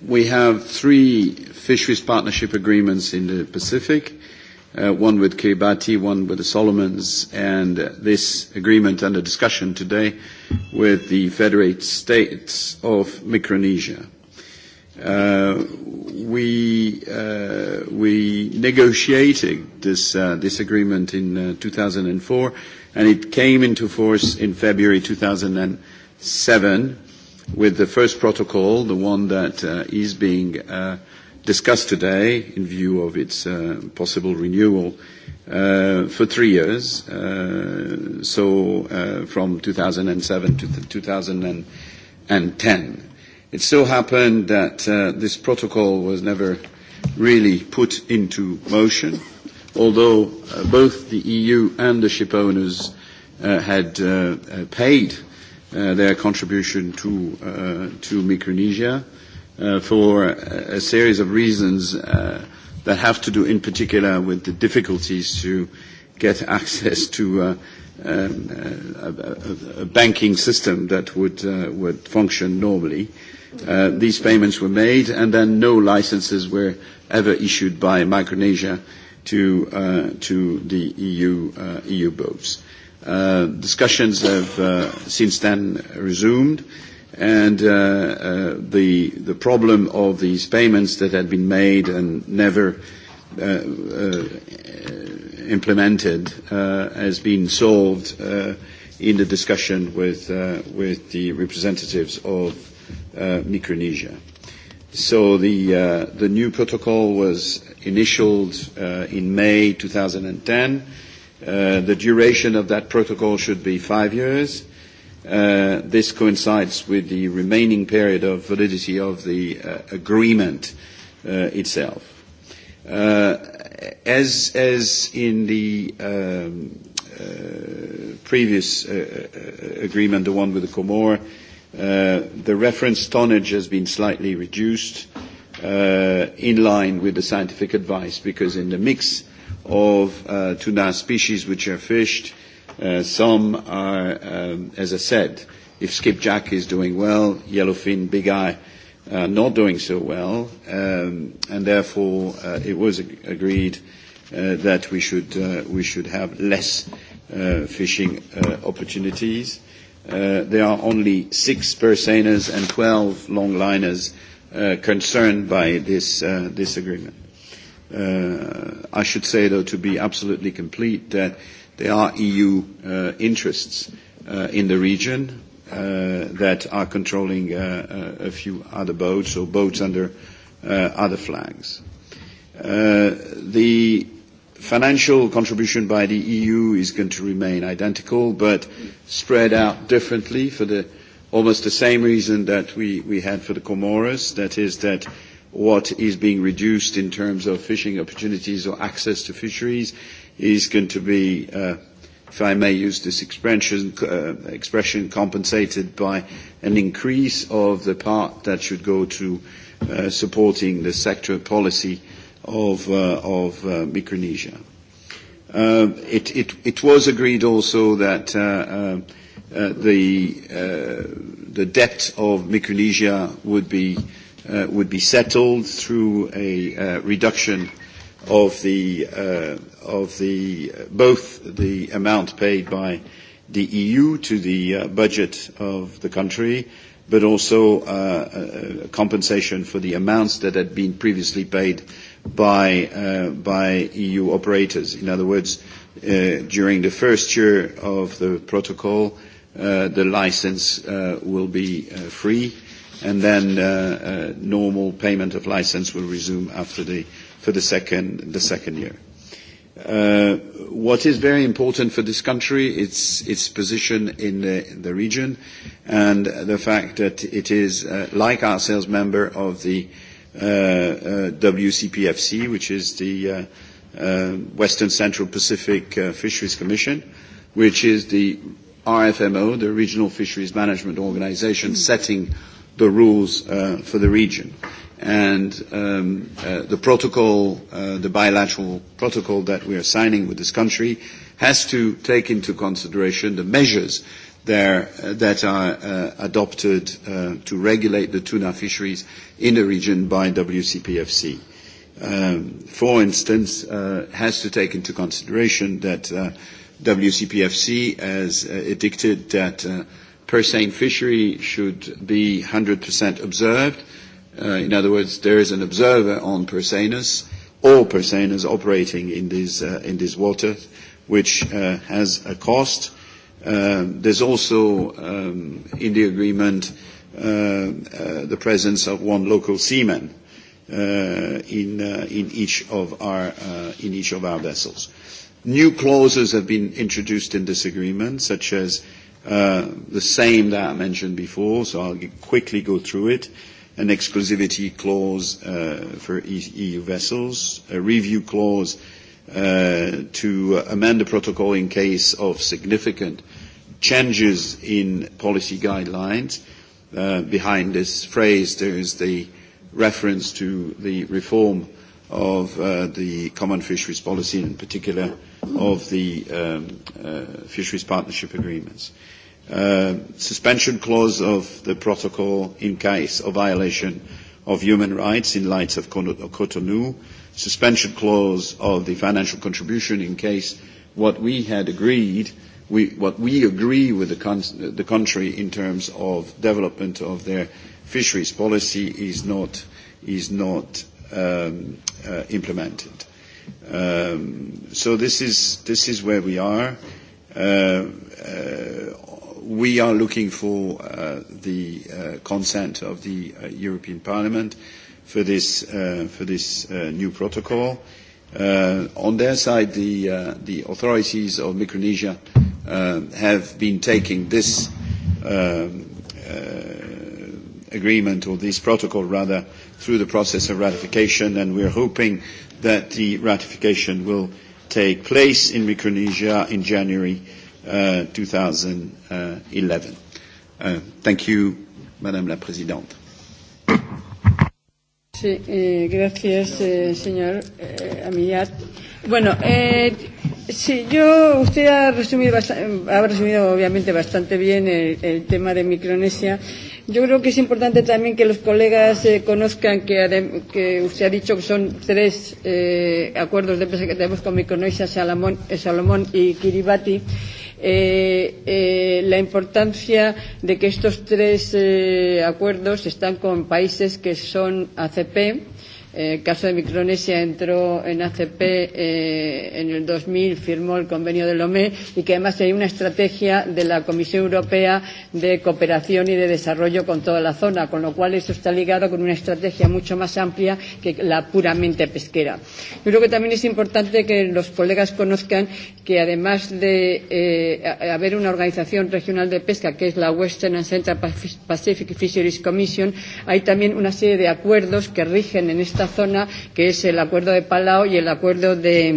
We have three fisheries partnership agreements in the Pacific, one with Kiribati, one with the Solomons, and this agreement under discussion today with the Federated States of Micronesia we uh, we negotiated this this agreement in 2004, and it came into force in February 2007 with the first protocol, the one that uh, is being discussed today in view of its uh, possible renewal uh, for three years, so uh, from 2007 to 2010. It so happened that uh, this protocol was never really put into motion, although uh, both the EU and the ship owners uh, had uh, paid uh, their contribution to, uh, to Micronesia uh, for a, a series of reasons uh, that have to do in particular with the difficulties to get access to uh, um, a, a, a banking system that would, uh, would function normally. Uh, these payments were made, and then no licenses were ever issued by Micronesia to, uh, to the EU, uh, EU boats. Uh, discussions have uh, since then resumed, and uh, uh, the, the problem of these payments that had been made and never uh, uh, implemented uh, has been solved uh, in the discussion with, uh, with the representatives of uh, Micronesia. So the, uh, the new protocol was initialed uh, in May 2010. Uh, the duration of that protocol should be five years. Uh, this coincides with the remaining period of validity of the uh, agreement uh, itself. Uh, as, as in the um, uh, previous uh, agreement, the one with the Comor, uh, The reference tonnage has been slightly reduced in line with the scientific advice, because in the mix of tuna species which are fished, some are, as I said, if skipjack is doing well, yellowfin, big eye, uh, not doing so well, um, and therefore uh, it was agreed uh, that we should, uh, we should have less uh, fishing uh, opportunities there are only six purseiners and 12 longliners concerned by this, uh this agreement. I should say, though, to be absolutely complete, that there are EU uh interests uh in the region uh that are controlling uh uh a few other boats or boats under uh other flags. Uh The financial contribution by the EU is going to remain identical, but spread out differently for the almost the same reason that we, we had for the Comoros, that is that what is being reduced in terms of fishing opportunities or access to fisheries is going to be, uh, if I may use this expression, uh, expression, compensated by an increase of the part that should go to uh, supporting the sector policy of, uh, of uh, Micronesia. Uh, it, it, it was agreed also that uh, uh, the, uh, the debt of Micronesia would be, uh, would be settled through a uh, reduction of the, uh, of the, both the amount paid by the EU to the uh, budget of the country, but also uh, a compensation for the amounts that had been previously paid uh, by, uh, by EU operators. In other words, uh, during the first year of the protocol, uh, the license uh, will be uh, free, and then uh, uh, normal payment of license will resume after the, for the second, the second year. Uh, what is very important for this country is its position in the, the region and the fact that it is, uh, like ourselves, member of the uh, uh, uh, WCPFC, which is the uh, uh, Western Central Pacific uh, Fisheries Commission, which is the RFMO, the Regional Fisheries Management Organization, setting the rules uh, for the region. And um, uh, the protocol, uh, the bilateral protocol that we are signing with this country, has to take into consideration the measures uh, there that are adopted to regulate the tuna fisheries in the region by WCPFC. For instance, has to take into consideration that WCPFC has addicted that per-seine fishery should be 100% observed. In other words, there is an observer on per-seiners, all per-seiners operating in these waters, which has a cost There's also in the agreement the presence of one local seaman in each of our vessels. New clauses have been introduced in this agreement, such as the same that I mentioned before, so I'll quickly go through it. An exclusivity clause for EU vessels, a review clause to amend the protocol in case of significant changes in policy guidelines. behind this phrase, there is the reference to the reform of the common fisheries policy, in particular of the fisheries partnership agreements. suspension clause of the protocol in case of violation of human rights in light of Cotonou suspension clause of the financial contribution in case what we had agreed, we, what we agree with the, con- the country in terms of development of their fisheries policy is not, is not um, uh, implemented. Um, so this is, this is where we are. Uh, uh, we are looking for uh, the uh, consent of the uh, European Parliament. Uh, for this, uh, for this uh, new protocol. Uh, on their side, the, uh, the authorities of Micronesia uh, have been taking this um, uh, agreement or this protocol rather through the process of ratification and we are hoping that the ratification will take place in Micronesia in January uh, 2011. Uh, thank you, Madame la Présidente. Sí, eh, gracias, eh, señor eh, Amillat. Bueno, eh, sí, yo, usted ha resumido, ha resumido obviamente bastante bien el, el tema de Micronesia. Yo creo que es importante también que los colegas eh, conozcan que, que usted ha dicho que son tres eh, acuerdos de pesca que tenemos con Micronesia, Salomón, Salomón y Kiribati eh, eh, la importancia de que estos tres eh, acuerdos están con países que son ACP el caso de Micronesia entró en ACP eh, en el 2000, firmó el convenio de Lomé y que además hay una estrategia de la Comisión Europea de cooperación y de desarrollo con toda la zona, con lo cual eso está ligado con una estrategia mucho más amplia que la puramente pesquera. Yo creo que también es importante que los colegas conozcan que además de eh, haber una organización regional de pesca que es la Western and Central Pacific Fisheries Commission, hay también una serie de acuerdos que rigen en este esta zona, que es el acuerdo de Palau y el acuerdo de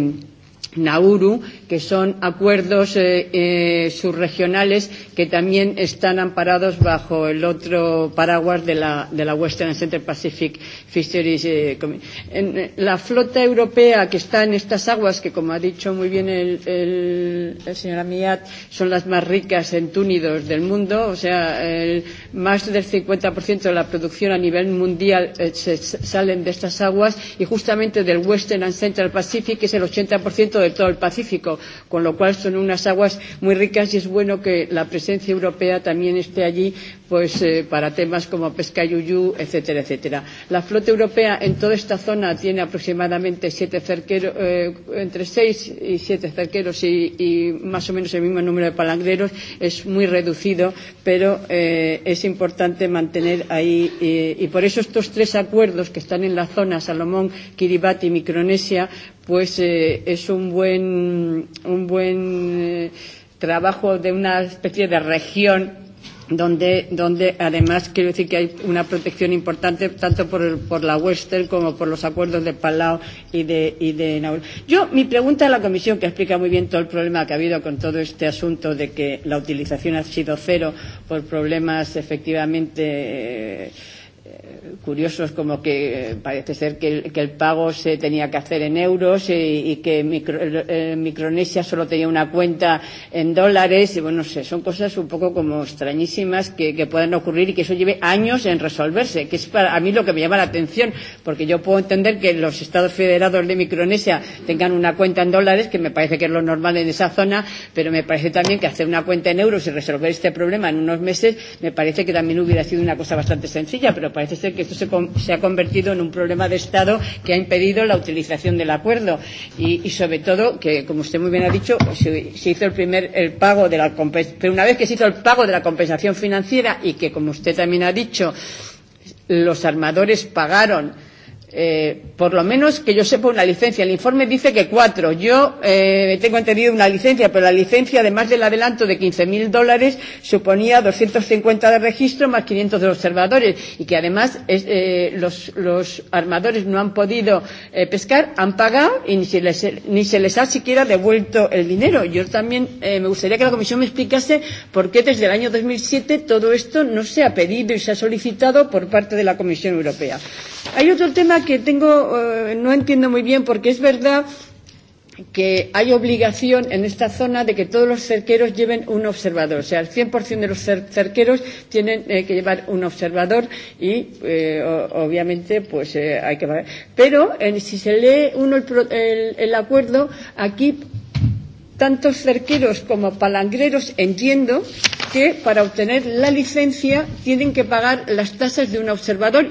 Nauru, que son acuerdos eh, eh, subregionales que también están amparados bajo el otro paraguas de la, de la Western and Central Pacific Fisheries eh, en, La flota europea que está en estas aguas, que como ha dicho muy bien el, el, el señor Amiat, son las más ricas en túnidos del mundo, o sea, el, más del 50% de la producción a nivel mundial eh, se, salen de estas aguas y justamente del Western and Central Pacific es el 80% de todo el Pacífico, con lo cual son unas aguas muy ricas y es bueno que la presencia europea también esté allí pues, eh, para temas como pesca yuyú, etcétera, etcétera. La flota europea en toda esta zona tiene aproximadamente siete cerqueros, eh, entre seis y siete cerqueros y, y más o menos el mismo número de palangreros. Es muy reducido, pero eh, es importante mantener ahí. Eh, y por eso estos tres acuerdos que están en la zona, Salomón, Kiribati y Micronesia, pues eh, es un buen, un buen eh, trabajo de una especie de región donde, donde además quiero decir que hay una protección importante tanto por, el, por la Western como por los acuerdos de Palau y de, y de Nauru. Yo, mi pregunta a la Comisión, que explica muy bien todo el problema que ha habido con todo este asunto de que la utilización ha sido cero por problemas efectivamente. Eh, curiosos como que parece ser que el, que el pago se tenía que hacer en euros y, y que micro, eh, Micronesia solo tenía una cuenta en dólares. Y bueno, no sé, son cosas un poco como extrañísimas que, que puedan ocurrir y que eso lleve años en resolverse, que es para a mí lo que me llama la atención, porque yo puedo entender que los Estados Federados de Micronesia tengan una cuenta en dólares, que me parece que es lo normal en esa zona, pero me parece también que hacer una cuenta en euros y resolver este problema en unos meses me parece que también hubiera sido una cosa bastante sencilla, pero parece parece ser que esto se, se ha convertido en un problema de Estado que ha impedido la utilización del acuerdo. Y, y sobre todo, que como usted muy bien ha dicho, se, se hizo el primer el pago de la pero una vez que se hizo el pago de la compensación financiera y que, como usted también ha dicho, los armadores pagaron eh, por lo menos que yo sepa una licencia. El informe dice que cuatro. Yo eh, tengo entendido una licencia, pero la licencia, además del adelanto de 15.000 dólares, suponía 250 de registro más 500 de observadores y que además es, eh, los, los armadores no han podido eh, pescar, han pagado y ni se, les, ni se les ha siquiera devuelto el dinero. Yo también eh, me gustaría que la Comisión me explicase por qué desde el año 2007 todo esto no se ha pedido y se ha solicitado por parte de la Comisión Europea. Hay otro tema que tengo, eh, no entiendo muy bien, porque es verdad que hay obligación en esta zona de que todos los cerqueros lleven un observador. O sea, el 100% de los cer cerqueros tienen eh, que llevar un observador y, eh, o, obviamente, pues eh, hay que... Pero eh, si se lee uno el, el, el acuerdo, aquí tantos cerqueros como palangreros entiendo que para obtener la licencia tienen que pagar las tasas de un observador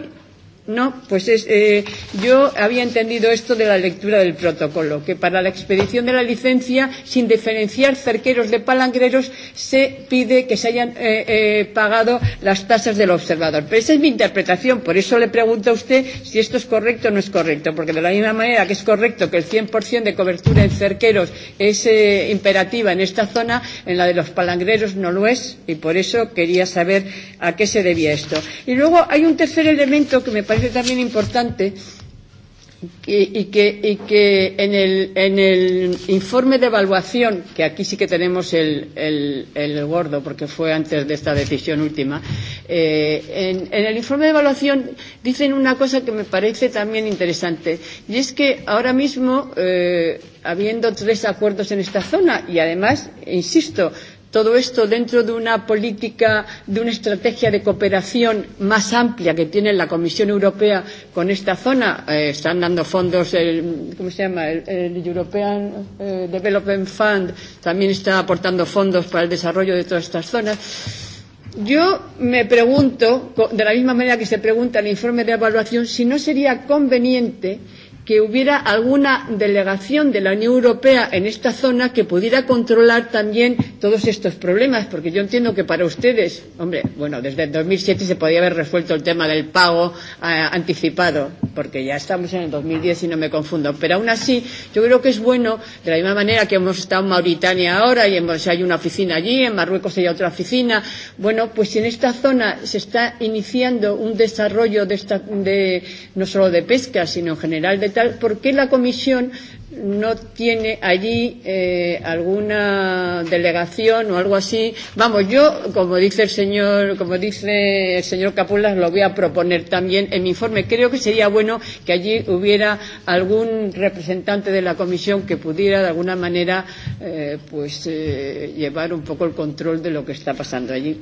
No, pues es, eh, yo había entendido esto de la lectura del protocolo, que para la expedición de la licencia, sin diferenciar cerqueros de palangreros, se pide que se hayan eh, eh, pagado las tasas del observador. Pero esa es mi interpretación, por eso le pregunto a usted si esto es correcto o no es correcto, porque de la misma manera que es correcto que el 100% de cobertura en cerqueros es eh, imperativa en esta zona, en la de los palangreros no lo es, y por eso quería saber a qué se debía esto. Y luego hay un tercer elemento que me parece también importante y, y, que, y que en el, en el informe de evaluación, que aquí sí que tenemos el, el, el gordo, porque fue antes de esta decisión última, eh, en, en el informe de evaluación dicen una cosa que me parece también interesante, y es que ahora mismo, eh, habiendo tres acuerdos en esta zona, y además, insisto, Todo esto dentro de una política, de una estrategia de cooperación más amplia que tiene la Comisión Europea con esta zona. Eh, están dando fondos, el, ¿cómo se llama? El, el European eh, Development Fund también está aportando fondos para el desarrollo de todas estas zonas. Yo me pregunto, de la misma manera que se pregunta el informe de evaluación, si no sería conveniente eh, que hubiera alguna delegación de la Unión Europea en esta zona que pudiera controlar también todos estos problemas, porque yo entiendo que para ustedes, hombre, bueno, desde el 2007 se podía haber resuelto el tema del pago eh, anticipado, porque ya estamos en el 2010 y no me confundo, pero aún así yo creo que es bueno, de la misma manera que hemos estado en Mauritania ahora y hemos, hay una oficina allí, en Marruecos hay otra oficina, bueno, pues si en esta zona se está iniciando un desarrollo de, esta, de no solo de pesca, sino en general de tal, ¿por qué la comisión no tiene allí eh, alguna delegación o algo así. Vamos, yo, como dice el señor, como dice el señor Capulas, lo voy a proponer también en mi informe. Creo que sería bueno que allí hubiera algún representante de la comisión que pudiera de alguna manera eh, pues eh, llevar un poco el control de lo que está pasando allí.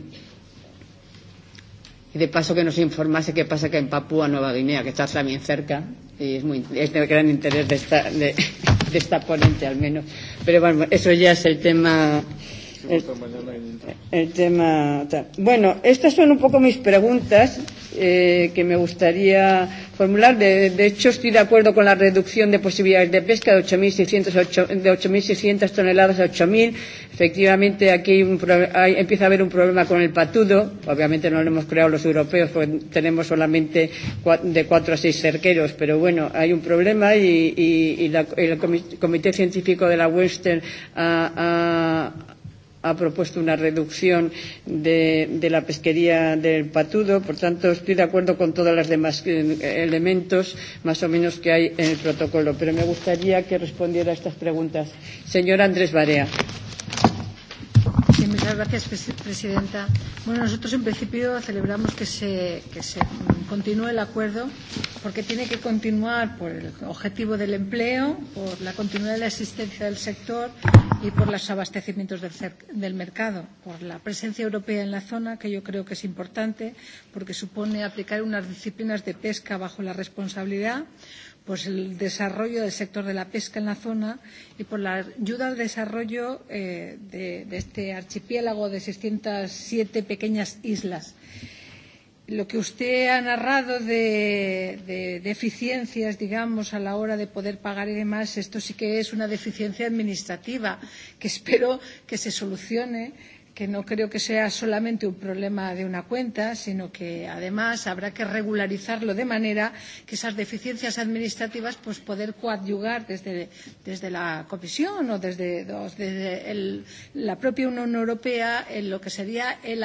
Y de paso que nos informase qué pasa que en Papúa Nueva Guinea, que está también cerca, y es, muy, es de gran interés de esta, de, de esta ponente al menos. Pero bueno, eso ya es el tema el tema. Tal. Bueno, estas son un poco mis preguntas eh, que me gustaría formular. De, de hecho, estoy de acuerdo con la reducción de posibilidades de pesca de 8.600 toneladas a 8.000. Efectivamente, aquí hay un pro, hay, empieza a haber un problema con el patudo. Obviamente no lo hemos creado los europeos, porque tenemos solamente de 4 a 6 cerqueros. Pero bueno, hay un problema y, y, y la, el Comité Científico de la Western ha. Uh, uh, ha propuesto una reducción de, de la pesquería del patudo. Por tanto, estoy de acuerdo con todos los demás elementos más o menos que hay en el protocolo. Pero me gustaría que respondiera a estas preguntas. Señor Andrés Barea. Muchas gracias, presidenta. Bueno, nosotros en principio celebramos que se, que se continúe el acuerdo porque tiene que continuar por el objetivo del empleo, por la continuidad de la existencia del sector y por los abastecimientos del, del mercado, por la presencia europea en la zona, que yo creo que es importante porque supone aplicar unas disciplinas de pesca bajo la responsabilidad pues el desarrollo del sector de la pesca en la zona y por la ayuda al desarrollo eh, de, de este archipiélago de 607 pequeñas islas. Lo que usted ha narrado de, de deficiencias, digamos, a la hora de poder pagar y demás, esto sí que es una deficiencia administrativa que espero que se solucione que no creo que sea solamente un problema de una cuenta, sino que además habrá que regularizarlo de manera que esas deficiencias administrativas pues poder coadyugar desde, desde la Comisión o desde, desde el, la propia Unión Europea en lo que sería el,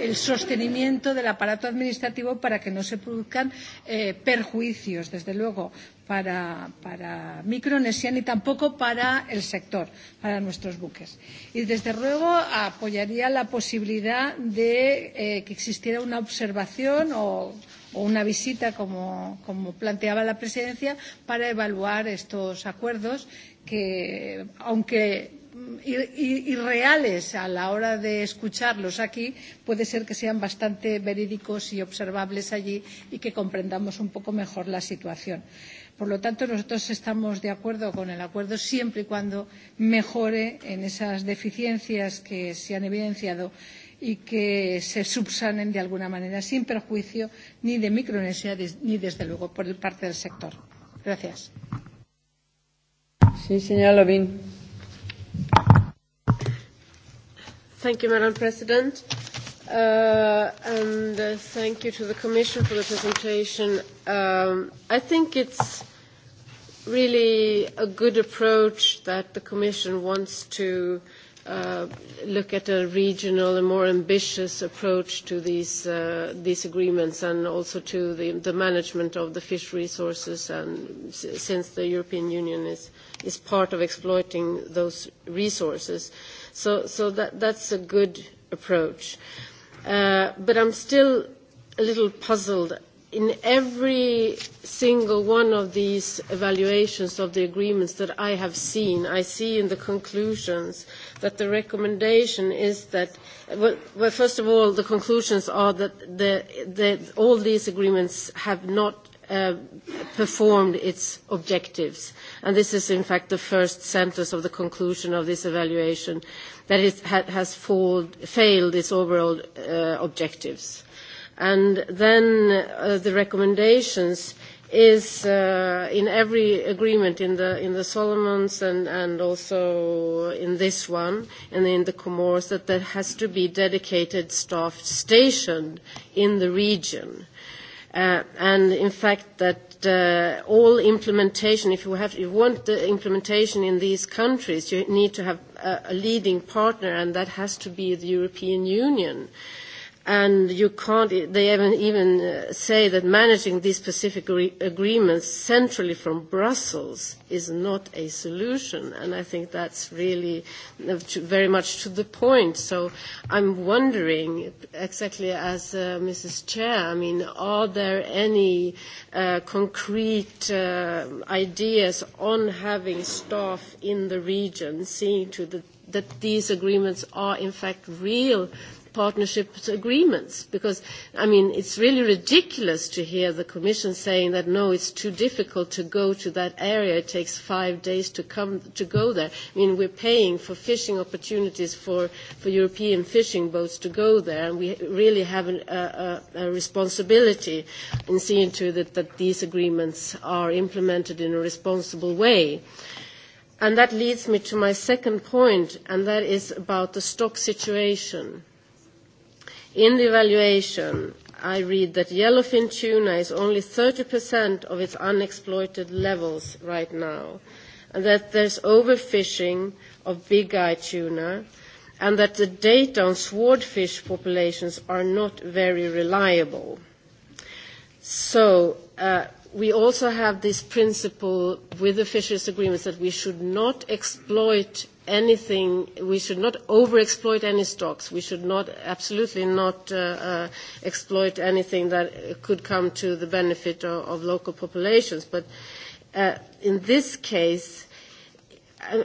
el sostenimiento del aparato administrativo para que no se produzcan eh, perjuicios. Desde luego, para, para Micronesia ni tampoco para el sector, para nuestros buques. Y desde luego apoyaría la posibilidad de eh, que existiera una observación o, o una visita, como, como planteaba la presidencia, para evaluar estos acuerdos que, aunque irreales a la hora de escucharlos aquí, puede ser que sean bastante verídicos y observables allí y que comprendamos un poco mejor la situación. Por lo tanto, nosotros estamos de acuerdo con el acuerdo siempre y cuando mejore en esas deficiencias que se han evidenciado y que se subsanen de alguna manera, sin perjuicio ni de Micronesia ni, desde luego, por parte del sector. Gracias. Sí, señora Lovín. Thank you, Madam President and uh, thank you to the Commission for the presentation. Um, I think it's really a good approach that the Commission wants to uh, look at a regional and more ambitious approach to these, uh, these agreements and also to the, the management of the fish resources and since the European Union is, is part of exploiting those resources. So, so that, that's a good approach. Uh, but I'm still a little puzzled. In every single one of these evaluations of the agreements that I have seen, I see in the conclusions that the recommendation is that, well, well first of all, the conclusions are that the, the, all these agreements have not performed its objectives. And this is, in fact, the first sentence of the conclusion of this evaluation, that it has failed its overall objectives. And then the recommendations is in every agreement in the in the Solomons and and also in this one and in the Comores that there has to be dedicated staff stationed in the region and in fact that all implementation, if you, have, you want the implementation in these countries, you need to have a, a leading partner, and that has to be the European Union and you can't, they even, even uh, say that managing these specific re- agreements centrally from Brussels is not a solution. And I think that's really very much to the point. So I'm wondering, exactly as uh, Mrs. Chair, I mean, are there any uh, concrete uh, ideas on having staff in the region seeing to the, that these agreements are in fact real? partnership agreements because I mean it's really ridiculous to hear the Commission saying that no, it's too difficult to go to that area. It takes five days to come to go there. I mean we're paying for fishing opportunities for, for European fishing boats to go there, and we really have an, a, a, a responsibility in seeing to that that these agreements are implemented in a responsible way. And that leads me to my second point, and that is about the stock situation In the evaluation, I read that yellowfin tuna is only 30% of its unexploited levels right now, and that there's overfishing of big eye tuna, and that the data on swordfish populations are not very reliable. So uh, we also have this principle with the fisheries agreements that we should not exploit anything, we should not overexploit any stocks. We should not, absolutely not exploit anything that could come to the benefit of local populations. But in this case,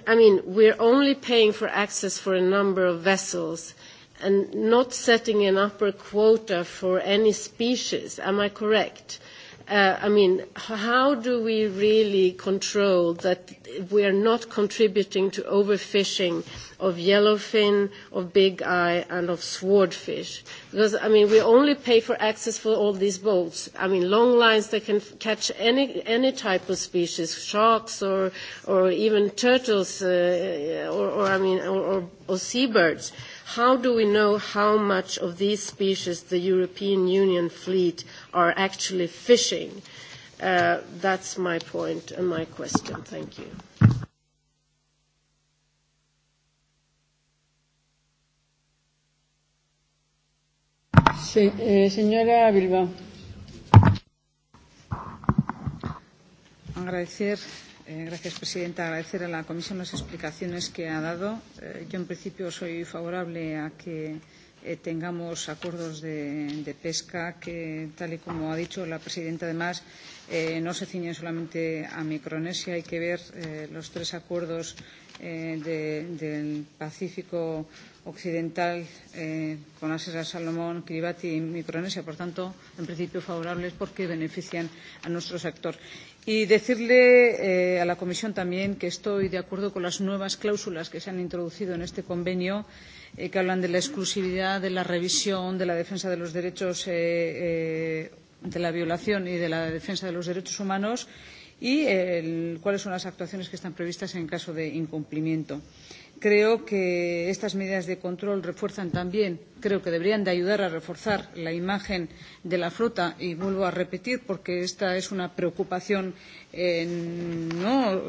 I mean, we're only paying for access for a number of vessels and not setting an upper quota for any species. Am I correct? I mean, how do we really control that we are not contributing to overfishing of yellowfin, of big eye, and of swordfish? Because, I mean, we only pay for access for all these boats. I mean, long lines that can catch any, any type of species, sharks or, or even turtles, uh, or, or, I mean, or, or, or seabirds how do we know how much of these species the European Union fleet are actually fishing? Uh, that's my point and my question. Thank you. Sí, eh, señora Bilbao. Agradecer Gracias, presidenta. Agradecer a la comisión las explicaciones que ha dado. Yo, en principio, soy favorable a que tengamos acuerdos de, pesca que, tal y como ha dicho la presidenta, además, no se ciñen solamente a Micronesia. Hay que ver los tres acuerdos del Pacífico Occidental con las Islas Salomón, Kiribati y Micronesia. Por tanto, en principio, favorables porque benefician a nuestro sector. Y decirle a la Comisión también que estoy de acuerdo con las nuevas cláusulas que se han introducido en este convenio que hablan de la exclusividad, de la revisión, de la defensa de los derechos, de la violación y de la defensa de los derechos humanos y cuáles son las actuaciones que están previstas en caso de incumplimiento. Creo que estas medidas de control refuerzan también creo que deberían ayudar a reforzar la imagen de la flota y vuelvo a repetir porque esta es una preocupación no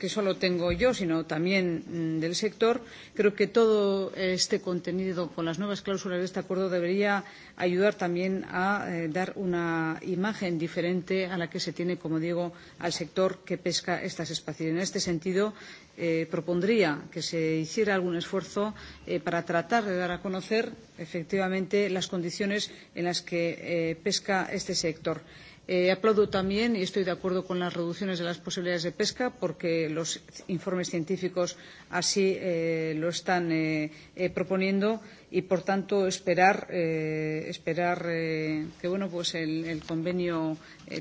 que solo tengo yo sino también del sector creo que todo este contenido con las nuevas cláusulas de este acuerdo debería ayudar también a dar una imagen diferente a la que se tiene como digo al sector que pesca estas especies. en este sentido propondría que se hiciera algún esfuerzo para tratar de dar a conocer conocer efectivamente las condiciones en las que pesca este sector. aplaudo también y estoy de acuerdo con las reducciones de las posibilidades de pesca porque los informes científicos así lo están proponiendo y por tanto esperar, que el, convenio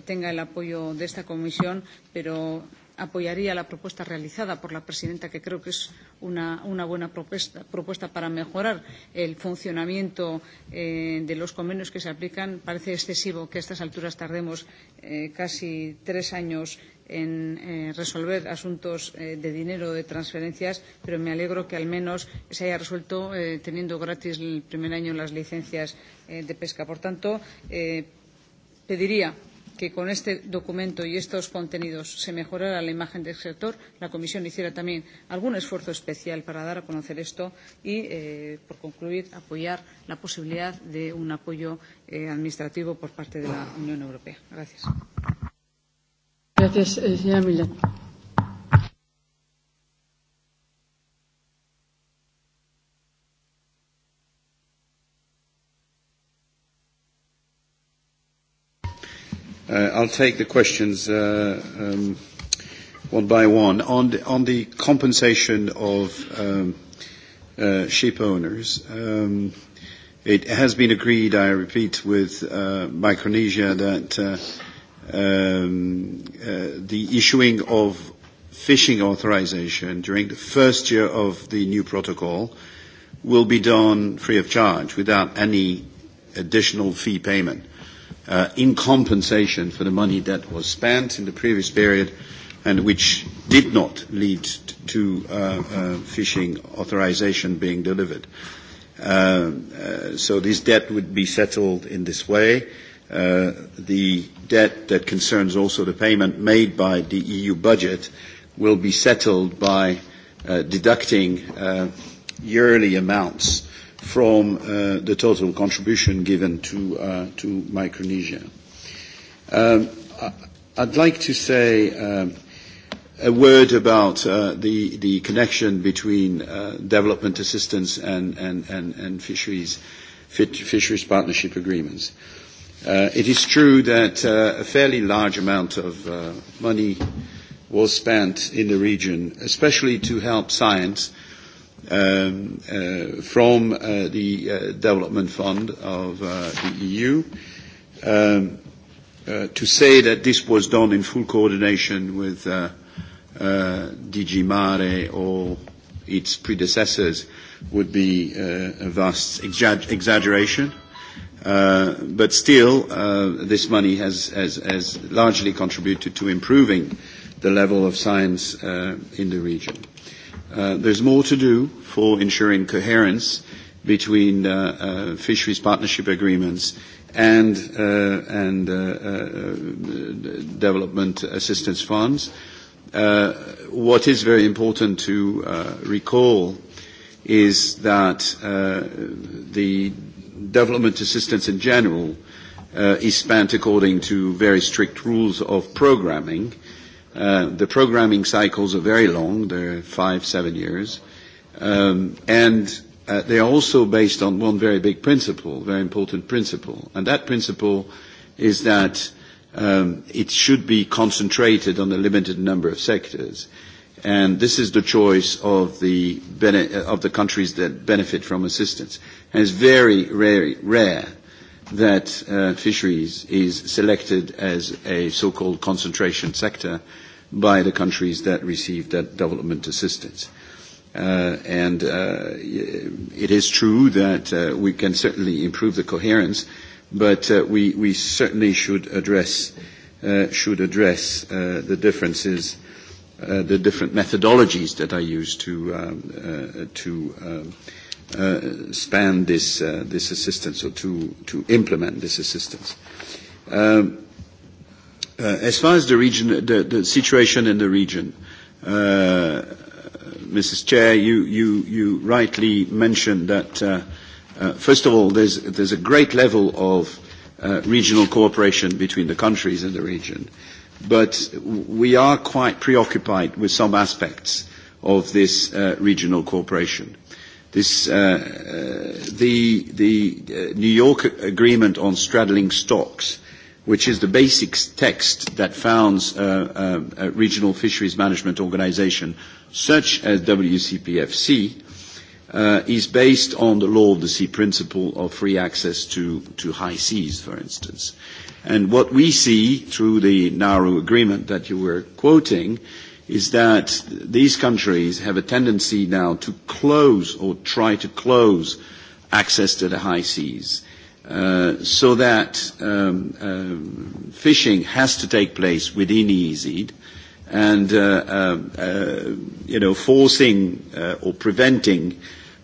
tenga el apoyo de esta comisión pero apoyaría la propuesta realizada por la presidenta, que creo que es una, buena propuesta, para mejorar el funcionamiento de los convenios que se aplican. Parece excesivo que a estas alturas tardemos casi tres años en resolver asuntos de dinero, de transferencias, pero me alegro que al menos se haya resuelto teniendo gratis el primer año las licencias de pesca. Por tanto, pediría que con este documento y estos contenidos se mejorara la imagen del sector, la Comisión hiciera también algún esfuerzo especial para dar a conocer esto y, por concluir, apoyar la posibilidad de un apoyo administrativo por parte de la Unión Europea. Gracias. Gracias, señora Uh, I'll take the questions uh, um, one by one. On the, on the compensation of um, uh, sheep owners, um, it has been agreed, I repeat, with uh, Micronesia that uh, um, uh, the issuing of fishing authorization during the first year of the new protocol will be done free of charge without any additional fee payment in compensation for the money that was spent in the previous period and which did not lead to uh, uh, fishing authorization being delivered. Uh, uh, so this debt would be settled in this way. Uh, the debt that concerns also the payment made by the EU budget will be settled by uh, deducting uh, yearly amounts from uh, the total contribution given to, uh, to Micronesia. Um, I, I'd like to say um, a word about uh, the, the connection between uh, development assistance and, and, and, and fisheries, fisheries partnership agreements. Uh, it is true that uh, a fairly large amount of uh, money was spent in the region, especially to help science um, uh, from uh, the uh, Development Fund of uh, the EU um, uh, to say that this was done in full coordination with uh, uh, DG Mare or its predecessors would be uh, a vast exaggeration. Uh, but still, uh, this money has, has, has largely contributed to improving the level of science uh, in the region. There there's more to do for ensuring coherence between uh, uh, fisheries partnership agreements and, uh, and uh, uh, development assistance funds. Uh, what is very important to uh, recall is that uh, the development assistance in general uh, is spent according to very strict rules of programming, Uh, the programming cycles are very long. They're five, seven years. Um, and uh, they are also based on one very big principle, very important principle. And that principle is that um, it should be concentrated on a limited number of sectors. And this is the choice of the, bene- of the countries that benefit from assistance. And it's very, very rare that uh, fisheries is selected as a so-called concentration sector by the countries that receive that development assistance. Uh, and uh, it is true that uh, we can certainly improve the coherence, but uh, we, we certainly should address, uh, should address uh, the differences, uh, the different methodologies that are used to, um, uh, to um, uh, span this, uh, this assistance or to, to implement this assistance. Um, uh, as far as the region, the, the situation in the region, uh, Mrs. Chair, you, you, you rightly mentioned that, uh, uh, first of all, there's, there's a great level of uh, regional cooperation between the countries in the region, but we are quite preoccupied with some aspects of this uh, regional cooperation This, uh, uh, the the uh, New York Agreement on Straddling Stocks, which is the basic text that founds uh, uh, a regional fisheries management organization such as WCPFC, uh, is based on the law of the sea principle of free access to, to high seas, for instance. And what we see through the Nauru agreement that you were quoting is that these countries have a tendency now to close or try to close access to the high seas so that um, um, fishing has to take place within EEZ and, uh, uh, you know, forcing uh, or preventing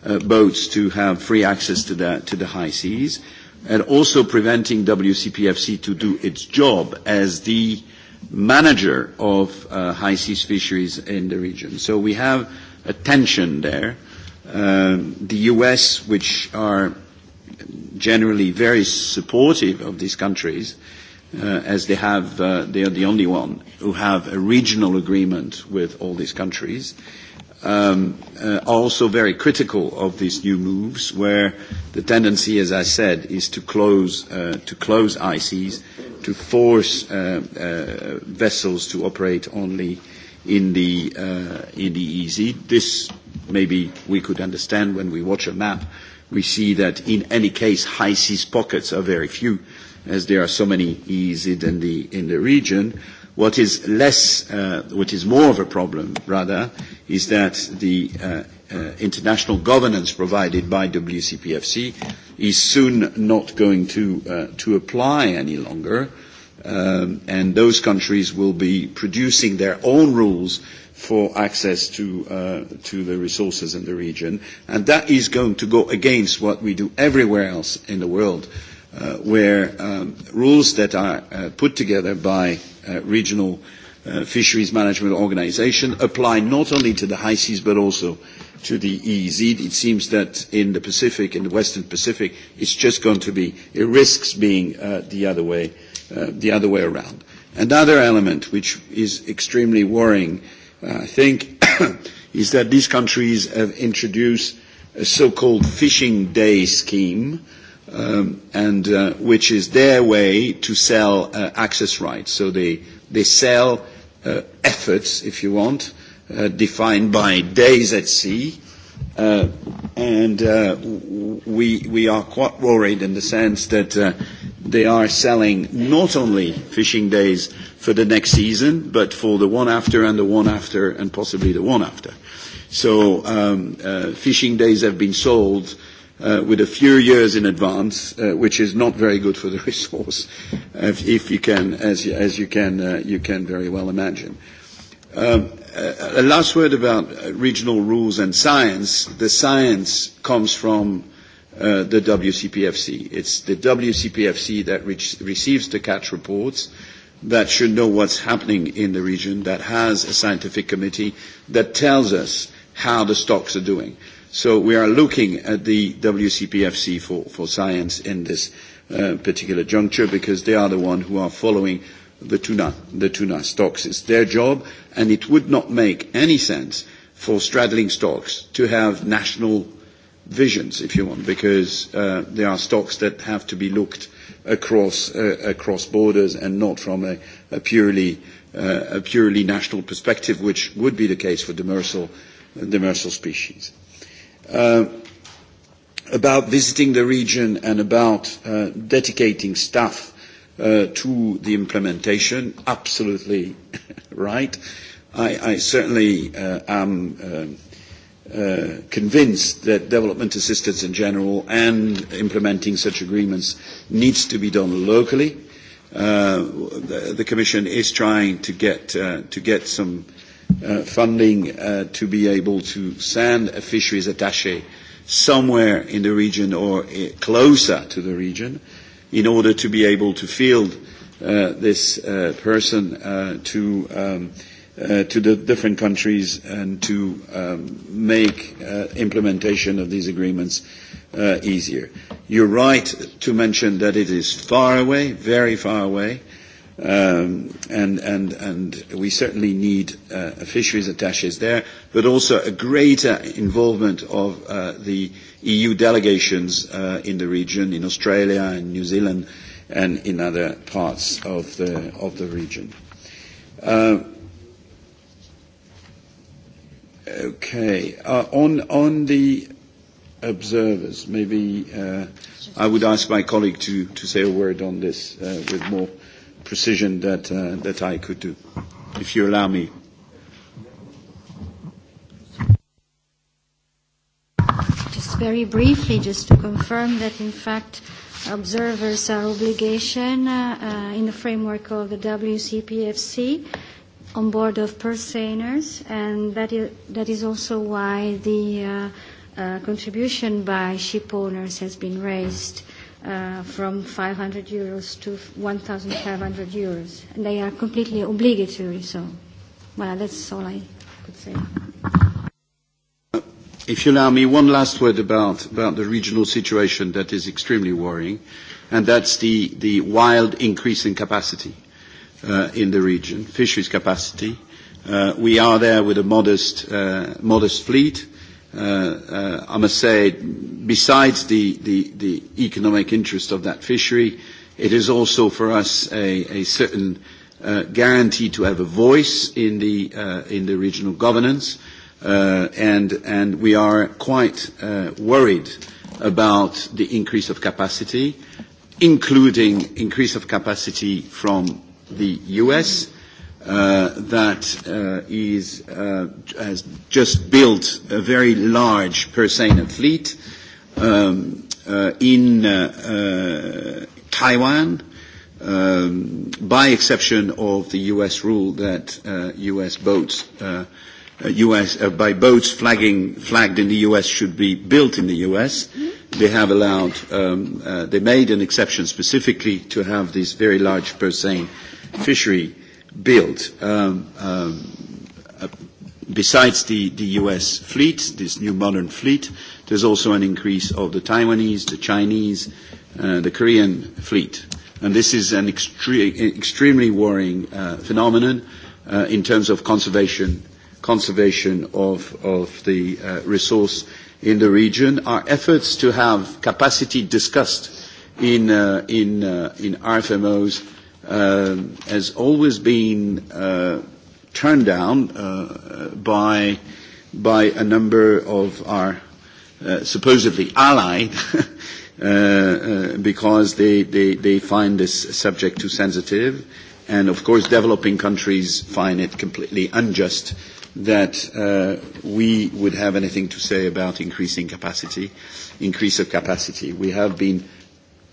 uh, boats to have free access to the, to the high seas and also preventing WCPFC to do its job as the uh, manager of uh, high seas fisheries in the region. So we have a tension there. Um, the US, which are generally very supportive of these countries, uh, as they have, uh, they are the only one who have a regional agreement with all these countries. Uh, um, uh, are also very critical of these new moves, where the tendency, as I said, is to close uh, to close ICs, to force uh, uh, vessels to operate only in the uh, in the EZ. This maybe we could understand when we watch a map. We see that in any case, high seas pockets are very few, as there are so many EEZ in the in the region What is less, uh, what is more of a problem, rather, is that the uh, uh, international governance provided by WCPFC is soon not going to, uh, to apply any longer, um, and those countries will be producing their own rules for access to, uh, to the resources in the region, and that is going to go against what we do everywhere else in the world, uh, where rules that are put together by regional fisheries management organisations apply not only to the high seas but also to the EEZ. It seems that in the Pacific, in the Western Pacific, it's just going to be, it risks being the other way, the other way around. Another element which is extremely worrying, I think, is that these countries have introduced a so-called fishing day scheme, uh, um, and uh, which is their way to sell uh, access rights. So they they sell uh, efforts, if you want, uh, defined by days at sea. Uh, and uh, we, we are quite worried in the sense that uh, they are selling not only fishing days for the next season, but for the one after and the one after and possibly the one after. So um, uh, fishing days have been sold uh, uh, with a few years in advance, uh, which is not very good for the resource, if, if you can, as, you as you can, uh, you can very well imagine. Um, a last word about regional rules and science. The science comes from uh, the WCPFC. It's the WCPFC that re- receives the catch reports that should know what's happening in the region, that has a scientific committee that tells us how the stocks are doing. So we are looking at the WCPFC for, for science in this uh, particular juncture because they are the ones who are following the tuna, the tuna stocks. It's their job and it would not make any sense for straddling stocks to have national visions, if you want, because uh, are stocks that have to be looked across uh, across borders and not from a, a purely uh, a purely national perspective, which would be the case for demersal demersal species uh, about visiting the region and about uh, dedicating staff uh, to the implementation. Absolutely right. I, I certainly uh, am. uh, convinced that development assistance in general and implementing such agreements needs to be done locally. Uh, the, the Commission is trying to get uh, to get some uh, uh, funding uh, to be able to send a fisheries attaché somewhere in the region or uh, closer to the region in order to be able to field uh, this uh, person uh, to, um, uh, to the different countries and to um, make uh, implementation of these agreements uh, easier. You're right to mention that it is far away, very far away um, and, and, and we certainly need uh, fisheries attaches there, but also a greater involvement of uh, the EU delegations uh, in the region, in Australia and New Zealand, and in other parts of the, of the region. Uh, okay, uh, on, on the observers, maybe uh, I would ask my colleague to, to say a word on this uh, with more precision that, uh, that I could do, if you allow me. Just very briefly, just to confirm that, in fact, observers are obligation uh, uh, in the framework of the WCPFC on board of personers, and that is, that is also why the uh, uh, contribution by ship owners has been raised uh, from 500 euros to 1,500 euros. And they are completely obligatory, so well, that's all I could say. If you allow me, one last word about, about the regional situation that is extremely worrying, and that's the, the wild increase in capacity uh, in the region, fisheries capacity. Uh, we are there with a modest, uh, modest fleet uh, I must say, besides the, the, the economic interest of that fishery, it is also for us a, a certain uh, guarantee to have a voice in the, uh, in the regional governance, uh, and, and we are quite uh, worried about the increase of capacity, including increase of capacity from the US uh, that uh, is, uh, has just built a very large Perseina fleet um, uh, in uh, uh, Taiwan, um, by exception of the U.S. rule that uh, U.S. boats, uh, U.S. Uh, by boats flagging flagged in the U.S. should be built in the U.S. They have allowed, um, uh, they made an exception specifically to have this very large Persane fishery build. Um, um, uh, besides the, the US fleet, this new modern fleet, there's also an increase of the Taiwanese, the Chinese, uh, the Korean fleet. And this is an extre- extremely worrying uh, phenomenon uh, in terms of conservation, conservation of, of the uh, resource in the region. Our efforts to have capacity discussed in, uh, in, uh, in RFMOs has always been uh, turned down uh, by by a number of our uh, supposedly allied uh, uh, because they, they, they find this subject too sensitive. And of course, developing countries find it completely unjust that uh, we would have anything to say about increasing capacity, increase of capacity. We have been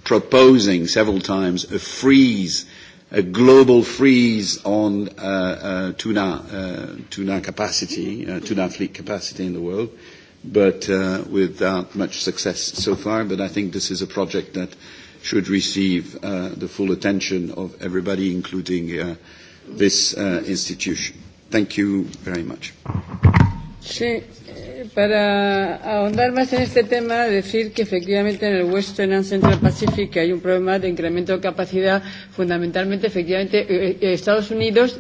proposing several times a freeze a global freeze on uh, uh, tuna, uh, tuna capacity, uh, tuna fleet capacity in the world, but uh, without much success so far. But I think this is a project that should receive uh, the full attention of everybody, including uh, this uh, institution. Thank you very much. Sí, para ahondar más en este tema, decir que efectivamente en el Western and Central Pacific hay un problema de incremento de capacidad, fundamentalmente, efectivamente, eh, Estados Unidos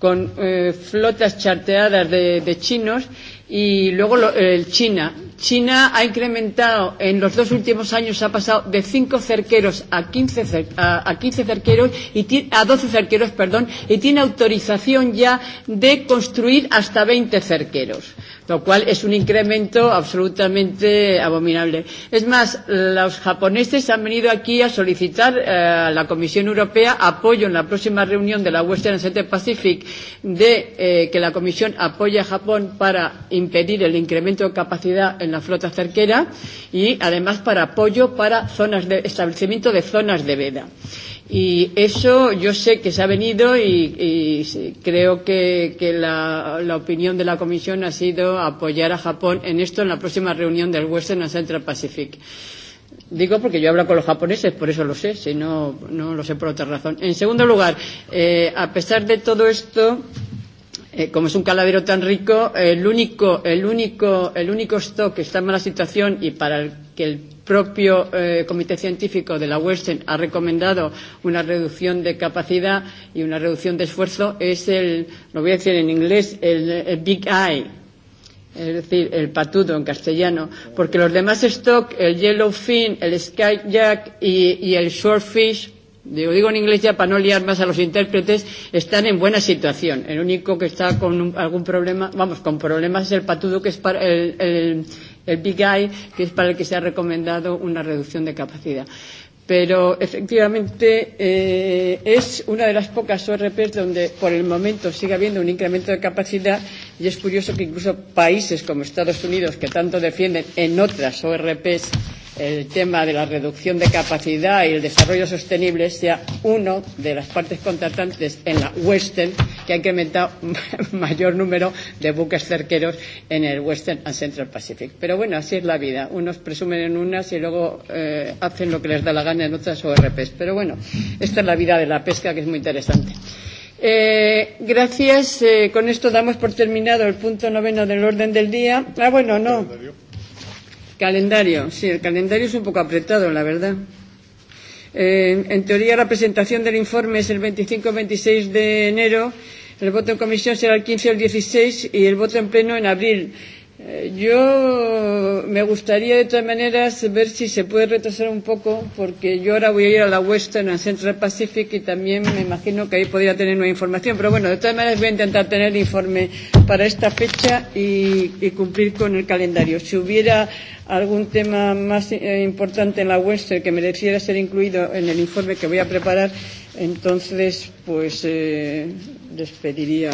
con eh, flotas charteadas de, de chinos y luego lo, el China China ha incrementado en los dos últimos años, ha pasado de 5 cerqueros a 15, cer a, a 15 cerqueros y ti a 12 cerqueros, perdón, y tiene autorización ya de construir hasta 20 cerqueros, lo cual es un incremento absolutamente abominable. Es más, los japoneses han venido aquí a solicitar eh, a la Comisión Europea apoyo en la próxima reunión de la Western Center Pacific de eh, que la Comisión apoye a Japón para impedir el incremento de capacidad en la flota cerquera y además para apoyo para zonas de establecimiento de zonas de veda. Y eso yo sé que se ha venido y, y creo que, que la, la opinión de la Comisión ha sido apoyar a Japón en esto en la próxima reunión del Western and Central Pacific. Digo porque yo hablo con los japoneses, por eso lo sé, si no, no lo sé por otra razón. En segundo lugar, eh, a pesar de todo esto, eh, como es un calavero tan rico, el único, el único, el único stock que está en mala situación y para el que el propio eh, comité científico de la Western ha recomendado una reducción de capacidad y una reducción de esfuerzo es el, lo voy a decir en inglés, el, el Big Eye, es decir, el patudo en castellano, porque los demás stock, el yellowfin, el skyjack y, y el eh, digo, digo en inglés ya para no liar más a los intérpretes, están en buena situación. El único que está con un, algún problema, vamos, con problemas es el patudo, que es para el, el, el big eye, que es para el que se ha recomendado una reducción de capacidad. Pero efectivamente eh, es una de las pocas ORP donde por el momento sigue habiendo un incremento de capacidad y es curioso que incluso países como Estados Unidos, que tanto defienden en otras ORPs, el tema de la reducción de capacidad y el desarrollo sostenible sea uno de las partes contratantes en la Western que ha incrementado mayor número de buques cerqueros en el Western and Central Pacific. Pero bueno, así es la vida. Unos presumen en unas y luego eh, hacen lo que les da la gana en otras ORPs. Pero bueno, esta es la vida de la pesca que es muy interesante. Eh, gracias. Eh, con esto damos por terminado el punto noveno del orden del día. Ah, bueno, no. Calendario, sí, el calendario es un poco apretado, la verdad. Eh, en teoría, la presentación del informe es el 25 o 26 de enero, el voto en comisión será el 15 o el 16 y el voto en pleno en abril. Yo me gustaría de todas maneras ver si se puede retrasar un poco, porque yo ahora voy a ir a la Western, a Central Pacific, y también me imagino que ahí podría tener nueva información. Pero bueno, de todas maneras voy a intentar tener el informe para esta fecha y, y cumplir con el calendario. Si hubiera algún tema más eh, importante en la Western que mereciera ser incluido en el informe que voy a preparar, entonces pues eh, les pediría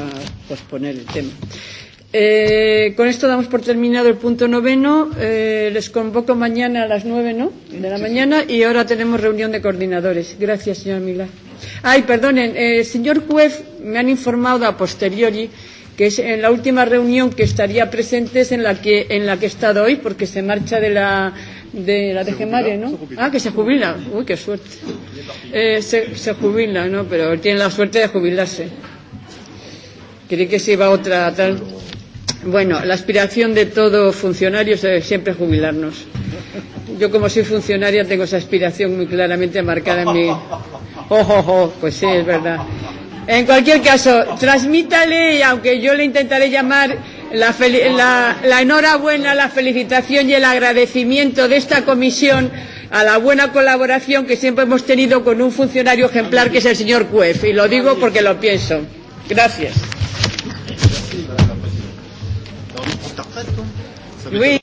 posponer el tema. Eh, Eh, con esto damos por terminado el punto noveno. Eh, les convoco mañana a las nueve, ¿no? De la mañana y ahora tenemos reunión de coordinadores. Gracias, señora Mila. Ay, perdonen, eh, señor juez me han informado a posteriori que es en la última reunión que estaría presente es en la que en la que he estado hoy porque se marcha de la de la de Gemare, ¿no? Ah, que se jubila. Uy, qué suerte. Eh, se, se jubila, ¿no? Pero tiene la suerte de jubilarse. Creí que se iba otra tal. Bueno, la aspiración de todo funcionario es siempre jubilarnos. Yo como soy funcionaria tengo esa aspiración muy claramente marcada en mi... Oh, oh, oh, pues sí, es verdad. En cualquier caso, transmítale, aunque yo le intentaré llamar la, la, la enhorabuena, la felicitación y el agradecimiento de esta comisión a la buena colaboración que siempre hemos tenido con un funcionario ejemplar que es el señor Cuef. Y lo digo porque lo pienso. Gracias. Oui.